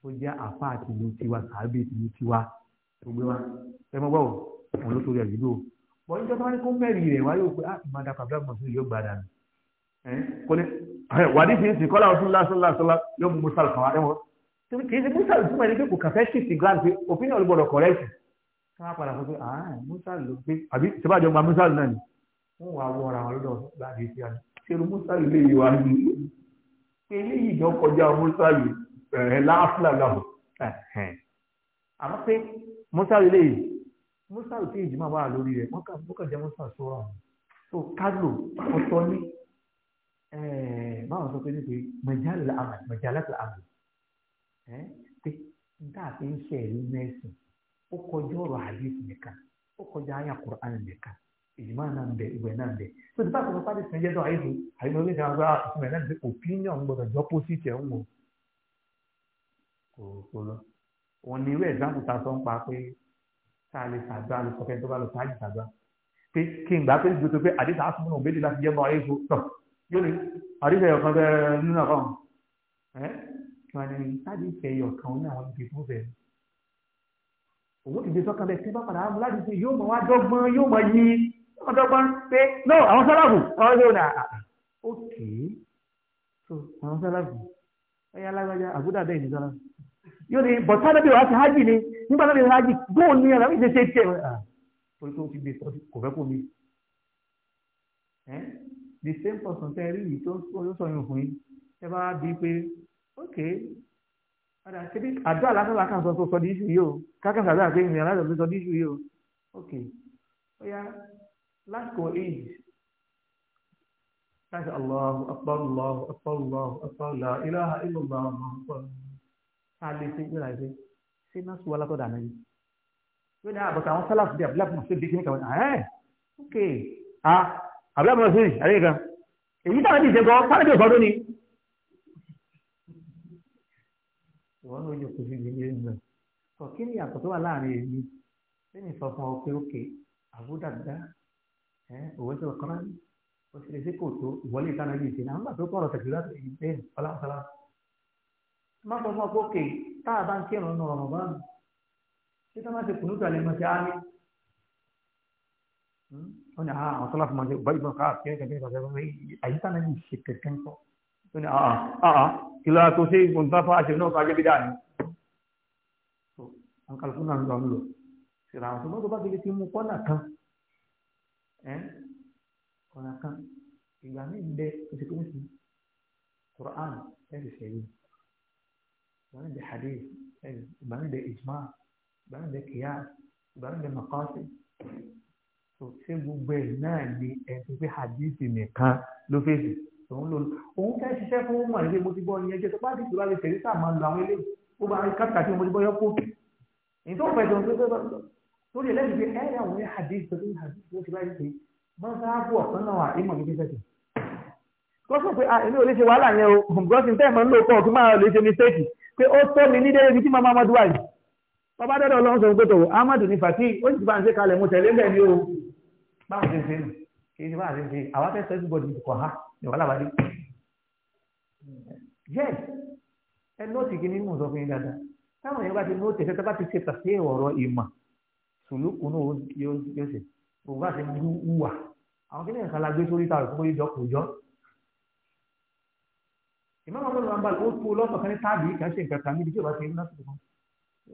tó jẹ́ àfa àti ìlú tiwa sàábì ìlú tiwa tó gbé wa ẹ mọ́ bọ́ọ̀ òun ló torí ẹ̀yìn lò bọ́n ìjọba ní kó mẹ́rin rẹ̀ wáyé òpin àti mọ́dà abdullahi masoud yóò gbàdánù ẹ̀ kọ́lẹ́ wà ní fi ń sìn kọ́lá ọ̀sùn lásánlásánlá yóò mú mùsàlù kan wá ẹ̀wọ̀n eh, kì í ṣe mùsàlù túmọ̀ ní pé kò kàfẹ́ ṣì sí grand pé òfin náà ló gbọdọ̀ kọ̀rẹ́ẹ̀tì káwá padà fún pé ah, mùsàlù ló gbé àbí ṣèbájọ gba mùsàlù náà ni wọ́n wà wọ ara wọn lọ́dọ̀ gbàdé sí àná ṣerú mùsàlù lè wà ní eléyìí jọ kọjá mùsàlù ẹ̀ láàfúlà làwọn àmọ́ pé mùsàlù lè mùsàlù so kálò ọ̀tọ̀ Eh, báwọn sọ pé ní pé mọ̀jálá àmàlì mọ̀jálá tó àmàlì pé níta àti ń ṣe ẹ̀rí mẹ́sìn ó kọjá ọ̀rọ̀ hadith nìkan ó kọjá àyà Qur'an nìkan ìjìmá náà ń bẹ ìwẹ̀ náà ń bẹ tó ti bá sọ pé sàn jẹ́ tó àyèfò àyèfò ní sàn gba ìtumẹ̀ náà ń bẹ opinion gbọdọ̀ jọ pósìtì ẹ̀ ń wò kò kò lọ. wọn ní irú ẹ̀dáàmù ta sọ ń pa pé tá a lè sàdúrà lè sọ pé tó bá lọ sáájì sàdúrà pé kí n gbà pé ìgbésọ pé àdéhùn yóò ní àdìsẹ̀ ọ̀kan bẹ́ẹ̀ nínú àkọ́ ẹ̀ kí wọ́n ní àdìsẹ̀ ọ̀kan ní àwọn ibi fún bẹ́ẹ̀ òun ti gbé sọ́kàn bẹ́ẹ̀ tí bá padà mú láti ṣe yóò mọ̀ wá dọ́gbọ́n yóò mọ̀ yí wọ́n dọ́gbọ́n pé no àwọn sálàbù àwọn yóò nà ah, ah. ok so àwọn sálàbù ẹ̀yà alágbájá àbúdà bẹ́ẹ̀ ní sálàbù yóò ní bọ̀tá bẹ́ẹ̀ wá sí hajj ni nígbà tó lè hajj góòlù ni àlàbí ṣe ṣe tiẹ̀ ah, torí pé ó ti gbé sọ́kàn kò fẹ́ kó mi the same person tẹ́ rí yìí tó ń sọ yín fún yín ẹ bá bíi pé ok padà síbi àdúrà lásán làkàn sọ sọ di iṣu yìí o kákàn sàdúrà pé ìrìn aláìsàn ló sọ di iṣu yìí o ok bóyá lásìkò èyí láti Allahu akbar Allahu akbar Allahu ilaha illallah Allahu akbar a lè ṣe ìgbéra ṣe ṣé náà sùn wà látọ̀ dànù yìí lónìí ah, àbọ̀tà àwọn sálàfù bíi àbúlá fún un ṣe bí kíní kàwé ẹ̀ ok ah àbúrẹ́mọ̀ sí àríkà èyí tàbí ti ìṣẹ́kọ́ sáréjì ọ̀sọ́dún ni wọ́n ló yóò kó sí ilé ni àtọ̀ tó wà láàrin èmi lẹ́yìn sọ fún ọ pé ókè àbúdàgbà òwe tó kọ́ náà ó ṣe lè ṣe kò tó ìwọlé ìtàn náà yìí ṣe náà nígbà tó kọ́ ọ̀rọ̀ tẹ̀sí láti ìgbé ọlọ́ọ̀sọ́lá ó ní àwọn sọ́lá fún ọmọdé báyìí bọ́n káà kí ẹ̀kẹ́ kẹ́kẹ́ kọ́sẹ́ àyíká náà yìí ṣe kẹ̀kẹ́ ń sọ ó ní àà kí ló tó ṣe nǹkan fún àṣẹ náà kájẹ́ bí dáa ni. àwọn kàlùkù náà ń lọ ń lò ṣèlà àwọn sọmọdé bá gẹ́gẹ́ ti mú kọ́nà kan kọ́nà kan ìgbà míì ń bẹ oṣù tó ń sìn Qur'an ẹ̀rì sẹ́yìn ìgbà míì hadith ẹ̀rì ìgbà ijma ìgbà míì ń bẹ kiyas ìgbà míì ń so ṣé gbogbo ẹ̀ náà ni ẹ̀sùn pé hadith nìkan ló fèsì òun ló òun fẹ́ ṣiṣẹ́ fún mọ̀ ní pé mo ti gbọ́ ìyẹn jẹ́ tó bá ti tù láti tẹ̀lé sáà máa lo àwọn eléyìí ó bá kápẹ́tà tí mo ti gbọ́ yọ kó èyí tó fẹ́ jọ pé lórí ẹlẹ́yìn pé ẹ̀rẹ́ àwọn ẹ̀ hadith tó ní hadith tó ti báyìí pé mọ́sáàbù ọ̀kan náà wà ìmọ̀ níbi tẹ̀sí. kọ́sọ̀ pé ah, èmi ò lè ṣe wàhálà yẹn o gọ́sìn tẹ́ẹ̀mọ́ ń lò pọ̀ kí máa lè ṣe mistake pé ó tó mi ní déédéé tí màmá ọmọdé wà yìí bàbá dọ́dọ̀ lọ́n sọ pẹ́tọ̀ amadu ní fàtí ó ti bá ń ṣe kalẹ̀ mo tẹ̀lé bẹ́ẹ̀ ni o bá ń ṣe ṣe nù kì í ṣe bá ń ṣe ṣe àwọn akẹ́kọ̀ọ́ ẹ̀sìn bọ̀dì kọ̀ ha ní wàhálà wàdí. yẹ́ẹ̀ ẹ lóòtì kí ni mò ń sọ fún yín dáadáa táwọn èèyàn bá ti lóòtì ẹ̀ṣẹ́ tábà ti ṣe tàṣe ọ̀rọ̀ ìmọ̀ sùlùkù náà yóò ṣe òun bá ti dú wà àwọn kí nìkan la gbé sórí ta òkú ìjọ kò jọ. ìmọ̀ àwọn ọmọ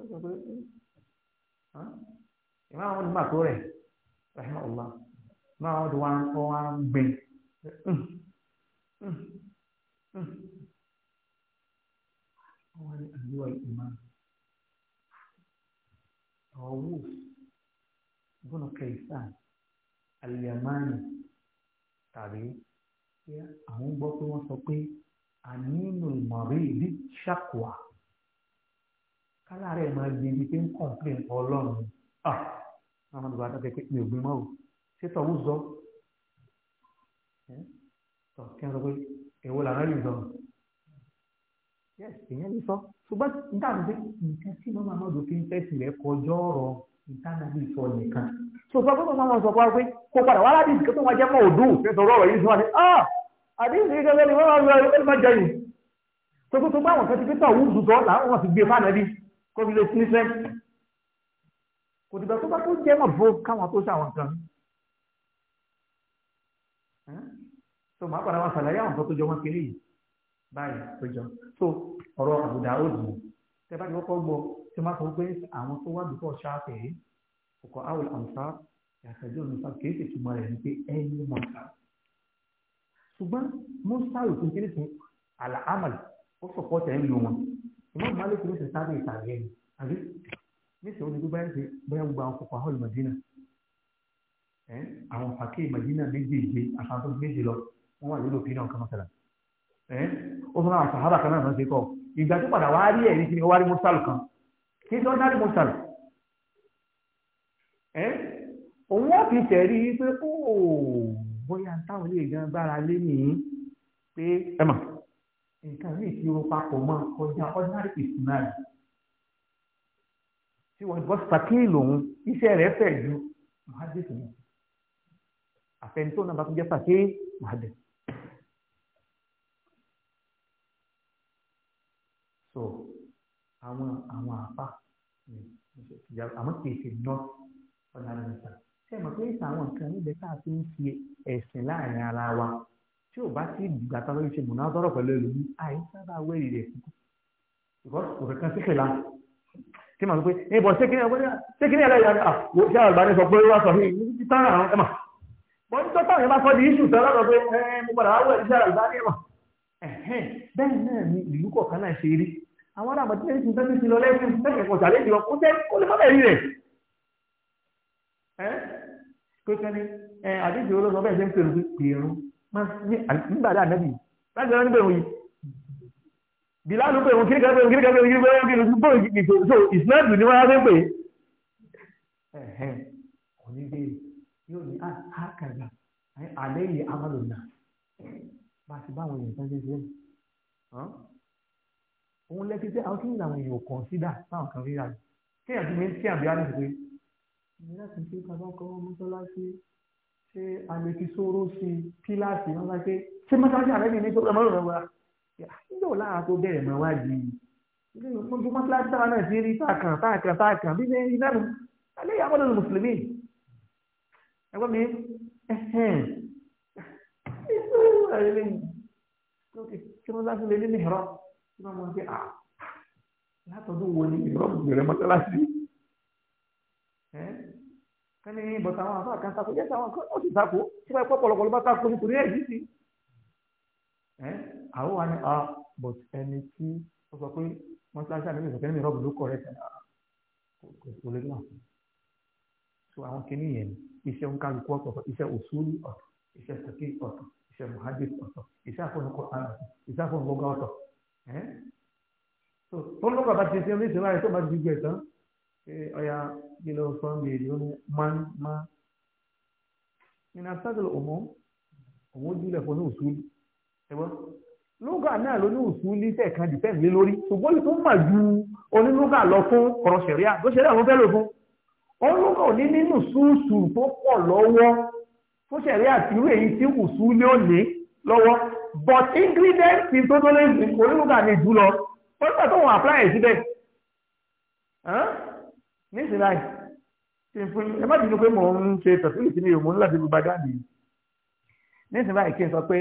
ìmọ̀ àwọn onímọ̀ àtó rẹ̀ rahman allah ìmọ̀ àwọn ọdún wa ń kọ́ wa ń gbìn àwọn àdúrà ìmọ̀ àwọn wolf gbọ́nà kẹsàn aliyamani tàbí àwọn gbọ́ pé wọ́n sọ pé àníínú ìmọ̀rí ìdí ṣàkùwà ara rẹ̀ máa di ibi pé ń kọ̀ǹpilẹ̀ ọlọ́run ah àwọn olùgbà tó pé mi ò gbé mọ́ o ṣé tọ̀hún zọ tọ̀ kí wọ́n sọ pé èwo làwọn lè zọ èèyàn lè sọ ṣùgbọ́n níta ló pé nǹkan tí màmá náà lòfin fẹ́sì rẹ̀ kọjọ́ ọ̀rọ̀ níta náà lè sọ nìkan ṣùgbọ́n gbọ́dọ̀ máa sọ fún wa pé kó padà wá láti ìdíkẹ́ tó máa jẹ́ mọ́ òdù fẹ́sọ̀ ọ̀rọ̀ yìí sọ́wọ́n ni ah àdéhùn ìgbẹ́lẹ́ ni wọ́n máa ń lọ ẹgbẹ́ máa jẹ yìí ṣùgbọ́n tó bá wọn kẹ́ ti pé tọ̀ òun zùtọ́ làwọn wọn gbé fáànà bíi kó fi lè ṣiṣẹ́ kò dìgbà tó bá tó jẹ́ mọ̀ bó káwọn tó ṣàwọn kan so màá padà wá sàlàyé àwọn kan tó jọ wọn kiri yìí báyìí tó jọ so ọ̀rọ̀ àbùdá ó dùn tẹ bá ti kọ́kọ́ gbọ́ tí wọ́n sọ pé àwọn tó wá dùkọ̀ ṣáàpẹ̀ ọkọ̀ àwọn àmúṣá ìyàtọ̀jú òmìnira kìí ṣe túmọ̀ rẹ̀ ní pé ẹni mọ̀ọ́sá ṣùgbọ́n mọ́sá òkú kiri sí àlàámàlì ó sọ̀pọ̀ tẹ̀ ń lu wọn. Imam Malik ní sè sábẹ́ ìtàgé ni àbí níṣẹ́ òní gbogbo ẹ̀ṣẹ̀ bóyá gbogbo àwọn kòkò àhọ́lù Madina àwọn fàkì Madina méjèèjì àtàwọn tó méjì lọ wọ́n wà lórí òpin náà kan mọ́tàlá ó fún àwọn sàhábà kan náà ṣe kọ́ ìgbà tó padà wàá rí ẹ̀rí kí ni ó wá rí mọ́tàlù kan kí ni ó dá rí mọ́tàlù òun wọ́n fi tẹ̀rí pé ó bóyá táwọn ilé ìgbà gbára lé nìyí pé ẹ̀ máa nǹkan ní ìṣirò papọ̀ mọ́ kọjá ordinary personal tí wọ́n bọ́ sàkíyì lòun iṣẹ́ rẹ̀ fẹ̀ ju mahadis mi àfẹnitó náà bá tún jẹ́ sàkíyì mahadis. so àwọn àwọn àpá àmọ́ kì í ṣe ná ordinary personal ṣé ẹ mọ̀ pé ìtàn àwọn nǹkan níbẹ̀ tá a fi ń fi ẹ̀sìn láàrin ara wa tí ò bá sí ìgbà tá a lọ́ọ́ ṣe mọ̀nà ọ̀dọ́rọ̀ pẹ̀lú ẹlòmíì àì sábà wẹ̀rì rẹ̀ because kò fẹ́ kan síkè la tí màá sọ pé ẹ bọ̀ sékìní ẹ lẹ́yìn àwọn ah, ṣé àgbà ni sọ pé wọ́n sọ yìí ní ti tán àwọn ẹ̀ mà wọ́n tó táwọn yẹn bá sọ di iṣu tán lọ́dọ̀ pé ẹ mo padà wá wẹ̀ ṣé àgbà ni ẹ̀ mà bẹ́ẹ̀ náà ni ìlú kọ̀ọ̀kan náà ṣe rí àwọn ará àmọ̀tí ẹ̀rí tuntun tó ti lọ lẹ́sìn tẹ́kẹ̀ kan ṣàlẹ́ ìdíwọ̀n kó jẹ́ kó lè má bẹ̀rẹ̀ rẹ̀ ẹ́ pé kẹ́ni àdéhùn olóògbé ọbẹ̀ ṣe nígbàdá ànábì láti ọ̀rọ̀ níbẹ̀rún yìí bìláàlú pé òun kíríkà pé òun kíríkà pé òun kíríkà pé òun kíríkà pé òun kíríkà so ìsìláàtù ni wọ́n á fi ń pè é onígbé yóò ní àkàrà àlẹ́ yìí amálòmíà bá a ti bá àwọn èèyàn sáńjẹ́ sílẹ̀ òun lẹ́kí pé àwọn kíni làwọn èèyàn kàn sídà táwọn kan rí rà kéèyàn ti mi ń tí àbí á ní ti pé ìyá ti ṣe kábàkọ́ mọ́sálásí ṣé a lè fi sóró sí píláàsì wọn wá pé ṣé mọ́tàlásì àrẹ́bí ní sóró ẹ̀mọ́rún rẹ̀ wá nígbà wo lára tó bẹ̀rẹ̀ mọ́ wájú mo mọ́tàlásì táwa náà sí rí táàkàn táàkàn táàkàn bí bẹ́ẹ̀ iná nu alẹ́ ìyá mọ́tàlásì mùsùlùmí ẹ̀gbọ́n mi ṣé mọ́tàlásì lè ní mìíràn ṣé mọ́tàlásì lè ní látọdún wo ni ìrọ̀rùn bẹ̀rẹ̀ mọ́tàlásì kẹ́ni bọ̀tà àwọn àfáà kan sako yẹ́sì àwọn kan ó sì sako tí wọ́n pọ̀ pọ̀lọpọ̀lọ bá sako nítorí ẹ̀jí sí. àwọn wa ni a ah, bọ̀t ẹni tí ó sọ pé mọ́ṣáláṣí àná ìgbà kẹ́ni mi rọ́ọ̀bù ló kọ̀ rẹ̀ ah, kò lè náà. so àwọn kìíní yẹn iṣẹ́ ń kálukú ọ̀tọ̀ iṣẹ́ òṣùlù ọ̀tọ̀ iṣẹ́ tẹ̀kí ọ̀tọ̀ iṣẹ́ muhadi ọ̀tọ̀ iṣẹ́ àfọ̀nukọ̀ iṣẹ́ àfọ̀nukọ̀ ọ̀tọ̀ ọ̀yà ilé ọ̀sán bèrè ó ní máa máa nínú asádùn òmò òmò jùlẹ̀ fún ní òṣùlù ẹ̀gbọ́n lúgà náà ló ní òṣùlù tẹ̀kan dìpẹ́ǹd lé lórí ṣùgbọ́n tó mà ju onílúgà lọ fún ọ̀rọ̀ ṣẹ̀ríà ló ṣẹ̀ríà ló fẹ́ lò fún olúkọ̀ ní nínú ṣùṣù tó pọ̀ lọ́wọ́ fún ṣẹ̀ríà tí irú èyí tí òṣùlù ó ní lọ́wọ́ but ingredients ti tó tó lé onílúgà ní jù lọ ó nígbà tó wọn apply ẹ̀ síbẹ̀ ní ìsìn láì tí n fún ẹ má dìbò pé mò ń ṣe tọ̀sílì sí mi ò mò ń láti gbogbo ajá nìyí ní ìsìn láì kí n sọ pé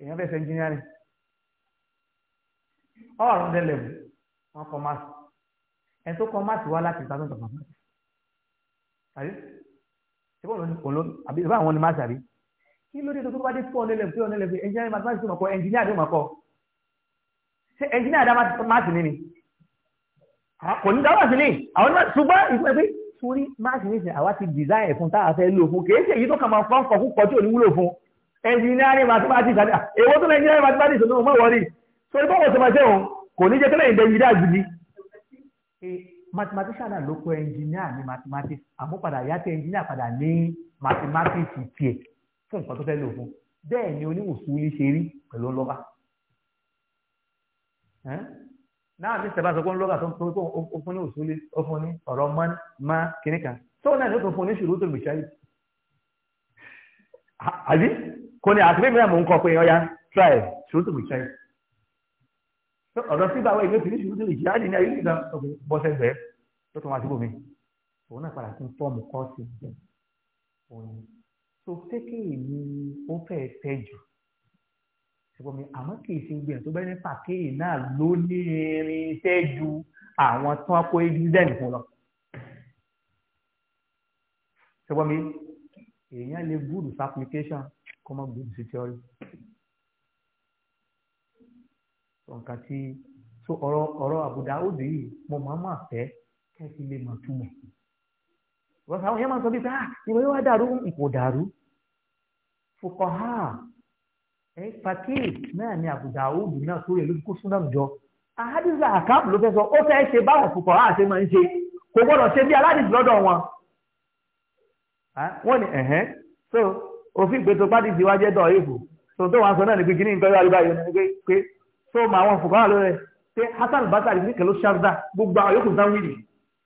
èèyàn fẹ́ ṣe engineering ọ̀rùn dẹ́lẹ̀ wọn kọ máàsì ẹni tó kọ máàsì wá láti ìta tó ń tọ̀ máàsì àbí ṣùgbọ́n òun ló àbí ìbá àwọn ni máàsì àbí kí ló dé tó tó bá dé fún ọ̀nẹ́lẹ̀ fún ọ̀nẹ́lẹ̀ fún engineering máàsì kò ní dáwà sí ní àwọn náà ṣùgbọ́n ìpínlẹ̀ pé sórí máàkì ní ìsìn àwa ti design ẹ̀ fún tá a fẹ́ lò fún kì í ṣe èyí tó kà máa fọ́n kọ̀ púpọ̀ tí ò ní wúlò fún engineering mathematics àti ah, èwo tó engineering mathematics ló mọ̀ wọ́rí sórí bọ́wọ̀ tó máa ṣe òun kò ní jẹ́ tẹ́lẹ̀ ìdẹ́yìndà gidi. mathematician náà ló kọ engineer ní mathematics àmọ́ padà yá tẹ engineer padà ní mathematics tiẹ̀ fún nǹkan tó fẹ́ lò fún bẹ́ẹ̀ ni oníwòsàn náà ní sẹ́bà sọ pé ń lọ́gà tó ń tó ó fún ní òṣùlé ó fún ní ọ̀rọ̀ mọ́ má kínní kan tó náà ní ó tún fún ní ṣùrù tó lè ṣáyé àbí kò ní àtúnbí mìíràn mò ń kọ pé ọya try ṣùrù tó lè ṣáyé ọ̀rọ̀ sígbà wẹ̀ ìwé fìdí ṣùrù tó lè ṣáyé ní ayé ìgbà bọ́sẹ̀ bẹ́ẹ̀ tó tún wá síbò mi òun náà padà tún fọ́ọ̀mù kọ́ọ̀sì òun tó fẹ́ kéèyàn ní ṣùgbọ́n mi àmọ́ kì í ṣe gbé ẹ̀ tó bẹ́ẹ̀ ní pàkéyì náà ló ní irin iṣẹ́ ju àwọn tó ń kó israel fún lọ. ṣùgbọ́n mi èèyàn lè gúdù sí application kó má gúdù sí theory. nǹkan tí so ọ̀rọ̀ ọ̀rọ̀ àbùdá òdì yìí mo máa máa fẹ́ kẹ́ fi lè mọ̀ túmọ̀. ìwọ́n sọ àwọn èèyàn máa sọ bí pé ah ìwọ yóò wá dàrú kò dàrú. fòkàn háà ẹ fàkíyì náà ni àbùdá òòlù náà tó yẹ lójú kó súnà jọ àhádìsí àkáàpù ló fẹ́ sọ ó fẹ́ ṣe báwọn fòkàn á ṣe máa ń ṣe kò gbọ́dọ̀ ṣe bí aládìsí lọ́dọ̀ wọn. wọ́n ní ẹ̀hẹ́n so òfin ìgbésọ pàdísì wájẹ́ dọ̀ èèfò tó tó wọn sọ náà ní pé kíní nǹkan yóò báyìí ní pé pé so mà àwọn fòkàn á lọ rẹ pé Hasan Basari ní kẹló ṣáàdá gbogbo àwọn yòókù sáwìrì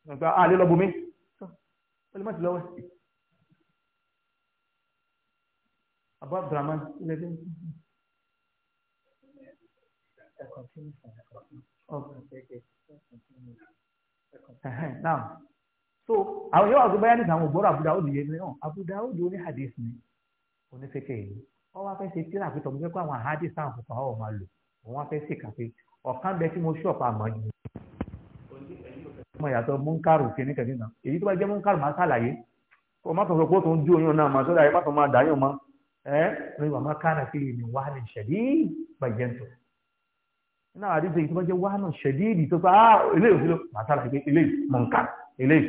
nípa àlélọ́bùnmí àbá brahman ilẹ̀ tó ń now so àwọn yóò wá gbé báyà níta àwọn ògbóró Abu Dawud yẹn náà Abu Dawud ó ní hadith ni onífẹ́kẹ́ yìí wọ́n wá fẹ́ ṣe tíra pé tọ́mú fẹ́ kó àwọn àhádìí sáà fún fún ọmọ lò wọ́n wá fẹ́ ṣèkà pé ọ̀kan bẹ tí mo ṣọ̀pù àmọ́ yìí. ọmọ ìyàtọ̀ múnkàrù kìíní kẹ́ni náà èyí tó bá jẹ́ múnkàrù máa ṣàlàyé kó má Eh, wàá máa kánà fi ní wàhánà ṣẹ̀dí bàjẹ́ntò náà àdìsẹ́ yìí tó bá jẹ́ wàhánà ṣẹ̀dí ìdí tó bá eléyìí ah, òfin màá sára pé eléyìí mọ̀nká eléyìí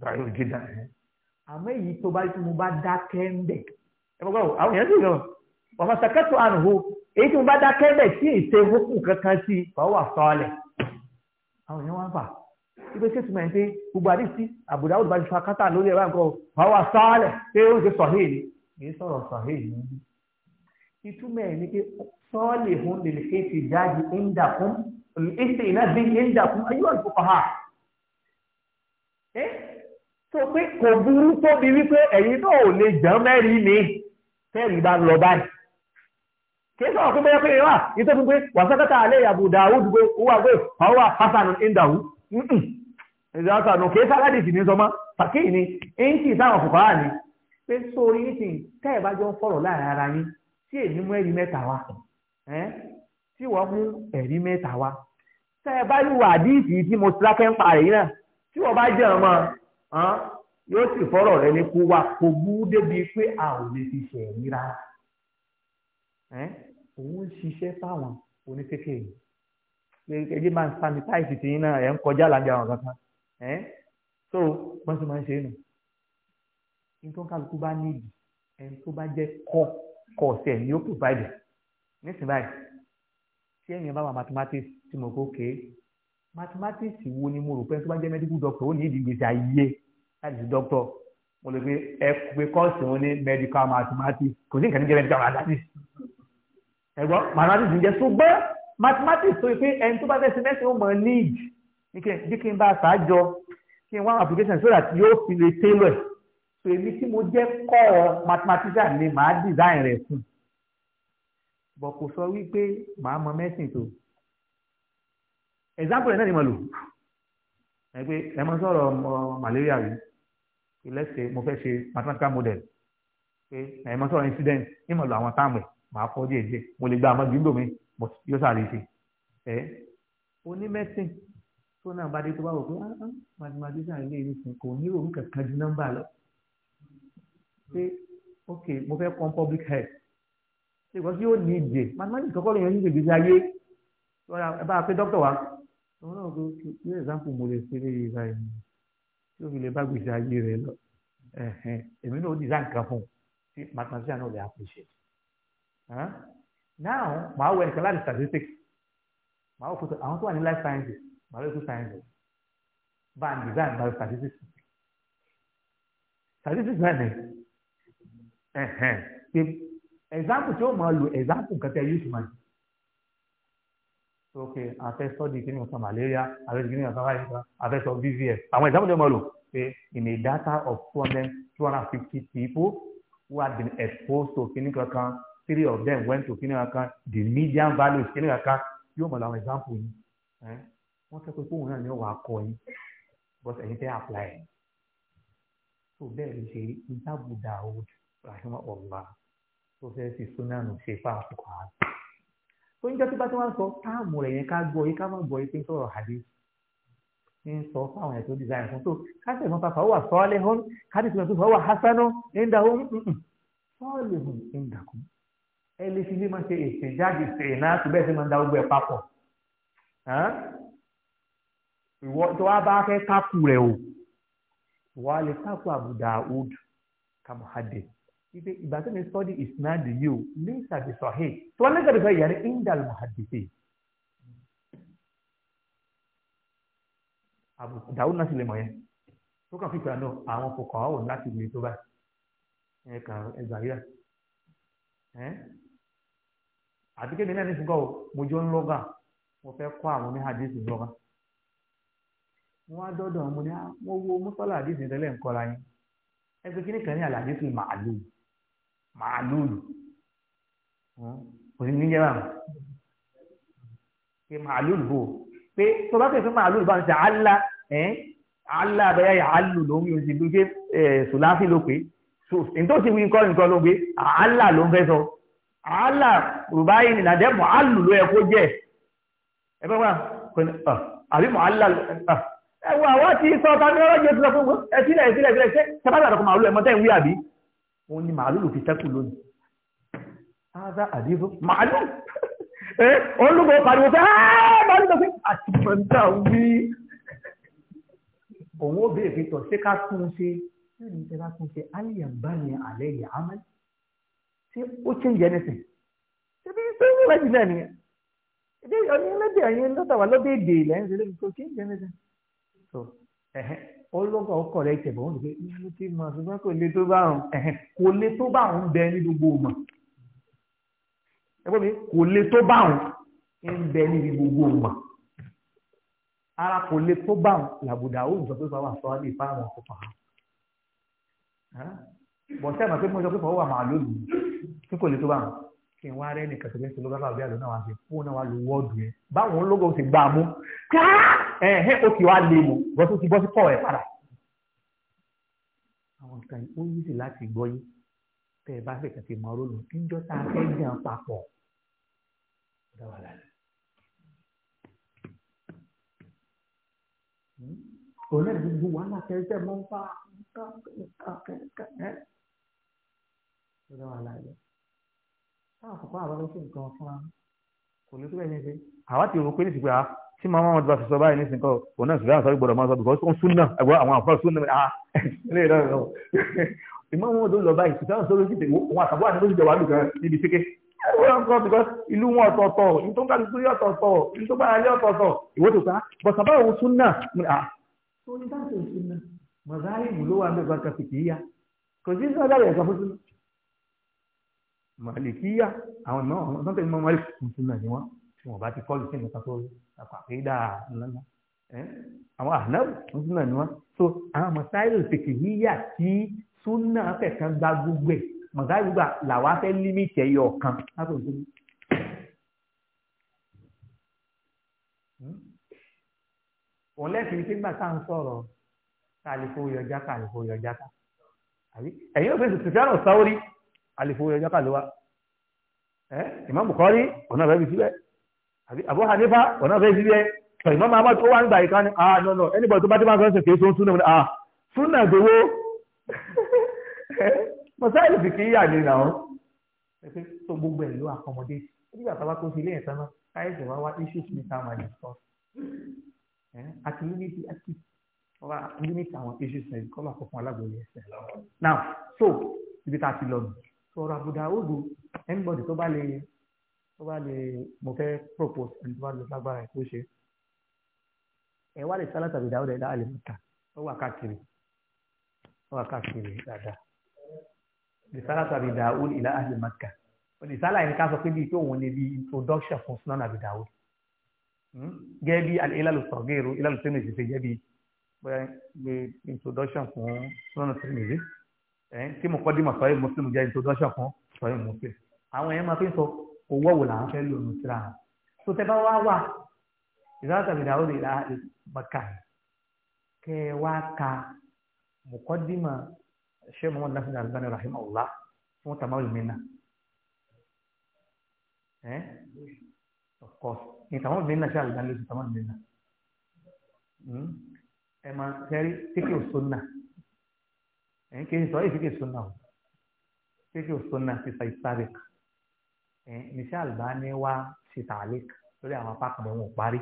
dàrú gíga ẹ̀ àmọ́ èyí tó bá tí mo bá dákẹ́ ń bẹ̀ ẹ bá gbọ́dọ̀ àwọn èèyàn sì lọ wàá máa sàkẹ́tọ̀ àrùn o èyí tí mo bá dákẹ́ ń bẹ̀ tí èsè hókùn kankan sí fọwọ́ àsọ̀ọ́lẹ̀ àwọn èèyàn wá ń fà ibi tí tùmọ̀ ẹ̀ ń pé gbogbo àdìsí àbùdá òdùbáṣe fakátà lórí ẹ̀rọ àǹkọ́ fọwọ́ àsọ̀ọ́lẹ̀ pé ó ń ṣe sọ̀hìn kì í sọ̀rọ̀ sàhé yìí níbí ìtumọ̀ ẹ̀ ní pé sọ́ọ̀lì fún lè ké ti jáde ẹ̀ńdà fún ẹ̀ṣẹ̀ iná bí ẹ̀ńdà fún ayé ọ̀dùn kọ̀ ha ẹ́ tó pé kò burú tóbi wípé ẹ̀yin náà ò lè jẹun mẹ́rin ni fẹ́ẹ̀rì bá lọ báyìí kì í sọ̀rọ̀ pé bẹ́ẹ̀ pé wà nítorí pé wàsákàtà alẹ́ ìyàbò dàwùd gbé owó àgbẹ̀ àwọn àfàsànù ẹ̀ńdàwù ẹ̀ńdàwù kì í sára dìtì ní sọmọ pàkíyì ni ẹ̀ńkì táwọn fòkàrà pé sórí nísìnyí tẹ́ ẹ̀ bá jọ ń fọ̀rọ̀ láàrin ara yín tí èmi mú ẹ̀rí mẹ́ta wá tí wọ́n mú ẹ̀rí mẹ́ta wá tẹ́ ẹ bá yíwọ àdíìsì tí mo tilákẹ́ ń pa rèé náà tí wọ́n bá jẹ́ ọmọ yóò sì fọ́rọ̀ rẹ ní kó wa kó bú débi pé a ò lè fi ṣe ẹ̀rí rárá òun ń ṣiṣẹ́ fáwọn oníkékèké ẹjẹ máa ń sanitize tìyín náà ẹ̀ ń kọjá làǹdí àwọn kankan so wọ́n sì máa ń ṣe é nù nítorí kálukú bá níbi ẹni tó bá jẹ́ kọ́ kọ́ ọ̀sẹ̀ ni ó provide nísìnyí báyìí tí ẹ̀yìn bá wà mathematics tí mo kó ké mathematics wo ni mo rò pé tó bá jẹ́ medical doctor ó ní ìdí gbèsè ayé láti ṣe doctor mo lè pe ẹ pe kọ́ọ̀sì wọn ní medical mathematics kò sí nǹkan ní jẹ́ medical mathematics ẹ̀gbọ́n mathematics ń jẹ́ ṣùgbọ́n mathematics tó yẹ pé ẹni tó bá fẹ́ ṣe mẹ́sìn ó mọ̀ need bí kí n bá ṣáájọ kí n wá application so that yóò fi lè tailor èmi tí mo jẹ́ kọ́ mathematician ni màá design rẹ̀ fún bọ̀ kò sọ wípé màá mọ mẹ́sìn tó example rẹ̀ náà ni mo lò ẹ pé ẹ mọ sọ̀rọ̀ malaria yìí ìlẹ́sẹ̀ mo fẹ́ ṣe mathematical model pé ẹ mọ sọ̀rọ̀ incident ní mo lò àwọn táàmù ẹ̀ màá kọ́ díẹ̀ díẹ̀ mo lè gba àmọ́ gbígbó mi but yóò sáré ṣe ẹ onímẹ́sìn tó náà bá dé tó bá wò pé ah, ah, mathematician ilé ìwé kò ní òun kankan ju nọ́mbà lọ pé ok mo fẹ́ kọ́ public health ṣe ìgbọ́n tí yóò ní ìdè mathematics kọ́kọ́ lè yan ní ìgbésí ayé lọ́ra ẹ bá a pé dókítà wa òun náà kò kí ní ẹ̀sánpù mo lè ṣe léyìí báyìí tí o fi lè bá gbèsè ayé rẹ lọ èmi náà ó dì sáǹkà fún un tí mathematician náà lè appreciate now màá wọ ẹnìkan láti statistics màá wọ fótó àwọn tó wà ní life sciences biological sciences bá a design by statistics statistics náà nìyẹn ẹ̀zámpù tí ó máa lo ẹ̀zámpù kẹtẹ yóò fi máa ok afẹ́ sọ́ọ̀dì kí ni o sọ malaria afẹ́ sọ́ọ̀dì kí ni o sọ malaria afẹ́ sọ vvs àwọn ẹ̀zámpù tí ó máa lo pé in a data of two hundred two hundred and fifty people who had been exposed to kí ni kankan three of them went to kí ni kankan the median value kí ni kankan yóò mọ̀ láwọn ẹ̀zámpù yìí wọ́n sọ pé fóun náà ni ó kọ yín but ẹ̀yin tẹ́ apply so bẹ́ẹ̀ ló ṣe ìjábùdà òòd rahima allah tó fẹ́ fi súnánù ṣe fáàfù kan. ó ń jẹ́ tó bá tí wọ́n sọ táàmù rẹ̀ yẹn ká gbọ́ yìí ká má gbọ́ yìí pé sọ̀rọ̀ hadith ń sọ fáwọn ẹ̀tọ́ design fún tó káṣẹ̀ mọ́ta fàáwà sọ́ọ́lẹ̀ hàn hadith mọ́ta fàáwà hasanu ẹ̀ńdà hàn sọ́ọ́lẹ̀ hàn ẹ̀ńdà kún. ẹ lè fi lè máa ṣe èsì jáde ṣe iná tó bẹ́ẹ̀ sì máa ń da ogbó ẹ̀ papọ̀ ìwọ tó wá bá fẹ́ kákù rẹ̀ o ìwọ á lè kákù Abu Daud kàmù hadith ife ìgbà tí mi sọ́ọ́dì ìsìnàdì yìí o lẹ́yìn tàbí sọ̀hìn tí wọ́n lẹ́gàdì fẹ́ yẹn ní indal muhadisi. àbùkù dàrúdà náà sì lè mọ̀ yẹn tó kàn fi ìpè àná àwọn kòkàn áwò láti lè tó báyìí ẹ kàn ẹgbàá yíyà àti kéde náà ní ṣùgbọ́n mo jọ ń lọ́gà mo fẹ́ kọ́ àwọn ní hadisi lọ́gà mo wá dọ́dọ̀ mo ní ah, mo wo mọ́tọ́lá hadisi kan ní àlàyé fi màálù màálùlù hmm? kò sí ní jẹ́rà pé màálùlù bò pé tó bá pè fún màálùlù bá ń sà álá ẹ̀ álá abẹ́yà yà álù ló ń yọ sí gbé sùláfì ló pé nítorí ti wí nǹkan nǹkan ló ń gbé álá ló ń fẹ́ sọ álá rùbáyé nìlá jẹ́ màálù ló yẹ kó jẹ́ ẹ bá wà àbí màálà ẹwà wá ti sọ ọ̀tá ní ọlọ́jọ́ ti sọ fún ẹ̀sílẹ̀ ẹ̀sílẹ̀ ẹ̀sílẹ̀ ṣe ìwé àbí òun ni màálù fi tẹ́kù lónìí ádá àdífò màálù eh, olùkọ pariwo pé màálù tó fi àti pẹ̀ntà wí òun ó béèrè pẹ̀tọ̀ ṣé ká tún un ṣe ṣé ní ṣe ká tún un ṣe aliyah bá ní alẹ́ yìí amẹ́ ṣé ó ṣe ń jẹ́nẹ́sì ṣé bí ṣé ń lẹ́jì náà nìyẹn ṣé ọ̀nà ẹlẹ́dẹ̀ ẹ̀yìn lọ́tàwá lọ́dẹ̀ èdè lẹ́yìn ṣe lẹ́yìn tó ṣe ń jẹ́nẹ́sì ọlọ́gbà ọkọ̀ rẹ̀ tẹ̀bọ̀ wọn pé mo ti mọ̀ ṣùgbọ́n kò le tó bá òun kò le tó bá òun bẹ ní gbogbo ọmọ ẹgbẹ́ mi kò le tó bá òun ń bẹ níbi gbogbo ọmọ ara kò le tó bá òun làbùdà ó sọ pé báwa sọ alẹ́ ìfá àwọn ọkọ̀ bọ̀ sẹ́yìn máa pé mo sọ pé fọwọ́ àmà lónìí tí kò le tó bá òun kí n wá rẹ́ nìkan tó fẹ́ ṣe lọ́gbà bàbá àbí àlọ́ náà wá ṣe fóònù náà wá lo wọ́ọ̀dù yẹn báwọn ológun ti gbà á mú káá ẹ̀hẹ́ òkè wa lè mọ̀ bọ́sí ti bọ́sí kọ̀ ẹ̀ padà. àwọn nǹkan ó yí sí láti gbọ́ yé tẹ́ ẹ bá fẹ́ kẹ̀kẹ́ mọ róòlù níjọ́ tá a fẹ́ yàn papọ̀ dáwàlá ni. òun náà gbogbo wàhálà kẹsẹ̀ mọ́ ń fa kẹ́kẹ́kẹ́ dáwàlá ni. táwọn àkọ́kọ́ àwọn ọlọ́sìn kan fún wa kò ní tó bẹ́ẹ̀ ní ṣe àwa ti rò pé ní ìsìnkú yàrá tí màmá wọn ti bá fi sọ báyìí nísìnyí kọ́ òun náà sùgbọ́n àṣàrí gbọ́dọ̀ máa sọ bìkọ́ ó súnà ẹ̀gbọ́n àwọn àfọ́ súnà mi ah ilé ìlọ ìlọ ìmọ̀ wọn tó lọ báyìí sùgbọ́n sọ lójú tè wọn àtàwọn àti lójú tè kan? lùkàn níbi síké ẹ̀wọ́n kọ́ bìkọ́ ìlú wọn ọ̀tọ̀ọ̀tọ̀ ìtọ́kàlùkù yọ̀tọ̀ọ̀tọ̀ ìtọ́kàlùkù yọ̀tọ̀ọ̀tọ̀ ìwọ́ tó sá bọ̀sàbá òun súnà ah tó ní dáńtò súnà mọ̀záìmù ló wà mẹ́gbàá kan fìkìyà kò sí sí ọjà rẹ̀ sọ fún súnà mọ̀ ni wọ́n tí wọ́n bá ti àpàkídà ńláńlá àwọn ànáwó ń sún náà ni wọn so àwọn mọ̀sáìlì tètè yíyà tí súnà fẹ̀kan gba gbogbo ẹ̀ mọ̀sáìlì gbà làwa fẹ́ límìtì ẹ̀yọ̀ kan látò tó òun hmm? lẹ́sìn tí gbà tá à ń sọ̀rọ̀ kàlífò yọjá kàlífò yọjá ká ẹ̀yin ò fẹ́ sùn sùfẹ́ ọ̀rọ̀ sáwórí kàlífò yọjá kàlíwá ẹ̀ ìmọ̀ bùkọ́rí ọ̀nà rẹ̀ bí síbẹ̀. Abu Hanifa ọ̀nà fẹ́ síbẹ̀ pẹ̀lú mọ́mọ́ amọ́ tó wà nígbà yìí kan ní ah no no anybody tó bá dé bá sọ́sẹ̀ kì í tó ń súnà ní ah súnà gbowó mọ̀sáìlì sì kì í yà ní ìlànà ẹ̀fẹ́ tó gbogbo ẹ̀ ló àkọmọdé nígbà tá a bá tó fi ilé ẹ̀ tán náà káyọ̀sì wá wá issues ní táwọn àjẹ sọ àti unity àti ọba unity àwọn issues ẹ̀ kọ́ máa kó fún alágbèrè ẹ̀sẹ̀ now so ibi tá a ti lọ sọ̀rọ̀ àbùdá òdo anybody tó bá lè tó bá lè mo fẹ́ propose ẹni tó bá lọ lágbára ẹ̀ tó ṣe ẹ wá lè sálà tàbí dáwọ́ dáadáa lè mọ̀ta ó wà káàkiri ó wà káàkiri dáadáa lè sálà tàbí dáwọ́ ìlà àlè mọ̀ta lè sálà yẹn ká sọ pé bíi pé òun lè bi introduction fún sunan àbí dáwọ́ hmm? gẹ́gẹ́ bí alẹ́ ìlàlù sọ̀gẹ́rù ìlàlù sẹ́mi ìṣẹ̀ṣẹ̀ gẹ́gẹ́ bí bóyá gbé introduction fún sunan sẹ́mi ìṣẹ̀ṣẹ̀ tí mo kọ́ dí mọ̀ sọ́yìn muslim jẹ́ introduction fún sọ́yìn muslim àwọn yẹn máa fi ń sọ owó wo làwọn fẹ́ lò nùtìrà tó tẹ bá wá wà ìdáhùn ìdáhùn ìlà màkà kẹ wá ka mùkọ́dìmà ṣé mo wọn lásìkò àlùbáni rahimahullah fún tàmáwìlì mi ẹ of course ní tàmáwìlì mi náà ṣé àlùbáni ló ti tàmáwìlì mi náà hmm? ẹ máa kẹrí tíkì òṣùnà ẹ kì í sọ èyí tíkì òṣùnà o tíkì òṣùnà ti sa ìsáré kan níṣẹ́ Albani wá ṣe tààlík lórí àwọn apá kan wọn ò parí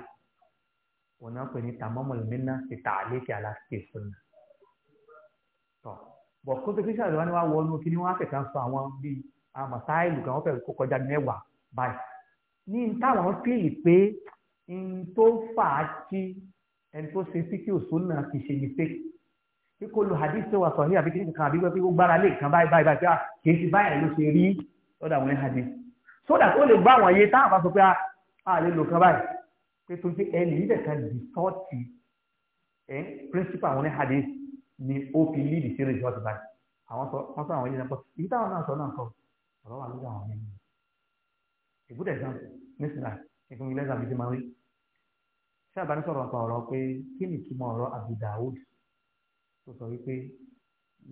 òun náà pè ní tamamul minna ṣe tààlík aláṣẹ sunna tọ bọ kó tó kí ṣe Albani wá wọnú kí ni wọn á fẹ kan sọ àwọn bíi àwọn mọsáìlù kan wọn fẹ kó kọjá mẹ́wàá báyìí ní táwọn fíìlì pé n tó fà á kí ẹni tó ṣe sí kí òṣùn náà fi ṣe mistake kí kò lu hadith tó wà sọ ní àbí kí nǹkan àbí wọ́n fi gbára lé nǹkan báyìí báyìí báyìí pé ah, kì í ṣe báyìí ló ṣe rí lọ́dọ̀ àwọn ẹ̀ hadith sódà ó lè gbọ́ àwọn ayé táwọn bá sọ pé a lè lò kan báyìí pé tó ti ẹnì yìí dẹ̀kan dìtọ́ọ̀tì principal àwọn oníhàdé ni ó fi líìdì sí rìsọ́ọ̀tì báyìí àwọn sọ wọn sọ àwọn yìí nàpọ̀ èyí táwọn náà sọ náà sọ ọ̀rọ̀ wà lórí àwọn ẹni a good example nísìnyà ẹ̀kún ilé ẹ̀sán àbíjẹ́ máa rí ṣé àbáni sọ̀rọ̀ nípa ọ̀rọ̀ pé kí ni ìtumọ̀ ọ̀rọ̀ Abu Dawud tó sọ wípé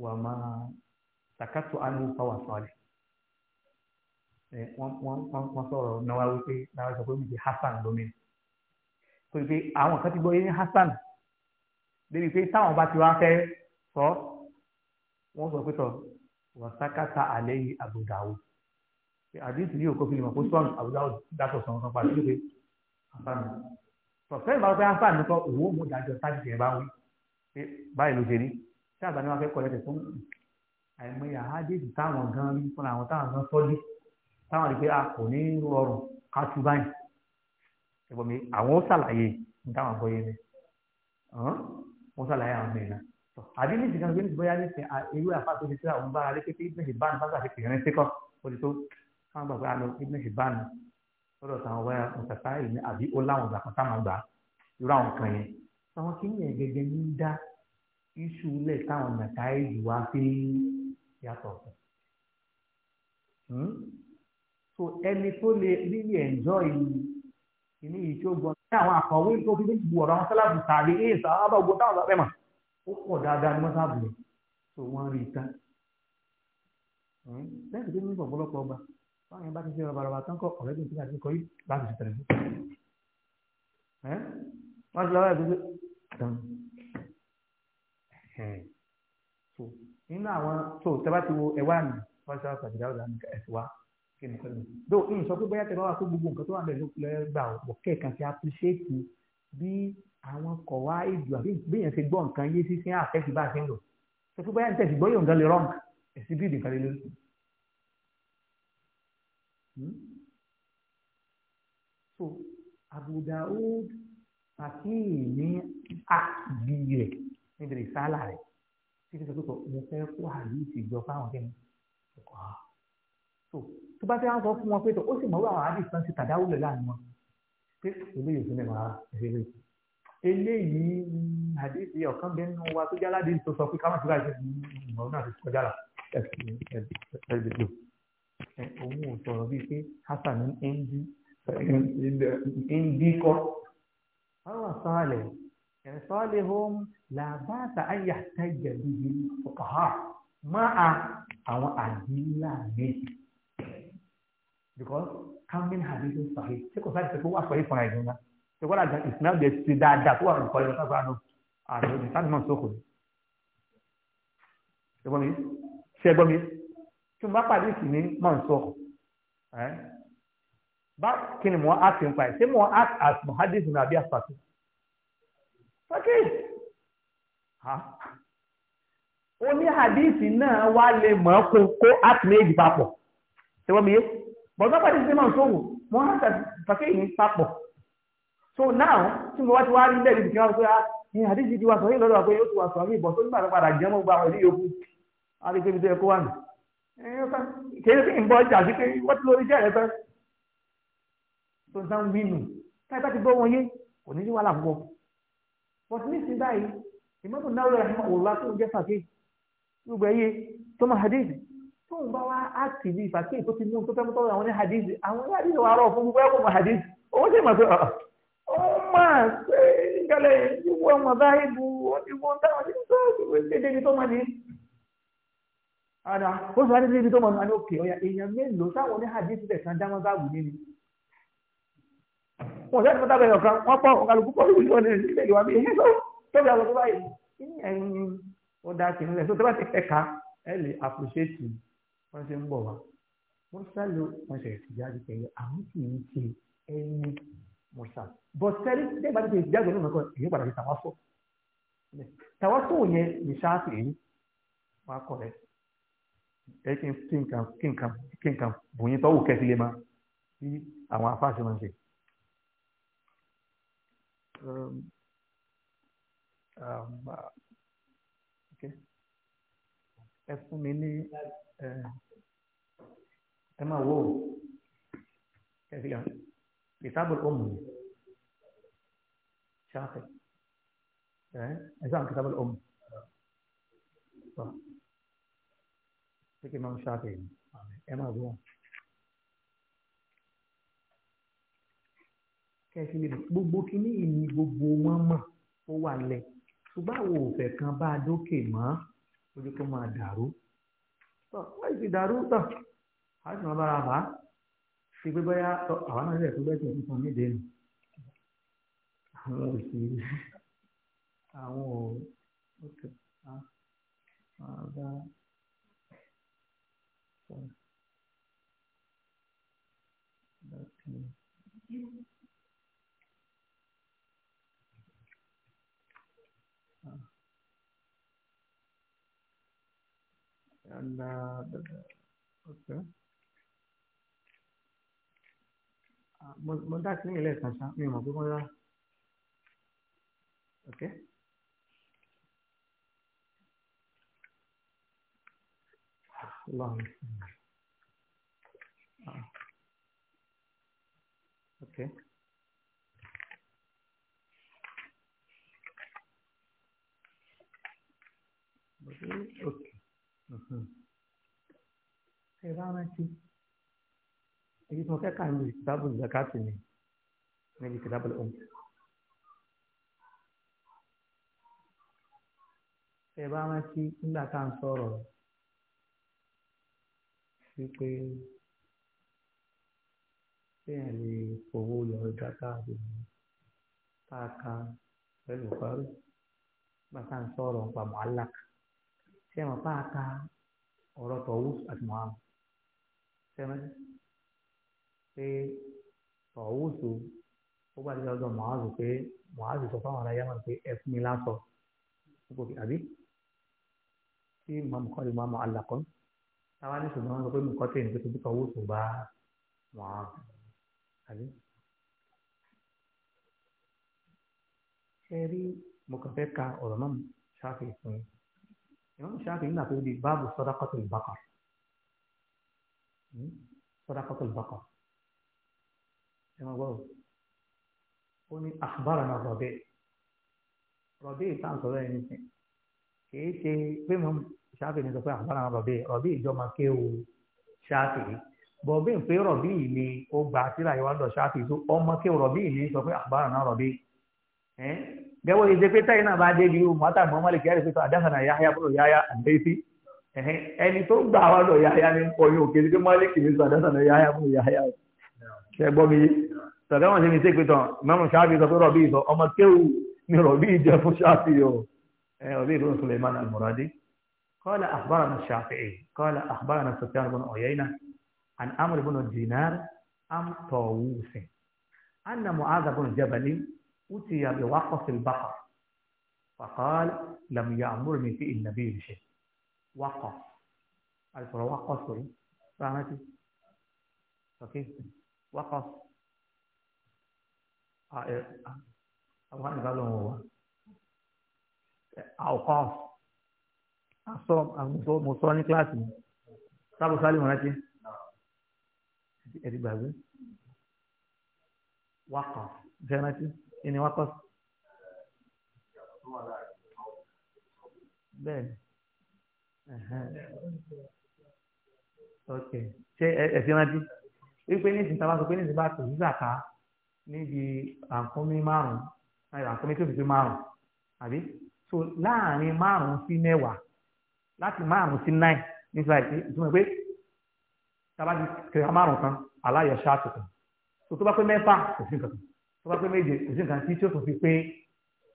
wàá máa sàkátù ánú fáwọn sọ̀rọ̀ wọ́n sọ̀rọ̀ náwó wípé náwó sọ pé mi ti hasan lómi tó yìí pé àwọn kan ti gbọ́ yé ní hasan débi pé táwọn bá ti wá fẹ́ sọ wọ́n sọ pé tọ̀ wàsákàtà àlẹ́ yìí Abu Dawud àdìsí yìí ò kó fílímù kó sọ́ọ̀nù Abu Dawud dátọ̀ sọ̀rọ̀ kan pàdé pé hasan tọ̀fẹ́ ìbáwọ̀ pé hasan nìkan òwò mú dájọ́ sáàjì tẹ̀ bá wí pé báyìí ló ṣe rí tí àgbà ni wọ́n fẹ́ kọ́ lẹ́tẹ̀ fún àìmọye àhádìsí táwọn gan rí fúnra àwọn táwọn gan sọ́ọ́lì táwọn rí pé a ah, kò ní rọrùn ká tú báyìí ẹ̀gbọ́n mi àwọn ó ṣàlàyé ní táwọn àgbọ̀yé mi wọ́n ṣàlàyé àwọn ọmọ ìlànà àbí ní ìsìnkà gbé ní bóyá ní sìn ah, irú àfa tó ti síra òun bára lé kékeré ibùdó ìbánu bá gbàgbé kìrìnrín síkọ ó ti tó káwọn gbàgbé àlọ ibùdó ìbánu lọ́dọ̀ táwọn wáyà òṣàṣà yìí ní àbí ó láwọn ìgbà kan táwọn gbà irú àwọn kan yẹn táwọn kí yẹn gẹ́gẹ́ ní dá iṣu lẹ táwọn nàka ìlú wa fi yàtọ̀ hmm? so ẹni tó lè really enjoy ìní yìí tí ó gbọ́n ní àwọn àkọ̀wé tó fi gbogbo ọ̀rọ̀ àwọn sálábù tàbí èyí sábà gbogbo táwọn sábà mọ̀ ó pọ̀ dáadáa ní wọ́n sábà lẹ̀ so wọ́n rí i tán lẹ́yìn hmm, tó ní ọ̀pọ̀lọpọ̀ ọgbà báwọn yẹn bá ti ṣe rabaraba tán kọ ọ̀rẹ́ tó ń tẹ́lẹ̀ àtúnkọ́ yìí láti ṣe tẹ̀lé wọ́n ti lọ́wọ́ ẹ̀ gbogbo tán so nínú àwọn so tẹ́ bá ti wo ẹ̀wá mi wọ́n ti kẹ́nìkan lò dó ìyìn sọ pé bóyá tẹ bá wà pé gbogbo nǹkan tó wà bẹ́ẹ̀ ló gbà ọ̀ kẹ́ẹ̀kan bi appreciate bí àwọn kọ̀ wá ìjù àbí bíyàn ṣe gbọ́ nǹkan yé sí sí àfẹ́sí bá a ṣe ń lò sọ pé bóyá ní tẹ̀sí gbọ́ yóò nǹkan lè rọ́ǹk ẹ̀sìn bí ìdìkan lè lórí. Hmm? so àbùdá ó àti ìní àbí rẹ̀ níbi ìsálà rẹ̀ títí sọ pé mo fẹ́ kó àyè ìtìjọ fáwọn kẹ́mi ọkọ̀ àwọn. Ah so tó bá fẹ́ wá sọ fún wọn pé tó ó sì mọ̀ wá àádì kan ti tàdáwò lẹ̀ láàrin wọn pé eléyìí fún mi wà á rere eléyìí àdéhì ọ̀kan bẹ́ẹ̀ nù wa tó jẹ́ aládé tó sọ pé ká má fi láì ṣe ìmọ̀ náà ti kọjá là ẹ̀ẹ́dẹ̀dọ̀ òun ò sọ̀rọ̀ bíi pé hasan ní ndí kọ́ àwọn àsọ̀rọ̀ ẹ̀sọ́lẹ̀ hom làbáta ayà tẹ̀jẹ̀ bíi fọkàhà máa àwọn àdínlá méjì because camping hadith is sahih ṣé kò sáré pé kó wà sọ ìfọ̀nà ìdùn náà ṣé kó láti ìsìnà lè ti dáadáa tó wà ní kọ́lé lọ́sàgbà náà àti òdì sáà ní mọ̀ sóko ṣé gbọ́ mi ṣé gbọ́ mi tí mo bá pàdé ìsìn ní mọ̀ sóko bá kí ni mo á ti ń pa ẹ̀ ṣé mo á as muhadith ní àbí àfàkì fàkì oní hadith náà wá lè mọ̀ kó kó àtúnyẹ̀jì papọ̀ ṣé gbọ́ bọ̀dọ́ pàdé sí máa sọ̀wọ́ wọ́n á tàkẹ́ ìní papọ̀ so now tí mo bá ti wá rí bẹ́ẹ̀ níbi kí wọ́n sọ yá ní àdéjì ti wá sọ yìí lọ́dọ̀ àpé yóò ti wá sọ àmì ìbọ̀ tó nígbà tó padà jẹ́ mọ́ gba àwọn ìlú yòókù àdéjì tó yẹ kó wà nù. kéré sí ìbọn ọjà sí pé wọ́n ti lórí jẹ́rẹ̀ fẹ́ tó ń sá ń wí nù káyọ̀ bá ti gbọ́ wọn yé kò ní í wà láàbọ̀ ní ìsìn báyìí ìmọ̀tò náà lọ́ọ́ tóun bá wá áàtì bíi ìfàkíyè tó ti mú tó tẹ́mú tọ́lọ́ àwọn ní hadithi àwọn ní hadithi wàá rọ̀ fún gbogbo ẹ̀kọ́ mọ̀ hadithi owó sì mọ̀ pé ọ̀ ó máa ṣe ìkàlẹ̀ ìwọ ọmọ báyìí bu ìwọ ti tó ní. ibi tó mọ̀ ní ní wọ́n ṣe ń bọ̀ wá wọ́n sálò wọ́n ṣe ìjáde pẹ̀lú àwọn kì í ṣe ẹni mọ̀ṣá but kẹ́rí dẹ́gbàá ti ṣe ìjáde lónìí kan èyí padà fi tàwa fọ́ tàwa fọ́ yẹn ní ṣáàtì èyí wọ́n á kọ̀ rẹ̀ ẹ kí nǹkan kí nǹkan kí nǹkan bùnyín tọ́wù kẹ́sí lé máa bí àwọn afáàṣẹ máa ń ṣe. Um, um, uh, ẹ fún mi ní ẹ máa wò ó kẹsì kan kìtàbù ọmọ ṣáfẹ ẹ ẹ sáà kìtàbù ọmọ sọ pé kí n máa ṣáfẹ ẹ máa wò ó. kẹsì lè gbogbo kínní ìní gbogbo wọn mọ ó wà lẹ ṣùgbọ́n àwọn òfẹ́ kan bá a dókè mọ́ ojú kó máa dàrú tọ́ wọ́n ti dàrú tọ́ a sì máa bára bá ṣe pé bóyá àwọn náà lè tó bẹ́ẹ̀ tẹ̀ fún mi dénú àwọn òṣèré àwọn òkè máa bá sọ̀rọ̀. Thank you. and uh, the, okay. mo dá sí ilé ẹ̀sán ṣá mi ò mọ̀ pé Okay. okay. Mm-hmm. ẹ bá rántí èyí tí mo kẹ́kà ní kìtàbù zakati ni níbi kìtàbù ọ̀hún. ẹ bá rántí nígbà tá à ń sọ̀rọ̀ wípé téèyàn lè fowó yọ ọjà káàdì tá a ka pẹ̀lú kọ́rí nígbà tá à ń sọ̀rọ̀ nípa mọ́álàkà sẹ́wọ̀n pàákà ọ̀rọ̀ tọ̀wús àti muhammed sẹ́wọ̀n pé tọ̀wús ó bá dídá ọdọ̀ muhammed pé muhammed sọ fáwọn ará yamani pé ẹ fún mi lásọ gbogbo bí àbí tí muhammed kọ́ lè mọ́ àmọ́ àlàkọ́ táwa ní ṣùgbọ́n wọn sọ pé nǹkan tẹ̀ ní pé tóbi tọ̀wús bá muhammed àbí. ṣe rí mo kàn fẹ́ ka ọ̀rọ̀ náà ṣáfihàn fún yín ìmọ̀ ṣáàfì nígbà tó di báàbù sọ́dákọ́tò ìbákọ̀ sọ́dákọ́tò ìbákọ̀ ẹ máa gbọ́rọ̀ ó ní àkùbára náà rọ̀bẹ́ rọ̀bẹ́ ìtàn sọ̀rọ̀ ẹ̀ nìkan kìí ṣe pé mo ṣáàfì ní sọ pé àkùbára náà rọ̀bẹ́ rọ̀bẹ́ ìjọba ké o ṣáàfì bọ̀bí pé rọ̀bí yìí ni ó gbà síra ìwádọ̀ ṣáàfì tó ọmọ ké gẹ́wọ́ yìí ṣe pé táyì náà bá dé bí o mọ́tà mọ́mọ́lì kí á lè fi sọ àdáhùn náà yáyá kúrò yáyá àdéhìí ẹni tó gbà wá lọ yáyá ní ọyún òkè sí mọ́lì kì í sọ ya ya yáyá kúrò yáyá ṣe gbọ́ mi tọ̀dọ̀ wọn ṣe mi ṣe pé tán mọ́mù ṣáàbì sọ pé rọ̀bì sọ ọmọ kéwù ni rọ̀bì jẹ fún ṣáàbì o rọ̀bì ìlú Suleiman al-Muradi qala akhbarana Shafi'i qala akhbarana Sufyan ibn Uyayna an Amr ibn Dinar am Tawusin anna Mu'adh ibn jabalin. أتي بوقف البحر فقال لم يأمرني في النبي بشيء وقف عارف وقف فهمتي اوكي وقف آه، آه، أو أنا قال هو أوقاف أصلا مصوني كلاسي طب سالم هناك أدي بهذا وقف فهمتي ìní wọn kọ́ sí. bẹ́ẹ̀ni ok ṣé ẹ̀sìn rántí wípé ní ìsìnkà bá sọ pé ní ìsìnkà tó sí zàká níbi àǹkómi márùn-ún àǹkómi tó fi pé márùn-ún àbí so láàrin márùn-ún sí mẹ́wàá láti márùn-ún sí náì ní ìsìnkà ìtumọ̀ pé tábàdì kẹrẹ márùn-ún kan aláyọ̀ ṣáàtù kan so tó bá pé mẹ́fà kò sí nǹkan kan tó bá pé méje kò sí nǹkan tí tí ó tún fi pé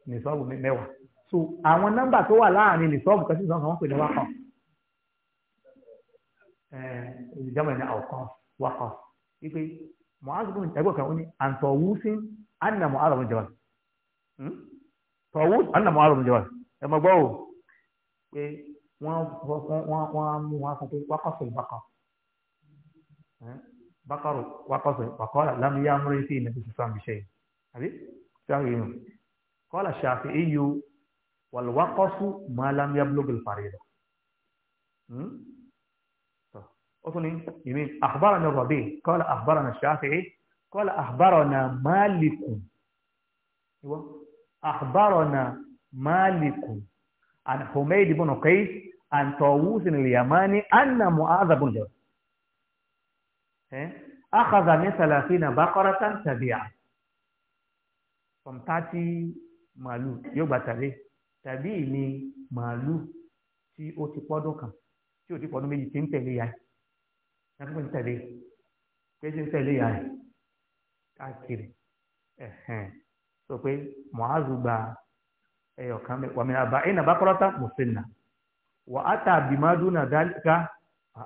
nìsọ́ọ̀bù mẹ́wàá so àwọn nọ́mbà tó wà láàrin nìsọ́ọ̀bù kan sí nìsọ́ọ̀bù kan wọ́n pè ní wákàn ìjọba ní àwòkàn wákàn wípé mọ̀ásùn ẹgbẹ́ kan ó ní àǹtọ̀wúsín ànà mọ̀árọ̀ jọba tọ̀wúsín ànà mọ̀árọ̀ jọba ẹ mọ̀ gbọ́ o pé wọ́n wọ́n mú wọn sọ pé wákọ̀sọ̀ ìbákan bákọ̀rọ̀ wákọ̀sọ̀ ìbákan lámúyá múrí sí ìnàbí sísan bìṣẹ́ yìí. àbí قال الشافعي والوقف ما لم يبلغ الفريضة أصلي يمين أخبرنا الربيع قال أخبرنا الشافعي قال أخبرنا مالك أخبرنا مالك عن حميد بن قيس عن طاووس اليماني أن معاذ بن جبل أخذ من ثلاثين بقرة تبيعت from thirty màálù yóò gba tàbí tàbí ní màálù tí ó ti pọ́dún kan tí ò ti pọ́dún méjì tí ń tẹ̀lé ya ẹ̀ ní tẹ̀lé pé tí ń tẹ̀lé ya ẹ̀ káàkiri ẹ̀hẹ̀n sọ pé mọ̀ázù gba ẹyọ kan mi wàmí àbá ẹ̀ nàbá kọ́lọ́tà mùsùlùmí wà á ta àbìmádùn náà dálíkà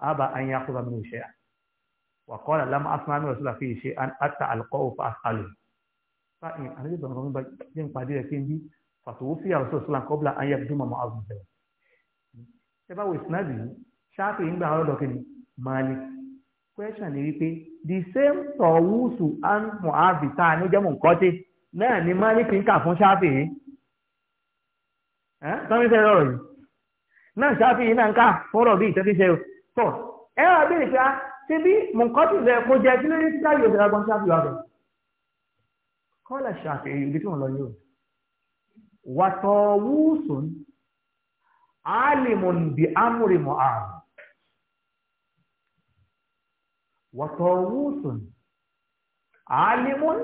àbá àyìn akọ́bàmí òṣèlú wà kọ́lá lámà asúnámi rẹ̀ sọ́lá fi ṣe àtà àlùkọ́ òfò àṣàlù àlejò bàbá mi bá jẹ́ ń pàdé rẹ̀ kí n bí fàtòwó fi àrùsọ ìsìlá kọ́bla ayé bí mọ̀mọ́ azùn bẹ̀rẹ̀. ṣé báwo ìsìnàbì yìí ṣáàpì ń gbà àwọn ọ̀dọ́ kìíní máàlì question ni wípé the same tọ̀wúsù and muhavi tá a ní ó jẹ́ mọ̀ nǹkan tẹ́ náà ni máàlì fi ń kà fún ṣáàpì yìí. sọ́mi fẹ́ lọ́rọ̀ yìí náà ṣáàpì yìí náà ń kà fọ́rọ̀ bí ìtẹ́fí ṣe tọ̀ ẹ wá bèèrè pé ṣe bí mọ̀nkọ́tì rẹ̀ kó jẹ́ kí ló ní kọ́lá ṣàfihàn ibi tí wọ́n lọ yóò wàtọ̀ wúsùn alimun bi amri mu'ad wàtọ̀ wúsùn alimun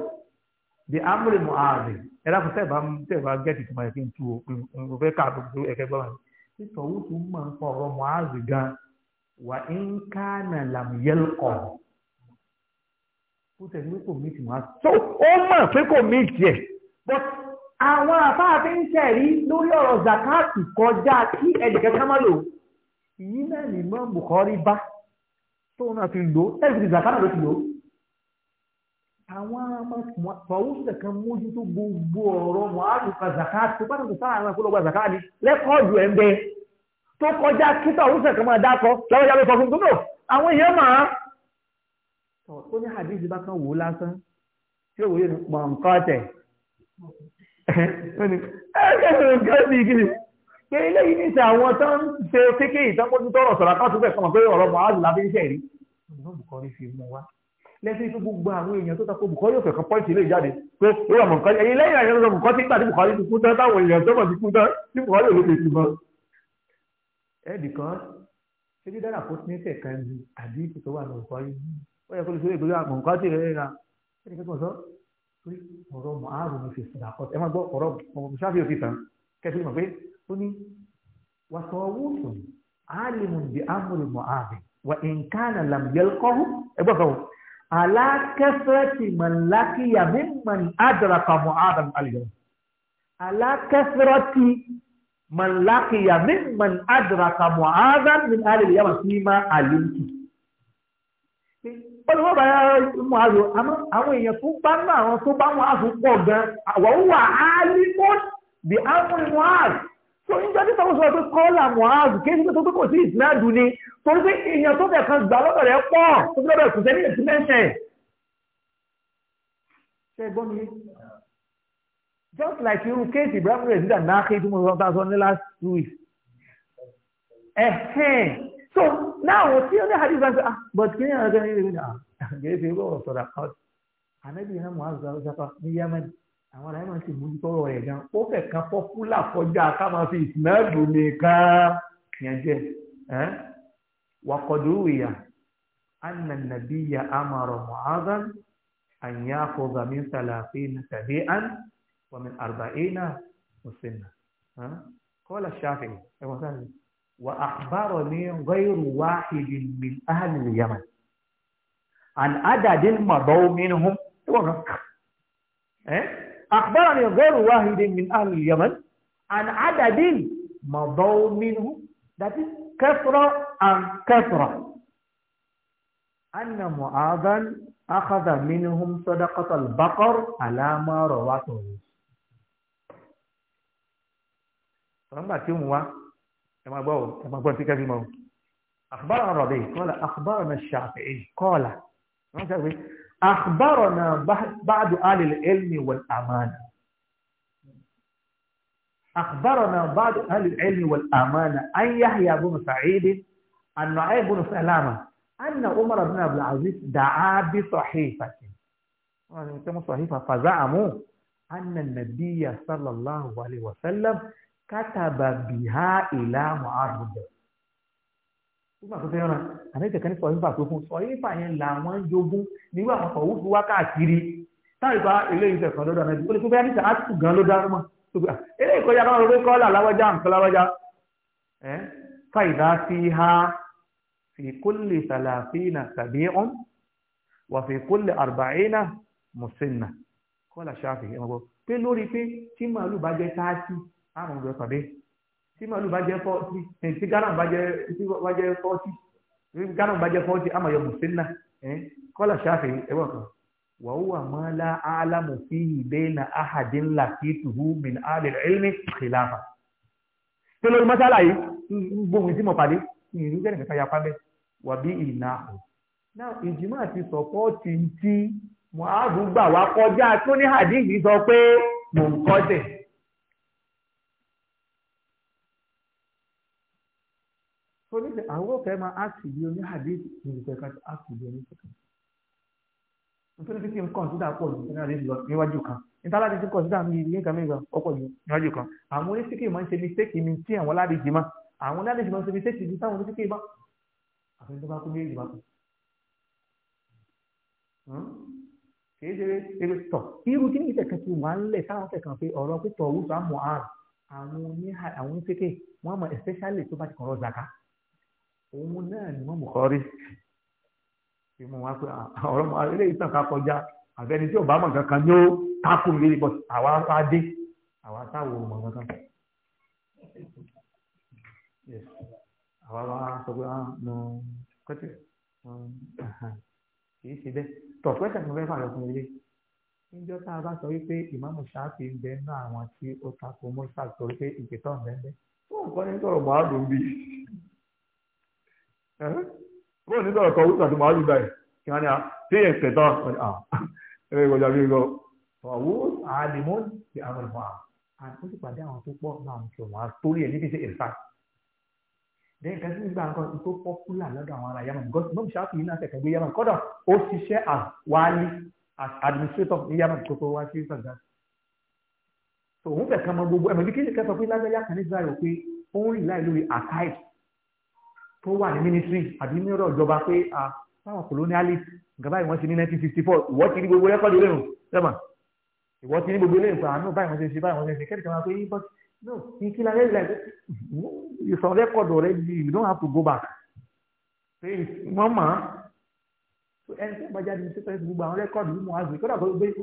bi amri mu'ad ẹ̀rọ fún tẹ́ẹ̀bá tẹ́ẹ̀bá gẹ́tì tí máa fi ń tu o fẹ́ ká ẹ̀kẹ́ gbọ́n mi títọ̀ wúsùn máa ń fọ ọ̀rọ̀ mu'ad wà ń kánà làmúyẹ́lkọ̀ọ́ kó tẹ̀lé pé kò mí tì wá. so ó mọ̀ pé kò mí tiẹ̀ but àwọn àfáàfin ń tẹ̀rí lórí ọ̀rọ̀ zakati kọjá kí ẹnìkan ká má lò ìyí náà ní mọ́ bùkọ́rí bá tó náà fi lò ẹ̀sìn ní zakati ló ti lò. àwọn fàwọ́sùtẹ̀ kan mójú tó gbogbo ọ̀rọ̀ mọ̀hálù ka zakati tó bá tó sára àwọn ìfowópamọ́ zakati lẹ́kọ̀ọ́dù ẹ̀ ń bẹ tó kọjá kí fàwọ́sùtẹ̀ kan máa dákọ̀ lọ́wọ́ yàrá ìfọ̀fún tó náà àwọn èèyàn máa tó ní àdíjì bá kan wò lásán tí ó wòye ní pọ̀nkọ́tẹ̀ pé ilé yìí ní àwọn tó ń ṣe kéèké ìtọ́pọ́jú tọrọ sọ̀rọ̀ kan tó fẹ́ kọmọ̀ pé ọ̀rọ̀ mọ̀háàzù láti ń ṣẹ̀rí bùkọ́rí fi mú wa lẹ́sìn tó gbogbo àwọn èèyàn tó tako bùkọ́rí òfẹ́ kan pọ́ìntì ilé jáde pé ó wà mọ̀kọ́rí ẹ̀yìn lẹ́yìn àyẹ̀wò sọ bùkọ́rí nígbà tí bùkọ́rí ti kú tán táwọn èèyàn tó mọ̀ ti kú tán tí bùkọ́rí òlò ti mọ̀. ẹ̀ẹ́dì kan ṣé dídára kó ní tẹ̀ka ju àbí ìtòwà lọ́kọ́rí ó yẹ kó lè sórí ìgbéyàwó àgbọ̀n nǹkan tí ìrẹ́lẹ́ ra ẹni kẹ́kọ̀ọ́ sọ pé ọ̀rọ̀ mọ̀hárùn ní fi sọ̀rọ̀ àkọ́ ẹ má gbọ́ ọ̀rọ̀ mọ̀mọ̀sáfì òfin tán kẹ́kẹ́ mọ̀ pé ó ní wàtọ̀ wúsùn alimun bi amúlù mọ̀hárùn wà nǹkan làmúyẹ́lkọ́hù ẹgbẹ́ kan alákẹ́fẹ́tì mọ̀lákìyà mímọ̀n àdàràkà mọ̀hárùn àlùyọ̀ alákẹ́fẹ́tì mọ̀lákìyà mímọ̀n àdàràkà mọ̀hárùn àlùyọ̀ wọ́n ti wọ́n bá mú àrò àmọ́ àwọn èèyàn tó bá ní àwọn tó bá wọn àrò pọ̀ gan àwọn wà á lé mọ́ the amúni wọn àrò tó ń jẹ́ tí sọ́wọ́ sọ pé kọ́là wọn àrò kí ẹ̀sìn tó tó kò sí ìsinádùn ni torí pé èèyàn tó fẹ́ kan gbà lọ́dọ̀ rẹ̀ pọ̀ tó fi lọ́dọ̀ ìkùnsẹ́ ní ètí mẹ́sẹ̀. ṣe gbọ́ mi just like irú kéèsì Ibrahim rẹ̀ sídà náà kéèsì mo sọ ní last two so now see ó ní hadith bá ń sọ ah but kí ni àwọn ọ̀gá yẹn ní ah gẹ̀ẹ́ fi bọ̀ sọ̀rọ̀ àkọ́t anabi náà mọ̀ àzùzà ọ̀sàkà ní yamani àwọn ará yamani ti mójú tọrọ rẹ̀ gan ó fẹ̀ kan fọ́fúlà kọjá ká máa fi ìsìnàdù nìkan yẹn jẹ wakọ̀dù wìyà anna nabiya amara mu'adhan an ya'khudha min thalathina tabi'an wa min arba'ina musinna qala shafi'i ẹ wọ́n sáré. وأخبرني غير واحد من أهل اليمن عن عدد مضوا منهم إيه؟ أخبرني غير واحد من أهل اليمن عن عدد مضوا منهم ذات كثرة عن كثرة أن معاذا أخذ منهم صدقة البقر على ما رواه كما بقول كما بقول في كذا ما أخبرنا الربيع قال أخبرنا الشافعي قال أخبرنا بعض أهل العلم والأمانة أخبرنا بعض أهل العلم والأمانة أن يحيى بن سعيد أن نعيم بن سلامة أن عمر بن عبد العزيز دعا بصحيفة صحيفة فزعموا أن النبي صلى الله عليه وسلم kátàbà bìhá ìlà muhammadu nígbà tó fẹ́ràn àmẹ́jẹ̀ kan ní sọ yífà tó fún sọ yífà yẹn làwọn jogún nígbà àwọn ọ̀wọ́ fi wá káàkiri táwọn ìfà eléyìí fẹ̀ kan lọ́dọ̀ àmẹ́jì ó lè tó fẹ́ràn níta á tù gan ló dárú mọ́ eléyìí kọjá kan lórí kọ́là láwọ́já nǹkan láwọ́já ẹ́ fàìdá sí ha fi kulli sàlàfínà sàbíọ́n wà fi kulli àrùbáínà mùsínà kọ́là ṣáfì ẹ̀ mọ́ pé lórí pé tí màálù bá jẹ́ táàtì àrùn rẹ̀ pàdé tí màálù bá jẹ́ fọ́ọ̀tì tí gánà bá jẹ́ bá jẹ́ fọ́ọ̀tì gánà bá jẹ́ fọ́ọ̀tì àmọ̀ yọ mùsínà kọ́là ṣáfì ẹ̀wọ̀n kan wàhùwà máa la álámù fi ìbéèna ahadin làkìtùhù min alẹ́ ẹ̀lmí kìláfà tó lórí mọ́sálà yìí ń gbóhùn tí mo pàdé ìrú jẹ́ nìkan yapa bẹ́ẹ̀ wà bí ìnà ọ̀ náà ìjìmọ̀ àti sọ̀pọ́ọ̀tì ti mọ̀ àdúgbà wa kọjá tó ní àdínkì sọ pé mò ń kọ́ tẹ̀. àwọn òkè máa áàkì bí oní hadith níbi tẹ̀ ká áàkì bí oní tẹ̀ ká. nítorí pé kí n kọ̀ǹsídà pọ̀ jù nínú àdéhùn lọ níwájú kan níta láti ti kọ̀ǹsídà mi ní nǹkan mìíràn ọ̀pọ̀ jù níwájú kan àwọn oníṣèkè máa ń ṣe mistake mi tí àwọn ládìjì máa àwọn ládìjì máa ń ṣe mistake mi táwọn oníṣèkè máa àfihàn tó bá kú méjì bá kú. Hmm? kì í ṣe eré tọ̀ irú kí ní ìtẹ̀kẹ́ ti wà ń lẹ̀ táwọn kẹ̀kàn pé ọ̀rọ̀ pípọ̀ òwúṣọ àmọ̀ àrùn àwọn oníṣèkè wọ́n mọ̀ especially tó bá ti kọ̀rọ̀ zaka òun náà ni wọ́n Bukhari fi mú wa pé ah, ọ̀rọ̀ mọ́ ilé ìtàn ká kọjá àbẹ́ni tí ò bá mọ̀ kankan ní ó tákù lérí bọ́sì àwa á dé àwa táwọn ò mọ̀ kankan. àwa wá sọ pé ah, mo kẹ́tì kì í ṣe bẹ́ẹ̀ tọ̀ pẹ́sẹ̀ mo fẹ́ fààyàn fún ilé níjọ́ tá a bá sọ wípé ìmáàmù ṣáàfì bẹ nínú àwọn tí ó takò mọ́ṣáàfì sọ wípé ìpètọ́ ń bẹ́ẹ̀ bẹ́ẹ̀ tó nǹkan ní sọ̀rọ̀ mọ́ àdùn bíi bóun nígbà ọkọ̀ wúkà tó máa rí báyìí kí wọ́n ní à téèyàn pẹ̀tọ́ ẹ̀rọ ìgbọ̀jà mi lọ ọ̀wọ́ àlìmọ́ ti àwọn ìmọ̀ àwọn ó sì pàdé àwọn tó pọ̀ náà ń sọ̀rọ̀ wọn torí ẹ̀ níbi ṣe ìfà lẹ́yìn kan sí nígbà nǹkan tó pọ́pùlà lọ́dọ̀ àwọn ará yamọ̀ because as wali as administrator ní yamọ̀ tó tó so òun fẹ̀ kan mọ gbogbo ẹ̀mọ̀ bí kí ni kẹsàn-án pé lágbẹ́yà archive tó wà ní mínísírì àbí mìíràn ìjọba pé à colonialist nǹkan báyìí wọ́n ṣe ní 1954 ìwọ ti ní gbogbo rẹ́kọ́dì lẹ́nu sẹ́mà ìwọ ti ní gbogbo lẹ́nu pé àánú báyìí wọ́n ṣe ṣe báyìí wọ́n ṣe ṣe kẹ́rìkẹ́ máa pé but no kí la rẹ́rì láì you some record already you don't have to go back ṣe wọ́n mọ̀ án so ẹni tó bá jáde ní sẹ́pẹ́ gbogbo àwọn rẹ́kọ́dì yìí mọ̀ á gbé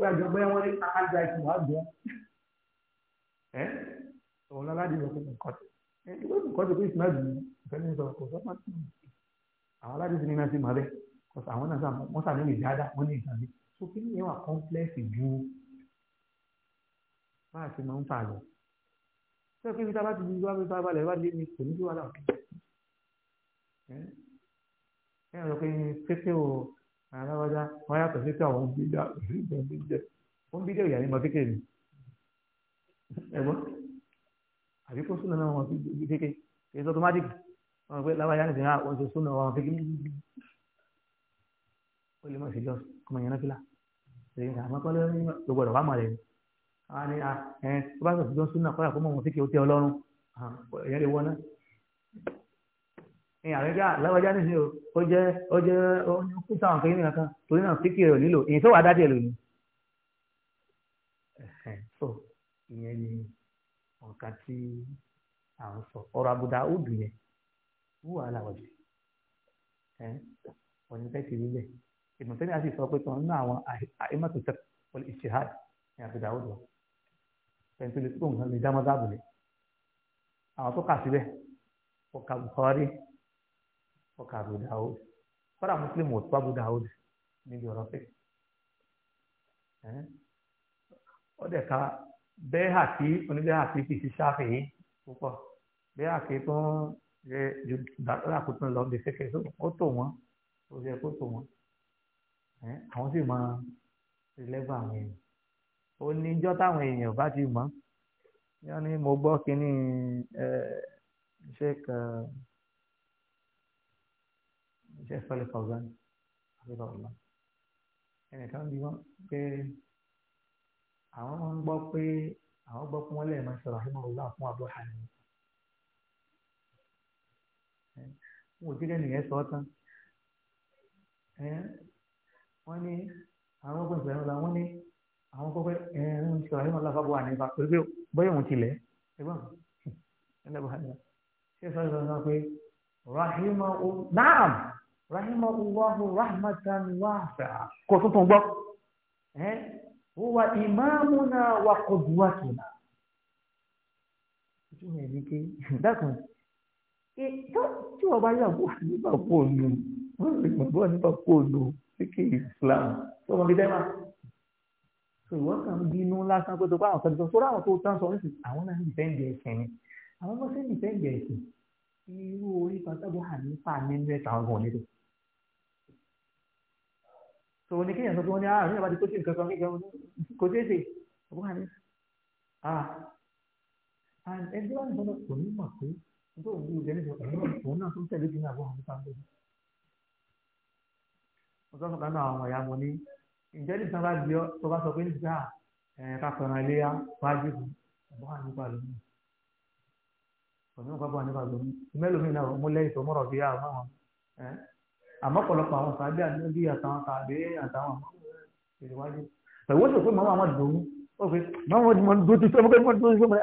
kódà kó gbé fẹ́lẹ́ sọ kò sọ pé àwọn aládùúgbò ní náà sì máa bẹ́ kọ́sà àwọn náà sàn wọ́n sàn níbi dáadáa wọ́n ní ìtàn so kí ni yẹn wà kọ́ńplẹ́ẹ̀sì ju báà ti máa ń fà lọ. ṣé o kí ibi tá a bá ti di wá bí sábà lẹ̀ wá lé mi kò ní sí wàhálà òkè. ẹ ẹ rọ pé pépé o aláwájá wọn yàtọ̀ sí pé àwọn bídà òṣìṣẹ́ bídà wọn bídà ìyá ni mo kékeré ni ẹ gbọ́ àbí kó sùn náà wọn fi kékeré kì wọn pé lábàjá nìsín náà ah, wọn ti súnà wọn fi kí ó lè mọ ìṣèjọ ọmọ yẹn náà fi là ṣèyí nǹkan àmọ́ kọ́lé ní gbogbo ọ̀dọ̀ ni àwọn ni ẹ tó bá sọ ìṣèjọ súnà kọ́lá kó mọ̀ wọn fi kí ó tẹ ọlọ́run ah, ẹ̀yẹ́ lè wọ́n náà ní àrídá lábàjá nìsín o ó jẹ́ ó jẹ́ ó ní kú sáwọn kékeré nìkan kan torí náà fi kí rẹ̀ nílò èyí tó wà á dájẹ́ lónìí ìyẹn ni ọ̀kan tí à ń sọ ọ̀rọ̀ àbùdá ó dùn yẹn wúwà aláwọ̀dì ẹ̀ ọ̀nà ìfẹ́ ti rí bẹ́ẹ̀ ìmọ̀ tẹ́lẹ̀ àti ìsọ̀rọ̀ pé tán nínú àwọn àìmọ̀tò tẹ̀ pọ̀lì ìṣèhàd ní àti dàwùd lọ pẹ̀lú ilé tó nǹkan lè dá mọ́tà àbùlé àwọn tó kà síbẹ̀ ọkà Bukhari ọkà Abu Dawud kọ́dà Muslim ò tó Abu Dawud níbi ọ̀rọ̀ fẹ́ ọ̀dẹ̀ ká bẹ́ẹ̀ àti oníbẹ̀ẹ́ àti fìsí sáfì yìí púpọ̀ bẹ́ẹ̀ àti tó ń ṣe lákòótán lọ bí kékeré ó tò wọ́n ó yẹ kó tò wọ́n àwọn sì máa rìlẹ́bà àwọn èèyàn ó ní ijọ́ táwọn èèyàn bá ti mọ̀ yọ ni mo gbọ́ kínní iṣẹ́ kan iṣẹ́ sọ́lẹ̀ fọ̀gán àbúrò ọ̀la ẹnìkan bí wọ́n pé àwọn máa ń gbọ́ pé àwọn gbọ́ pé wọ́n lè máa sọ̀rọ̀ àfihàn ọ̀la fún àbúrò àná. n ò jẹ́kẹ́ nìyẹn sọ ọ́ tán wọ́n ní àwọn ọgbọ́n ìgbàlódé la wọ́n ní àwọn kọ́kọ́ ẹ̀ẹ́n ṣe wàhálà ńlá fábọ̀ ànífà pé bóyá òun tilẹ̀ ẹgbọ́n ẹlẹ́bàá ni ṣé sọ ìgbà náà pé allahu rahmatan wasa kò tuntun gbọ́ wa qudwatuna ìtumọ̀ ẹ̀ ní pé tí wọ́n bá yà bó nígbà pò nù wọ́n lè mọ̀ bọ́ nígbà kíkì Islam tó mọ̀ dídẹ́ máa so ìwọ́n kàn ń bínú lásán pé tó bá àwọn kan sọ sórí àwọn tó tán sọ nísìsiyìí àwọn náà ń dìfẹ́ǹdì ẹ̀sìn ni àwọn bá ṣe ń dìfẹ́ǹdì ẹ̀sìn irú orí pàtàkì ànífà nínú ẹ̀ka ọgbọ̀n nílò so ni kéèyàn sọ pé wọ́n ní àárín àbájá tó ṣe nǹkan kan kéèyàn kò ṣeé ṣe ọgbọ́n ànífà ah and ẹgbẹ́ wa nìkan náà ní tó ń bí ìjẹ́ níṣẹ́ ọ̀rọ̀ òun náà tó ń tẹ̀lé ìdílé àwọn ọmọ nípa lójú. mo sọ fún àwọn ọmọ ìyá mo ní ìjẹ́ níṣẹ́ bá gbé ọ tó bá sọ pé níṣẹ́ ẹ̀ka sọ̀rọ̀ iléyà wájú ọ̀bọ̀n wà nípa lónìí. ọ̀nà ìpapọ̀ wà nípa lónìí mẹ́lòmí náà mo lẹ́yìn tó mọ̀rọ̀ bí àwọn ọmọ àmọ́ ọ̀pọ̀lọpọ̀ àwọn sàbí àdúgbò àtàwọn sàbí àtàwọn ìrìwájú pẹ̀lú ó sì pé màmá àwọn dùn ó pé màmá àwọn dùn ó ti sọ fún pé màmá dùn ó ti sọ fún ẹ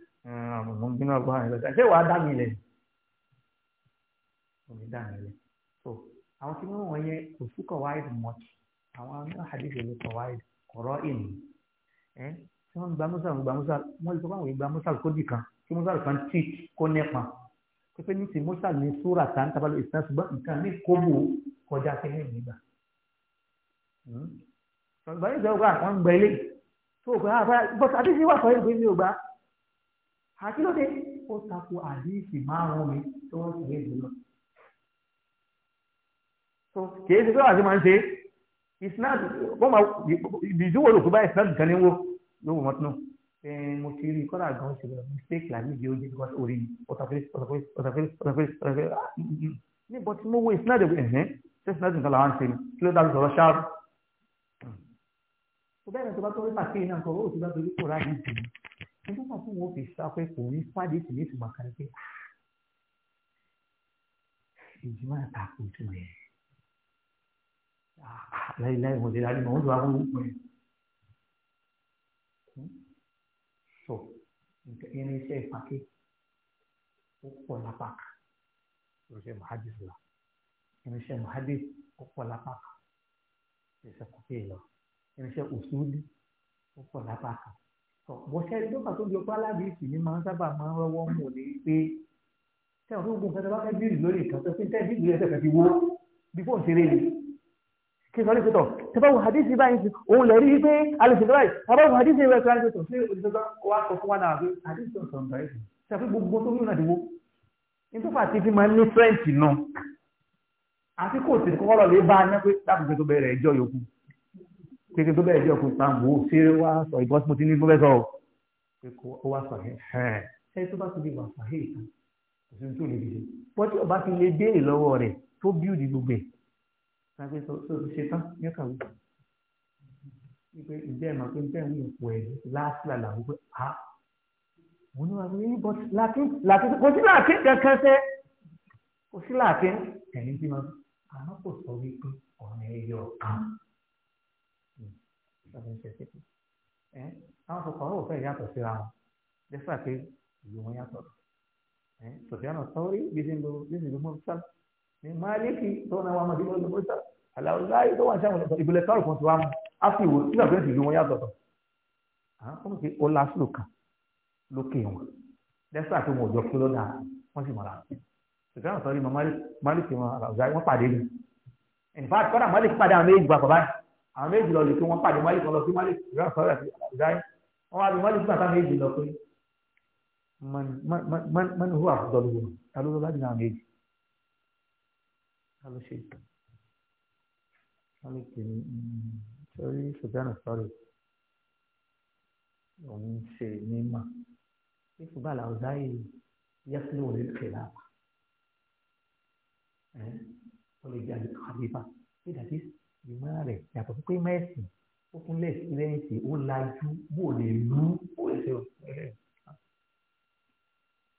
mo ń bínú ọgbọ́n àìlọ́sí àti ìwà dá mi lẹ̀ omi dá mi so àwọn tí wọ́n wọ̀nyẹ kò sí kọ̀wáìd mọ́tì àwọn àdìsí ló kọ̀wáìd kọ̀rọ̀ ìlú ẹ tí wọ́n gba musa gba musa wọ́n lè sọ fáwọn ìgbà musa kó dì kan kí musa kan tì kó nẹ́pa pépé ní ti musa ní súrà tá n tabalẹ̀ ìsìn ṣùgbọ́n nǹkan ní kóbò kọjá kẹ́lẹ́ nígbà hmm? ṣùgbọ́n ìgbà ah, wọn gba ilé tó o gbà bọ́sà àdìsí wà sọ àkílódé ó tako àdíìsì márùn-ún mi tó wọ́n sì léèdè lọ. kìí ṣe pé wàásù máa ń ṣe ìsìnáàdì wọ́n máa ìdíjú wo lòkú bá ìsìnáàdì kan ní wo ló wọ́n tún náà mo ti rí kọ́dà gan ṣe lọ mistake la níbi ojú ìgbà orí mi ọ̀tàfẹ́lẹ́ ọ̀tàfẹ́lẹ́ ọ̀tàfẹ́lẹ́ ọ̀tàfẹ́lẹ́ ọ̀tàfẹ́lẹ́ níbo tí mo wo ìsìnáàdì ẹ̀hẹ́n ṣé ìsìnáàdì nǹkan làwọn ṣe ni kí ló dá lóṣọ̀ lọ ṣáàrù. bẹ́ẹ̀ ni tó bá tó rí pàṣẹ iná nǹkan ó ti bá torí kó ráàyè jù tó bá fún wọn fi sá pé kò ní fàdé sì ní ìtumọ̀ kan pé ah, ìjì máa ta kò tó yẹ ah, ah, láìláì wọn lè ra ní ọdún àwọn olùkọ yẹn. Hmm? so irinṣẹ́ ìpàkẹ́ ó pọ̀ lápá kan irinṣẹ́ mahadis la irinṣẹ́ mahadis ó pọ̀ lápá kan irinṣẹ́ kọ́kẹ́ lọ irinṣẹ́ òṣùlù ó pọ̀ lápá kan bọ́sẹ̀ lọ́kà tó ń di ọpá alábìsì ni máa ń sábà máa ń rọwọ́ mọ̀ ní pé sẹ́wọ̀n tó gbọ́n fẹ́ẹ́ bá fẹ́ bíìlì lórí ìtàn tó fi ń tẹ́ bíìlì lórí ẹsẹ̀ fẹ́ fi wo bí fóun ṣe rẹ̀ yìí kí sọ ní pẹ̀tọ̀ tẹ́fà wù hadithi báyìí sí òun lè rí i pé alẹ́sìnkú báyìí tẹ́fà wù hadithi rẹ̀ sọ́ra ní pẹ̀tọ̀ sí olùdókòwò wa sọ fún wa náà pé hadithi ọ̀sán báyìí sẹ́fì gbogbo tó ń kékeré tó bẹ́ẹ̀ jẹ́ ọkùnrin pa mò ń ṣe wá sọ ìbọn tí mo ti ní gbọ́dọ̀ sọ pé kó wá sọ ẹ̀ ẹ tó bá ti lè wà sàhé ìkan kò sí tó lè dìde bọ́ tí ọba ti lè béèrè lọ́wọ́ rẹ̀ tó bíúdì gbogbo ẹ̀ tàbí tó ti ṣe tán ní ọkàwé wípé ìjẹ́ ẹ̀ máa pé bẹ́ẹ̀ ń wò ẹ̀ láàsìlà làwọn pé a mo ní wà pé ní bọ́tí làákín làákín kò sí làákín kankan sẹ́ kò sí làákín ẹ̀yìn tí máa àmọ́ kò sọ wípé ọ̀nà ẹ̀yọ̀ kan lọ́dún ṣe ṣe ẹ àwọn fọkàn ó fẹ́ yàtọ̀ síra wọn dẹ́fà pé ìlú wọn yàtọ̀ ẹ sọ̀fíà náà sọ́ọ́rí bí ti ń lo bí ti ń lo mọ́tà ní máàlíkì tó náà wà mọ́tà ìlú mọ́tà àlàó láyé tó wà ní sáwọn ìbílẹ̀ sọ́ọ̀rù kan ti wá mú á sì wò nígbà tó ń ti ìlú wọn yàtọ̀ tọ̀ àwọn kọ́mọ̀ pé àwọn méjì lọ lè pé wọ́n pàdé mọ́lì kan lọ sí mọ́lì ìrọ̀ sọ́rọ̀ àti àdáyé wọ́n wá bí mọ́lì fún àtàwọn méjì lọ pé mọ́ni hùwà àkùdọ̀ ló wọ̀ ta ló lọ láti náà méjì ta ló ṣe wọ́n lè pè ní sọ́rí sọ́jánà sọ́rí òun ṣe mímọ́ ìfúgbà làwùjáyé yẹ́sìlẹ̀ òun lè pè láàbà ó lè jẹ́ àdìkọ́ àdìbà bí ìmọ̀ rẹ̀ yàtọ̀ pé mẹ́sìn ó fún lè sí lẹ́yìn tí ó lajú bó lè lú bó lè ṣe òṣèlè.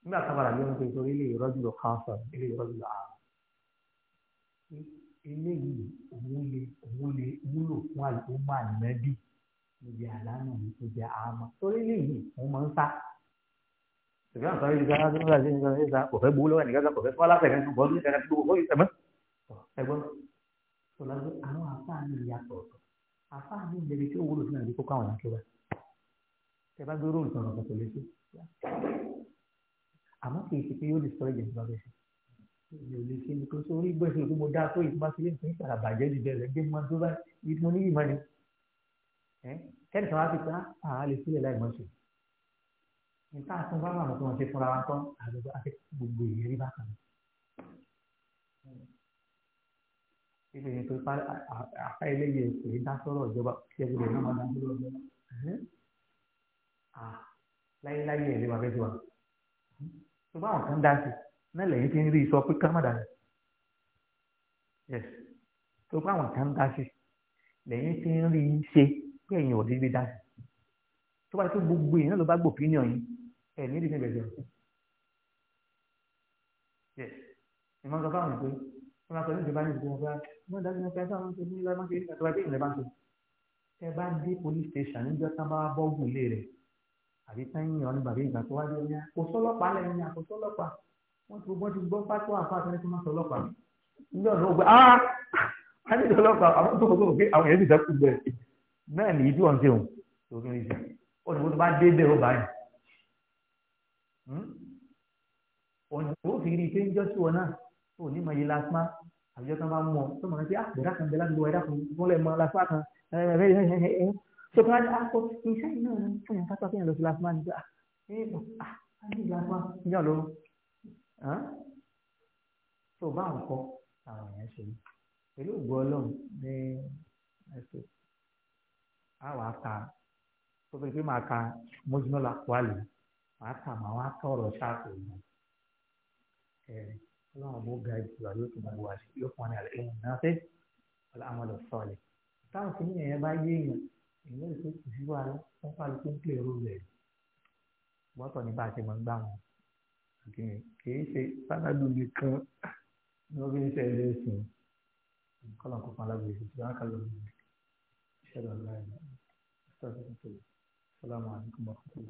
nígbà tábàlà yóò ń pè sórí ilé ìrọ́jú lọ káńsà ilé ìrọ́jú lọ àrùn. eléyìí òun lè òun lè wúlò fún àlùmọ́ àlùmẹ́bí níbi àlánà ní tó jẹ́ àmọ́. torí eléyìí òun máa ń sá. ṣùgbọ́n àwọn sọ̀rọ̀ ìdíjọ́ aláṣẹ́ ń sọ ní ìsà kò fẹ́ gbowó lọ́wọ́ ẹ̀nìkan kò fẹ́ fọ́ sọlá pé àwọn àfáà ní ìyàtọ̀ ọ̀tọ̀ àfáà ní ìdẹ́bi tí ó wúlò fún àdìpọ̀ káwọn yàn kíwá tẹ bá gbérò nǹkan ọ̀tọ̀ kò lè ṣe àmọ́ kì í ṣe pé yóò lè sọ ìjẹ̀ nípa bẹ́ẹ̀ mi ò lè ṣe ni kò sí orí gbèsè tó mo dá tó ìtumá sílé nǹkan ìpàdà bàjẹ́ ju bẹ́ẹ̀ lẹ́gbẹ́ mọ́ tó bá ibi mo ní ìmọ̀ ni kẹ́ni kan wá fi pa ah, àá lè ilé yẹn tó pa àfa eléyìí kò ní dá sọ̀rọ̀ ìjọba ṣẹ́gun rẹ̀ náà máa dá sọ̀rọ̀ ìjọba láyéláyé ẹ̀ lè wà bẹ́ẹ̀ tó wà ṣùgbọ́n àwọn kan dá sí náà lẹ́yìn tí ń rí sọ pé kámá dá sí ṣùgbọ́n àwọn kan dá sí lẹ́yìn tí ń rí ṣe pé ẹ̀yìn ọ̀dí gbé dá sí tó bá yẹ kó gbogbo èèyàn ló bá gbò opinion yín ẹ̀ ní ìdí níbẹ̀ jẹ́ ẹ̀ ìmọ̀ sọ fáwọn pé wọn máa sọ ní ìjọba ní ìjọba ọba wọn dájú ní ẹgbẹ́ sáwọn tó ní ilé máa ń ṣe ìgbà tó bá dé ìlẹ̀ bá ń ṣe ẹ bá dé police station níjọ́ tán bá bọ́ọ̀gù ilé rẹ̀ àbí sẹ́yìn ọ̀nà bàbá ìgbà tó wájú ẹ̀yà kò sọ́lọ́pàá lẹ́yìn ní àkọsọ́lọ́pàá wọ́n ti gbọ́ ti gbọ́ pátó àfa àti ẹni tó máa sọ́lọ́pàá níjọ́ ọ̀nà ògbà áá kájí ìdọ́lọ́pàá àwọn tó kọ́ tó kọ́ àwọn èèyàn ti dẹ́kun bẹ́ẹ̀ náà nìyí tí wọ́n ń ṣe òun tó kí n ṣe òyìnbó tó bá dé bẹ́ẹ̀ ó báyìí òyìnbó fi rí i pé ń jọ́ sí wọn náà tó ní mọ̀ yìí lásán àwùjọ kan bá mú ọ tó máa ń sẹ ah bọ̀dá kan bẹ ládùúgbò ẹ̀dá kan fún lẹ́ẹ̀mọ lásán kan ẹ̀ẹ́dẹ́gbẹ̀rẹ́ eh, eh, eh. tó kọ́ akọ ah, iṣẹ́ yìí náà fún yàn kápá kéèyàn lọ sí lásán ah, ah ní lásán nígbà ló tó bá ń kọ àwọn èèyàn ṣe yìí pẹ̀lú ògbó ọlọ́run ní ẹ̀sẹ̀ àwọn àka tó fẹ́ pé máa ka mojúmọ́ làkúálì máa kà ọlọ́run bó ga ìtura yóò tún gbogbo wa yóò fún wa ní àlẹ́ ìmọ̀ náà fẹ́ ọlọ́run lọ sọ ọ̀lẹ̀ táwọn kìíní yẹn bá yé èèyàn èèyàn lè tó kù sí wa wọ́n fà lóko ń pè rú rẹ̀ bọ́tọ̀ ní bá a ṣe mọ̀ ń